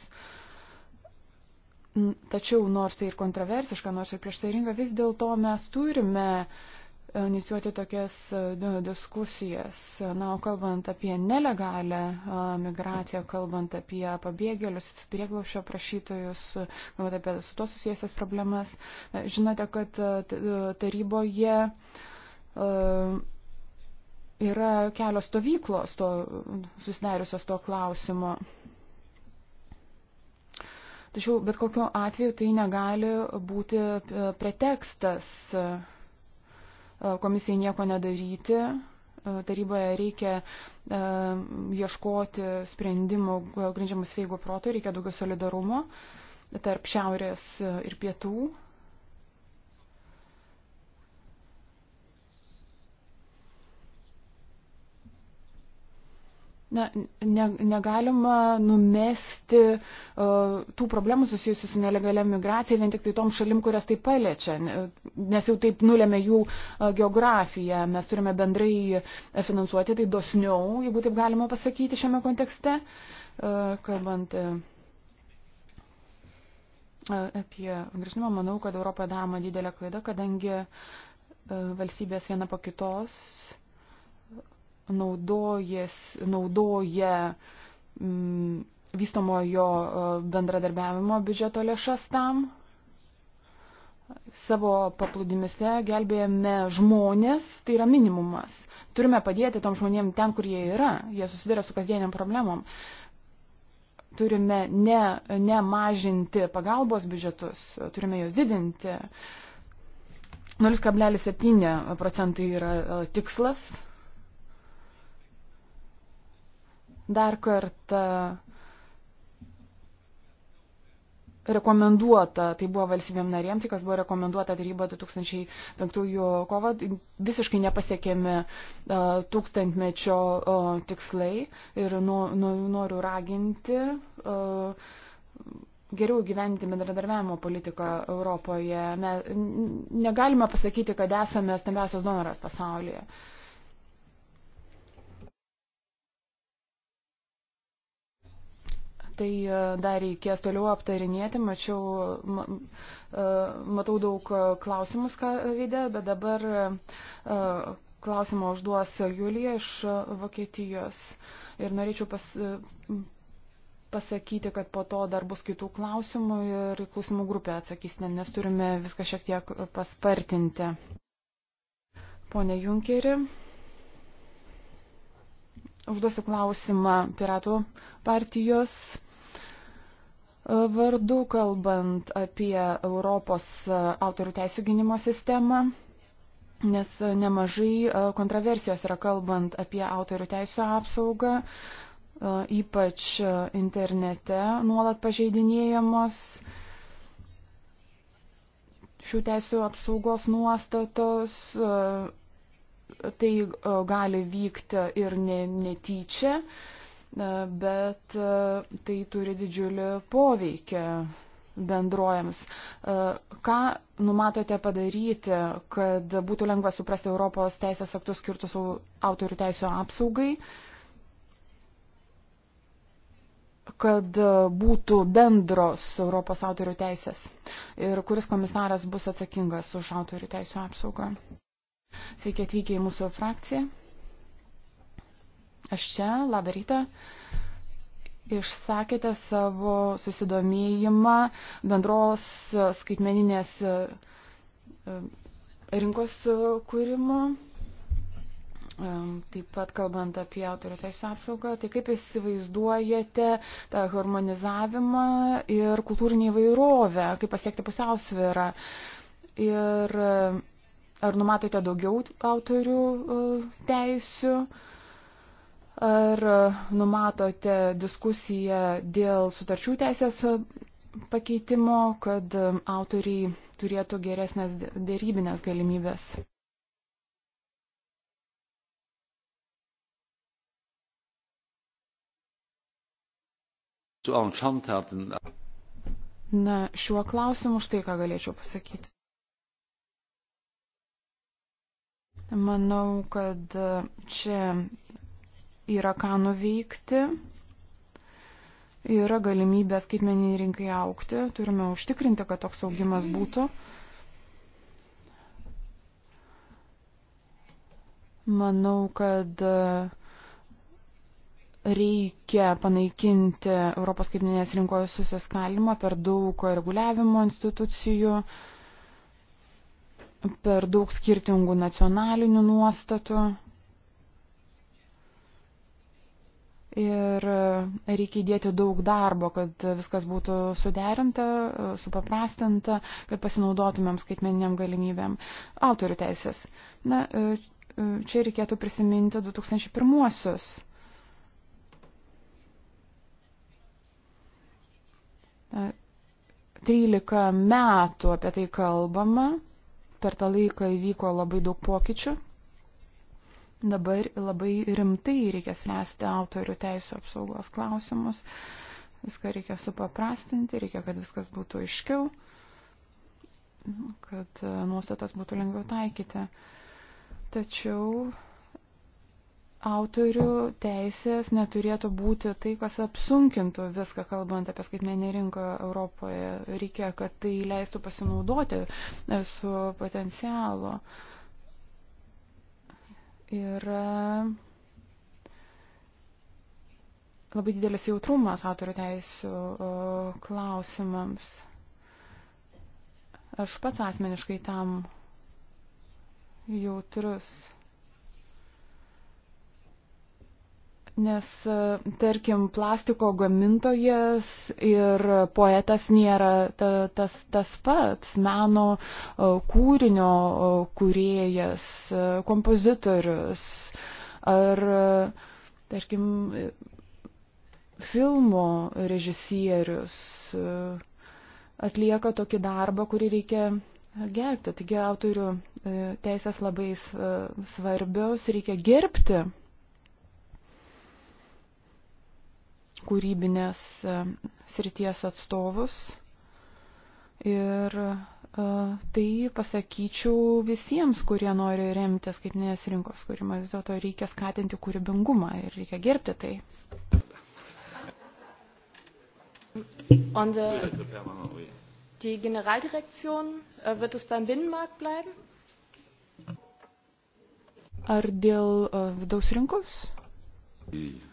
Tačiau nors tai ir kontroversiška, nors ir prieštaringa, vis dėlto mes turime inicijuoti tokias diskusijas. Na, o kalbant apie nelegalę migraciją, kalbant apie pabėgėlius, prieglaušio prašytojus, kalbant apie su to susijęsias problemas, žinote, kad taryboje. Uh, E, yra kelios stovyklos to, susidariusios to klausimo. Tačiau bet kokiu atveju tai negali būti e, pretekstas e, komisijai nieko nedaryti. Taryboje reikia ieškoti sprendimų grindžiamus sveigų protų, reikia daugiau solidarumo tarp šiaurės ir pietų Na, ne, negalima numesti uh, tų problemų susijusių su nelegalia migracija vien tik tai tom šalim, kurias tai paliečia, nes jau taip nulėmė jų uh, geografiją. Mes turime bendrai e, finansuoti tai dosniau, jeigu taip galima pasakyti šiame kontekste, uh, kalbant. Uh, Apie grįžimą manau, kad Europoje daroma didelė klaida, kadangi valstybės viena po kitos naudojas, naudoja mm, vystomojo e, bendradarbiavimo biudžeto lėšas tam. Savo paplūdimise gelbėjame žmonės, tai yra minimumas. Turime padėti tom žmonėm ten, kur jie yra. Jie susiduria su kasdieniam problemom. Turime ne, ne mažinti pagalbos biudžetus, turime juos didinti. 0,7 procentai yra e, tikslas dar kartą rekomenduota, tai buvo valstybėm narėm, tai kas buvo rekomenduota taryba 2005 kovo, visiškai nepasiekėme e, tūkstantmečio e, tikslai ir nu, nu, noriu raginti e, geriau gyventi bendradarbiavimo politiką Europoje. Mes negalime pasakyti, kad esame stambiausias donoras pasaulyje. Uh, Tai e, dar reikės toliau aptarinėti, mačiau, ma, e, matau daug e, klausimus ką veidė, bet dabar klausimą užduos Julija iš Vokietijos. Ir norėčiau pas, pasakyti, kad po to dar bus kitų klausimų ir klausimų grupė atsakys, nes turime viską šiek tiek paspartinti. Pone Junkeri užduosiu klausimą Piratų partijos e, vardu, kalbant apie Europos e, autorių teisų gynimo sistemą, nes e, nemažai kontroversijos yra kalbant apie autorių teisų apsaugą, ypač internete nuolat pažeidinėjamos šių teisų apsaugos nuostatos, tai e, gali vykti ir ne, netyčia, e, bet e, tai turi didžiulį poveikį bendrojams. Ką numatote padaryti, kad būtų lengva suprasti Europos teisės aktus skirtus autorių teisų apsaugai, kad būtų bendros Europos autorių teisės ir kuris komisaras bus atsakingas už autorių teisų apsaugą? Sveiki atvykę į mūsų frakciją. Aš čia, labą rytą. Išsakėte savo susidomėjimą bendros skaitmeninės e, rinkos kūrimu. E, taip pat kalbant apie autorių teisę apsaugą, tai kaip įsivaizduojate tą harmonizavimą ir kultūrinį įvairovę, kaip pasiekti pusiausvyrą. Ir e, Ar numatote daugiau autorių e, teisių? Ar e, numatote diskusiją dėl sutarčių teisės e, pakeitimo, kad autoriai turėtų geresnės dėrybinės galimybės? Na, šiuo klausimu štai ką galėčiau pasakyti. Manau, kad čia yra ką nuveikti, yra galimybė skaitmeniniai rinkai aukti, turime užtikrinti, kad toks augimas būtų. Manau, kad reikia panaikinti Europos skaitmeninės rinkos susiskalimą per daug reguliavimo institucijų. Uh, per daug skirtingų nacionalinių nuostatų. Ir reikia įdėti daug darbo, kad viskas būtų suderinta, supaprastinta, kad pasinaudotumėm skaitmeniniam galimybėm. Autorių teisės. Na, čia reikėtų prisiminti 2001-osius. Trylika metų apie tai kalbama. Per tą laiką įvyko labai daug pokyčių. Dabar labai rimtai reikia spręsti autorių teisų apsaugos klausimus. Viską reikia supaprastinti, reikia, kad viskas būtų aiškiau, kad nuostatas būtų lengviau taikyti. Tačiau autorių teisės neturėtų būti tai, kas apsunkintų viską, kalbant apie skaitmenį rinką Europoje. Reikia, kad tai leistų pasinaudoti e, su potencialu. Ir e, labai didelis jautrumas autorių teisų e, klausimams. Aš pats asmeniškai tam jautrus. Nes, tarkim, plastiko gamintojas ir poetas nėra ta, tas, tas pats meno kūrinio kūrėjas, kompozitorius ar, tarkim, filmo režisierius atlieka tokį darbą, kurį reikia gerbti. Taigi autorių e, teisės labai e, svarbios, reikia gerbti kūrybinės e, srities atstovus. Ir e, tai pasakyčiau visiems, kurie nori remtis skaitinės rinkos kūrimą. Vis dėlto reikia skatinti kūrybingumą ir reikia gerbti tai. On the, die Generaldirektion äh, wird es beim Binnenmarkt bleiben? Ar dėl äh, vidaus rinkos? Yeah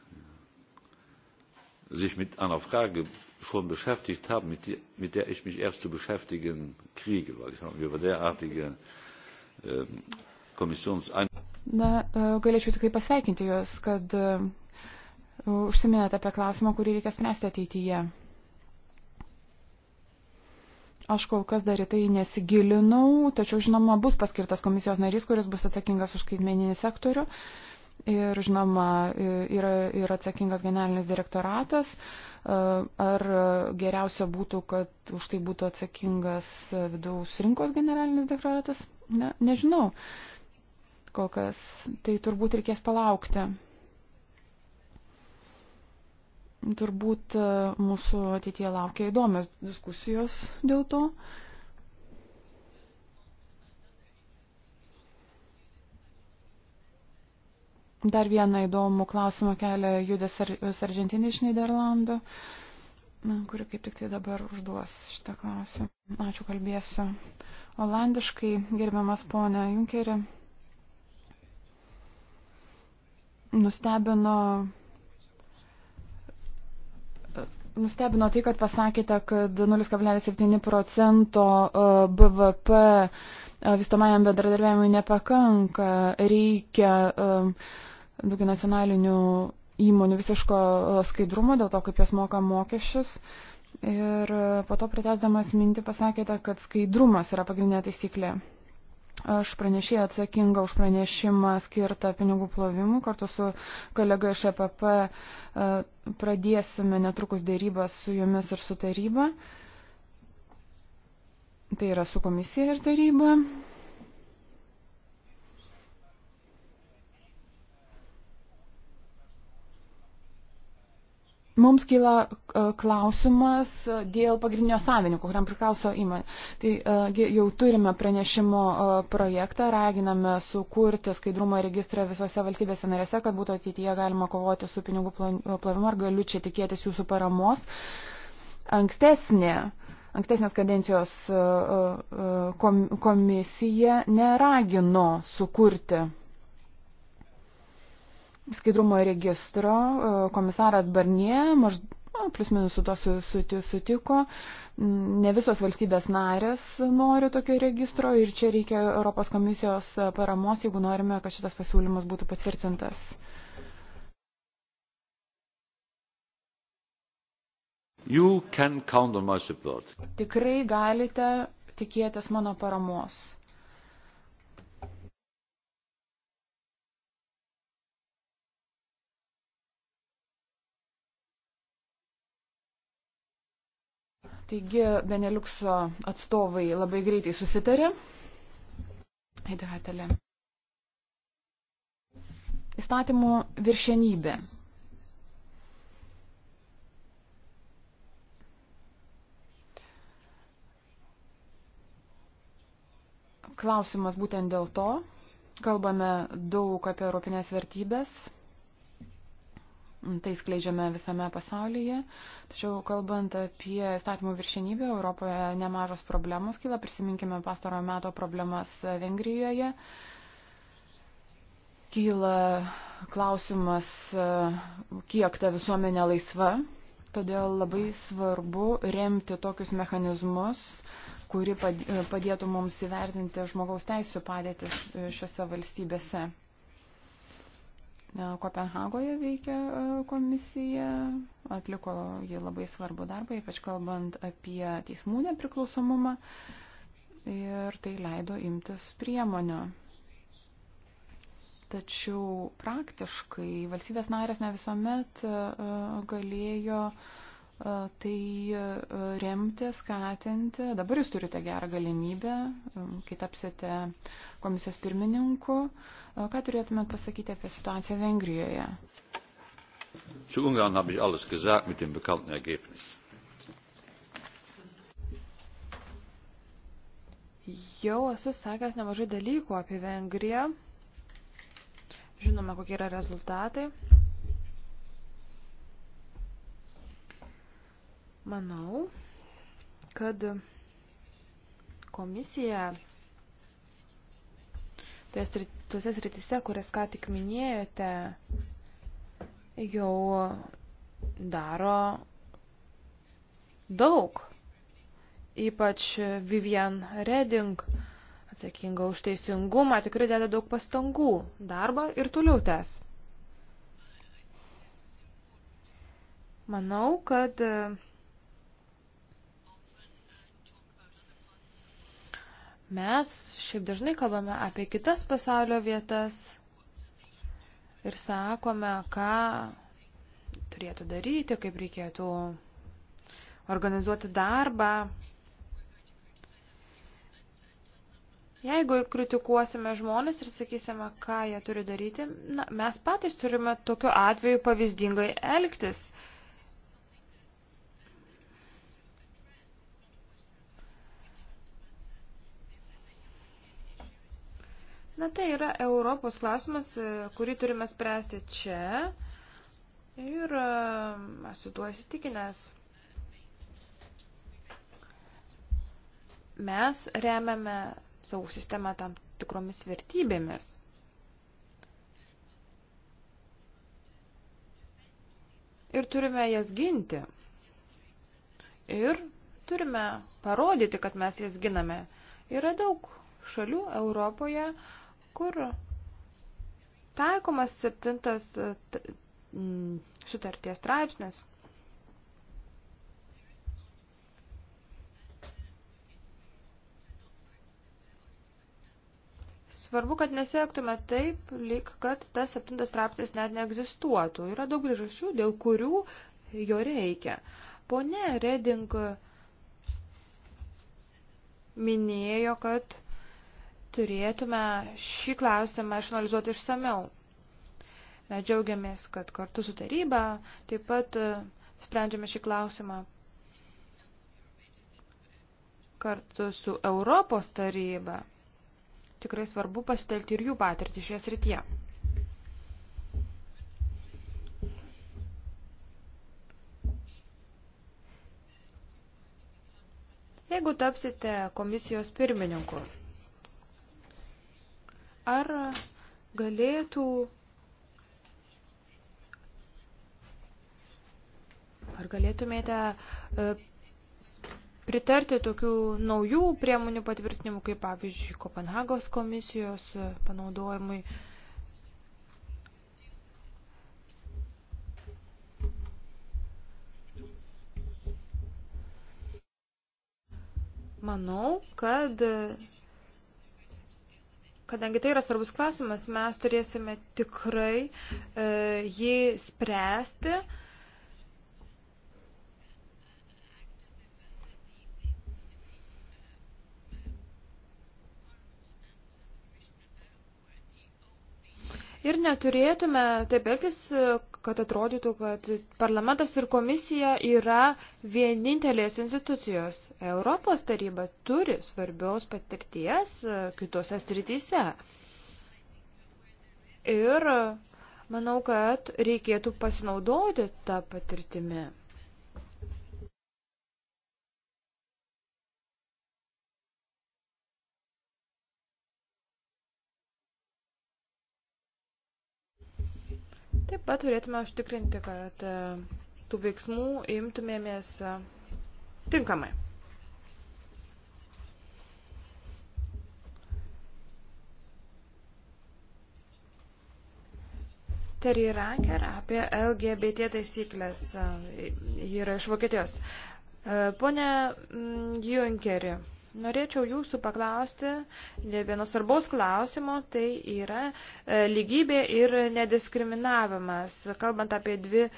sich mit einer Frage schon beschäftigt haben, mit, die, mit der ich mich erst zu beschäftigen kriege, weil ich habe über derartige äh, Kommissionsein. Na, äh, galėčiau tikrai pasveikinti Jūs, kad äh, užsiminėte apie klausimą, kurį reikia spręsti ateityje. Aš kol kas dar į tai nesigilinau, tačiau žinoma bus paskirtas komisijos narys, kuris bus atsakingas už skaitmeninį sektorių. Uh, ir, žinoma, yra ir atsakingas generalinis direktoratas. E, ar geriausia būtų, kad už tai būtų atsakingas vidaus rinkos generalinis direktoratas? Ne, nežinau. Kol kas tai turbūt reikės palaukti. Turbūt e, mūsų ateityje laukia įdomios diskusijos dėl to. Uh, Dar vieną įdomų klausimą kelia Judės Argentinė iš Niderlandų, kuri kaip tik tai dabar užduos šitą klausimą. Ačiū, kalbėsiu. Olandiškai, gerbiamas ponė Junkeri, nustebino Nustebino tai, kad pasakėte, kad 0,7 procento e, BVP vystomajam bendradarbiavimui nepakanka, reikia daugiau nacionalinių įmonių visiško skaidrumo dėl to, kaip jos moka mokesčius. Ir po to pritesdamas mintį pasakėte, kad skaidrumas yra pagrindinė taisyklė. Aš pranešėjau atsakingą už pranešimą skirtą pinigų plovimų. Kartu su kolega iš EPP pradėsime netrukus dėrybą su jumis ir su taryba. Uh, Tai yra su komisija ir taryba. mums kyla e, klausimas dėl pagrindinio savininko, kuriam priklauso įmonė. Tai e, jau turime pranešimo e, projektą, raginame sukurti skaidrumo registrą visose valstybėse narėse, kad būtų ateityje galima kovoti su pinigų plovimu. Ar galiu čia tikėtis jūsų paramos? Ankstesnė uh, ankstesnės kadencijos e, e, komisija neragino sukurti skaidrumo registro. E, komisaras Barnie maždaug nu, plus minus su to sutiko. Mm, ne visos valstybės narės nori tokio registro ir čia reikia Europos komisijos paramos, jeigu norime, kad šitas pasiūlymas būtų patvirtintas. Tikrai galite tikėtis mano paramos. Taigi Beneliukso atstovai labai greitai susitarė. Įdatelė. Įstatymų viršenybė. klausimas būtent dėl to. Kalbame daug apie europinės vertybės, tai skleidžiame visame pasaulyje. Tačiau kalbant apie statymų viršenybę, Europoje nemažos problemos kyla. Prisiminkime pastarojo meto problemas Vengrijoje. Kyla klausimas, kiek ta visuomenė laisva. Todėl labai svarbu remti tokius mechanizmus, kuri e, padėtų mums įvertinti žmogaus teisų padėtis e, šiuose valstybėse. E, Kopenhagoje veikia komisija, atliko jį labai svarbu darbą, ypač kalbant apie teismų nepriklausomumą ir tai leido imtis priemonių. Tačiau praktiškai valstybės narės ne visuomet galėjo uh, tai remti, skatinti. Dabar jūs turite gerą galimybę, kai tapsite komisijos pirmininku. Ką turėtumėt pasakyti apie situaciją Vengrijoje? Zu Ungarn habe ich alles gesagt mit dem bekannten Ergebnis. Jau esu sakęs nemažai dalykų apie Vengriją. Žinome, kokie yra rezultatai. Manau, kad komisija tose sritise, kurias ką tik minėjote, jau daro daug. Ypač Vivian Reding atsakinga už teisingumą, tikrai deda daug pastangų, darbą ir toliau tęs. Manau, kad Mes šiaip dažnai kalbame apie kitas pasaulio vietas ir sakome, ką turėtų daryti, kaip reikėtų organizuoti darbą. Jeigu kritikuosime žmonės ir sakysime, ką jie turi daryti, na, mes patys turime tokiu atveju pavyzdingai elgtis. Uh, Na tai yra Europos klausimas, e, kurį turime spręsti čia. Ir aš e, su tuo įsitikinęs. Mes remiame savo sistemą tam tikromis vertybėmis. Ir turime jas ginti. Ir turime parodyti, kad mes jas giname. Yra daug šalių Europoje, uh, kur taikomas septintas e, sutarties straipsnis. Svarbu, kad nesiektume taip, lyg kad tas septintas straipsnis net neegzistuotų. Yra daug priežasčių, dėl kurių jo reikia. Pone Reding minėjo, kad turėtume šį klausimą išanalizuoti išsameu. Džiaugiamės, kad kartu su taryba taip pat e, sprendžiame šį klausimą kartu su Europos taryba. Tikrai svarbu pasitelti ir jų patirtį šioje srityje. Jeigu tapsite komisijos pirmininku, ar galėtų ar galėtumėte e, pritarti tokių naujų priemonių patvirtinimų, kaip pavyzdžiui, Kopenhagos komisijos e, panaudojimui. Manau, kad kadangi tai yra svarbus klausimas, mes turėsime tikrai e, jį spręsti. Ir neturėtume taip elgtis, kad atrodytų, kad parlamentas ir komisija yra vienintelės institucijos. Europos taryba turi svarbios patirties e, kitose strityse. Ir e, manau, kad reikėtų pasinaudoti tą patirtimį. Taip pat turėtume užtikrinti, kad e, tų veiksmų imtumėmės e, tinkamai. Terry Ranker apie LGBT taisyklės. E, ji yra iš Vokietijos. Pone mm, Junkeri, Norėčiau jūsų paklausti vienos svarbos klausimo, tai yra e, lygybė ir nediskriminavimas. Kalbant apie dvi e,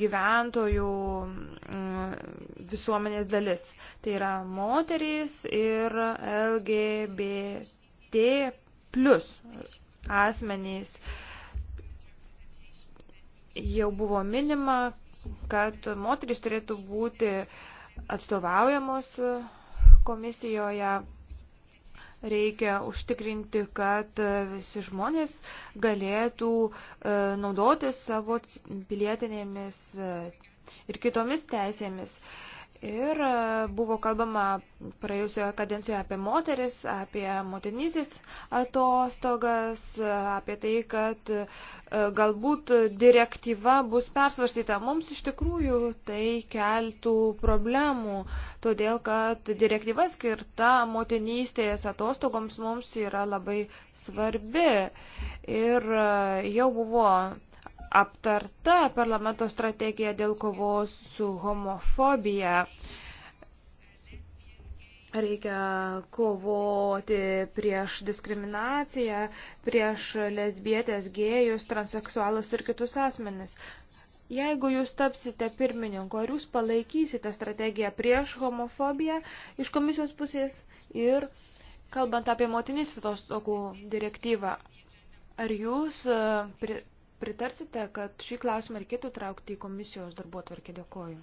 gyventojų mm, visuomenės dalis, tai yra moterys ir LGBT plus asmenys. Jau buvo minima, kad moterys turėtų būti atstovaujamos komisijoje reikia užtikrinti, kad visi žmonės galėtų e, naudotis savo pilietinėmis e, ir kitomis teisėmis. Ir e, buvo kalbama praėjusioje kadencijoje apie moteris, apie motinizės atostogas, apie tai, kad e, galbūt direktyva bus persvarstyta. Mums iš tikrųjų tai keltų problemų, todėl kad direktyva skirta motinystės atostogoms mums yra labai svarbi. Ir e, jau buvo aptarta parlamento strategija dėl kovos su homofobija. Reikia kovoti prieš diskriminaciją, prieš lesbietės, gėjus, transeksualus ir kitus asmenis. Jeigu jūs tapsite pirmininku, ar jūs palaikysite strategiją prieš homofobiją iš komisijos pusės ir, kalbant apie motinystės atostogų direktyvą, ar jūs e, pritarsite, kad šį klausimą reikėtų traukti į komisijos darbo tvarkį. Dėkoju.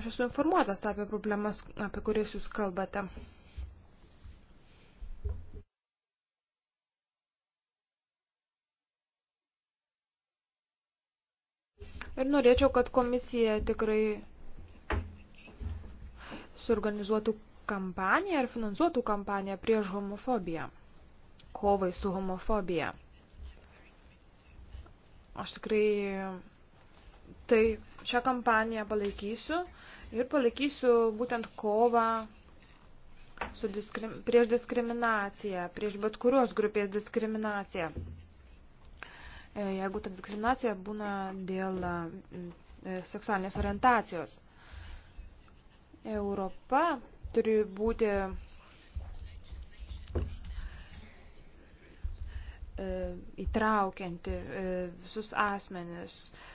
Aš esu informuotas apie problemas, apie kurias jūs kalbate. Ir norėčiau, kad komisija tikrai suorganizuotų kampaniją ir finansuotų kampaniją prieš homofobiją, kovai su homofobija. Aš tikrai tai šią kampaniją palaikysiu ir palaikysiu būtent kovą su diskrim, prieš diskriminaciją, prieš bet kurios grupės diskriminaciją. E, jeigu ta diskriminacija būna dėl e, seksualinės orientacijos. Europa turi būti e, įtraukianti e, visus asmenis. E,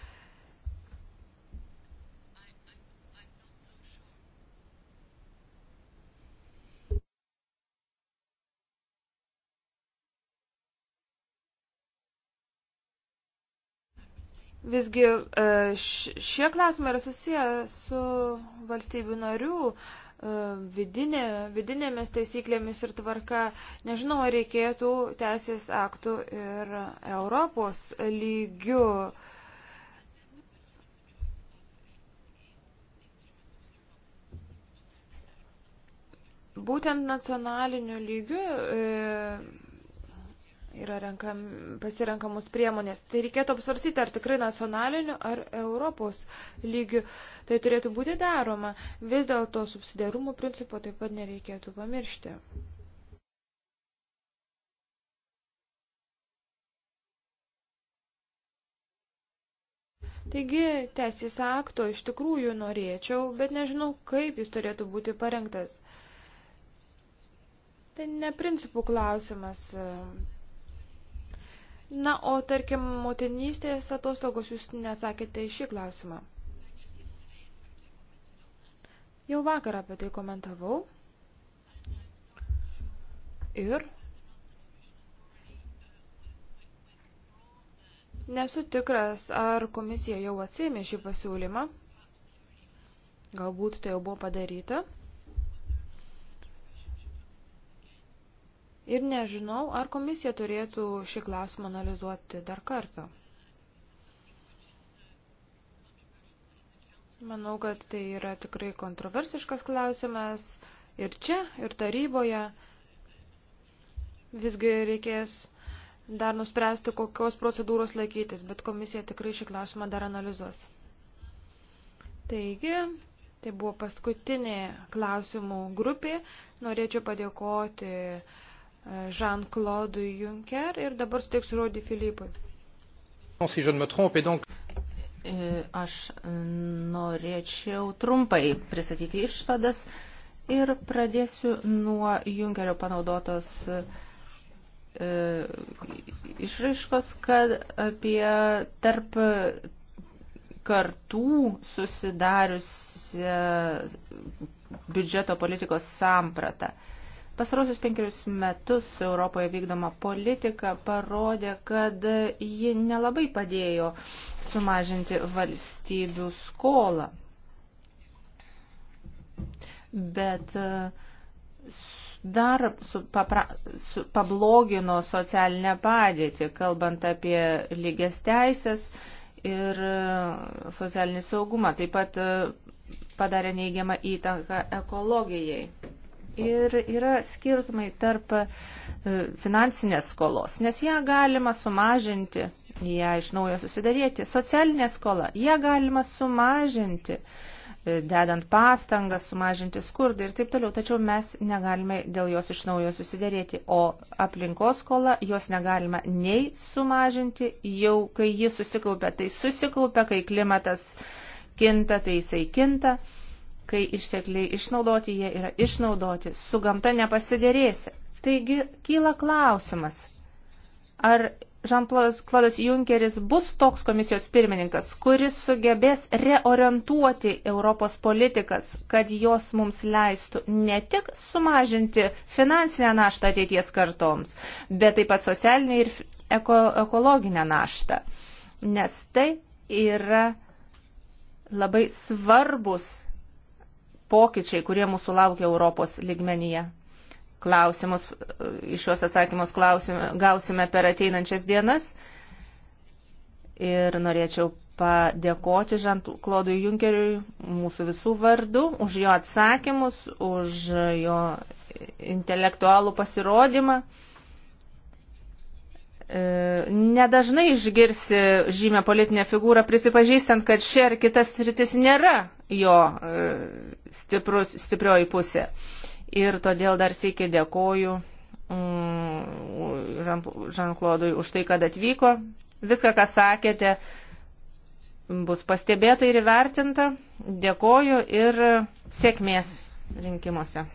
Visgi e, šie klausimai yra susiję su valstybių narių e, vidinė, vidinėmis taisyklėmis ir tvarka. Nežinau, ar reikėtų teisės aktų ir Europos lygių. Būtent nacionaliniu lygiu. E, yra renkam, pasirenkamos priemonės. Tai reikėtų apsvarsyti, ar tikrai nacionaliniu, ar Europos lygiu. Tai turėtų būti daroma. Vis dėlto subsidiarumo principo taip pat nereikėtų pamiršti. Taigi, teisės akto iš tikrųjų norėčiau, bet nežinau, kaip jis turėtų būti parengtas. Tai ne principų klausimas, Na, o tarkim, motinystės atostogos jūs neatsakėte į šį klausimą. Jau vakar apie tai komentavau. Ir Nesu tikras, ar komisija jau atsėmė šį pasiūlymą. Galbūt tai jau buvo padaryta. Ir nežinau, ar komisija turėtų šį klausimą analizuoti dar kartą. Manau, kad tai yra tikrai kontroversiškas klausimas ir čia, ir taryboje. Visgi reikės dar nuspręsti, kokios procedūros laikytis, bet komisija tikrai šį klausimą dar analizuos. Taigi, tai buvo paskutinė klausimų grupė. Norėčiau padėkoti uh, Jean-Claude Juncker ir dabar suteiks žodį Filipui. E, aš norėčiau trumpai pristatyti išvadas ir pradėsiu nuo Junkerio panaudotos e, išraiškos, kad apie tarp kartų susidariusią biudžeto politikos sampratą. Pasarosius penkerius metus Europoje vykdoma politika parodė, kad ji nelabai padėjo sumažinti valstybių skolą. Bet e, dar su, papra, su, pablogino socialinę padėtį, kalbant apie lygias teisės ir e, socialinį saugumą. Taip pat e, padarė neigiamą įtaką ekologijai ir yra skirtumai tarp e, finansinės skolos, nes ją galima sumažinti, ją iš naujo susidaryti. Socialinė skola, ją galima sumažinti, e, dedant pastangas, sumažinti skurdą ir taip toliau, tačiau mes negalime dėl jos iš naujo susidaryti, o aplinkos skola jos negalima nei sumažinti, jau kai ji susikaupia, tai susikaupia, kai klimatas kinta, tai jisai kinta kai ištekliai išnaudoti, jie yra išnaudoti, su gamta nepasidėrėsi. Taigi kyla klausimas, ar Žanklodas Junkeris bus toks komisijos pirmininkas, kuris sugebės reorientuoti Europos politikas, kad jos mums leistų ne tik sumažinti finansinę naštą ateities kartoms, bet taip pat socialinę ir eko, ekologinę naštą. Nes tai yra labai svarbus pokyčiai, kurie mūsų laukia Europos ligmenyje. Klausimus, iš šios atsakymus klausime, gausime per ateinančias dienas. Ir norėčiau padėkoti Žanklodui Junkeriui mūsų visų vardu už jo atsakymus, už jo intelektualų pasirodymą. E, nedažnai išgirsi žymę politinę figūrą prisipažįstant, kad ši ar kitas sritis nėra jo e, stiprus, stiprioji pusė. Ir todėl dar sėkiai dėkoju mm, Žanklodui už tai, kad atvyko. Viską, ką sakėte, bus pastebėta ir įvertinta. Dėkoju ir sėkmės rinkimuose.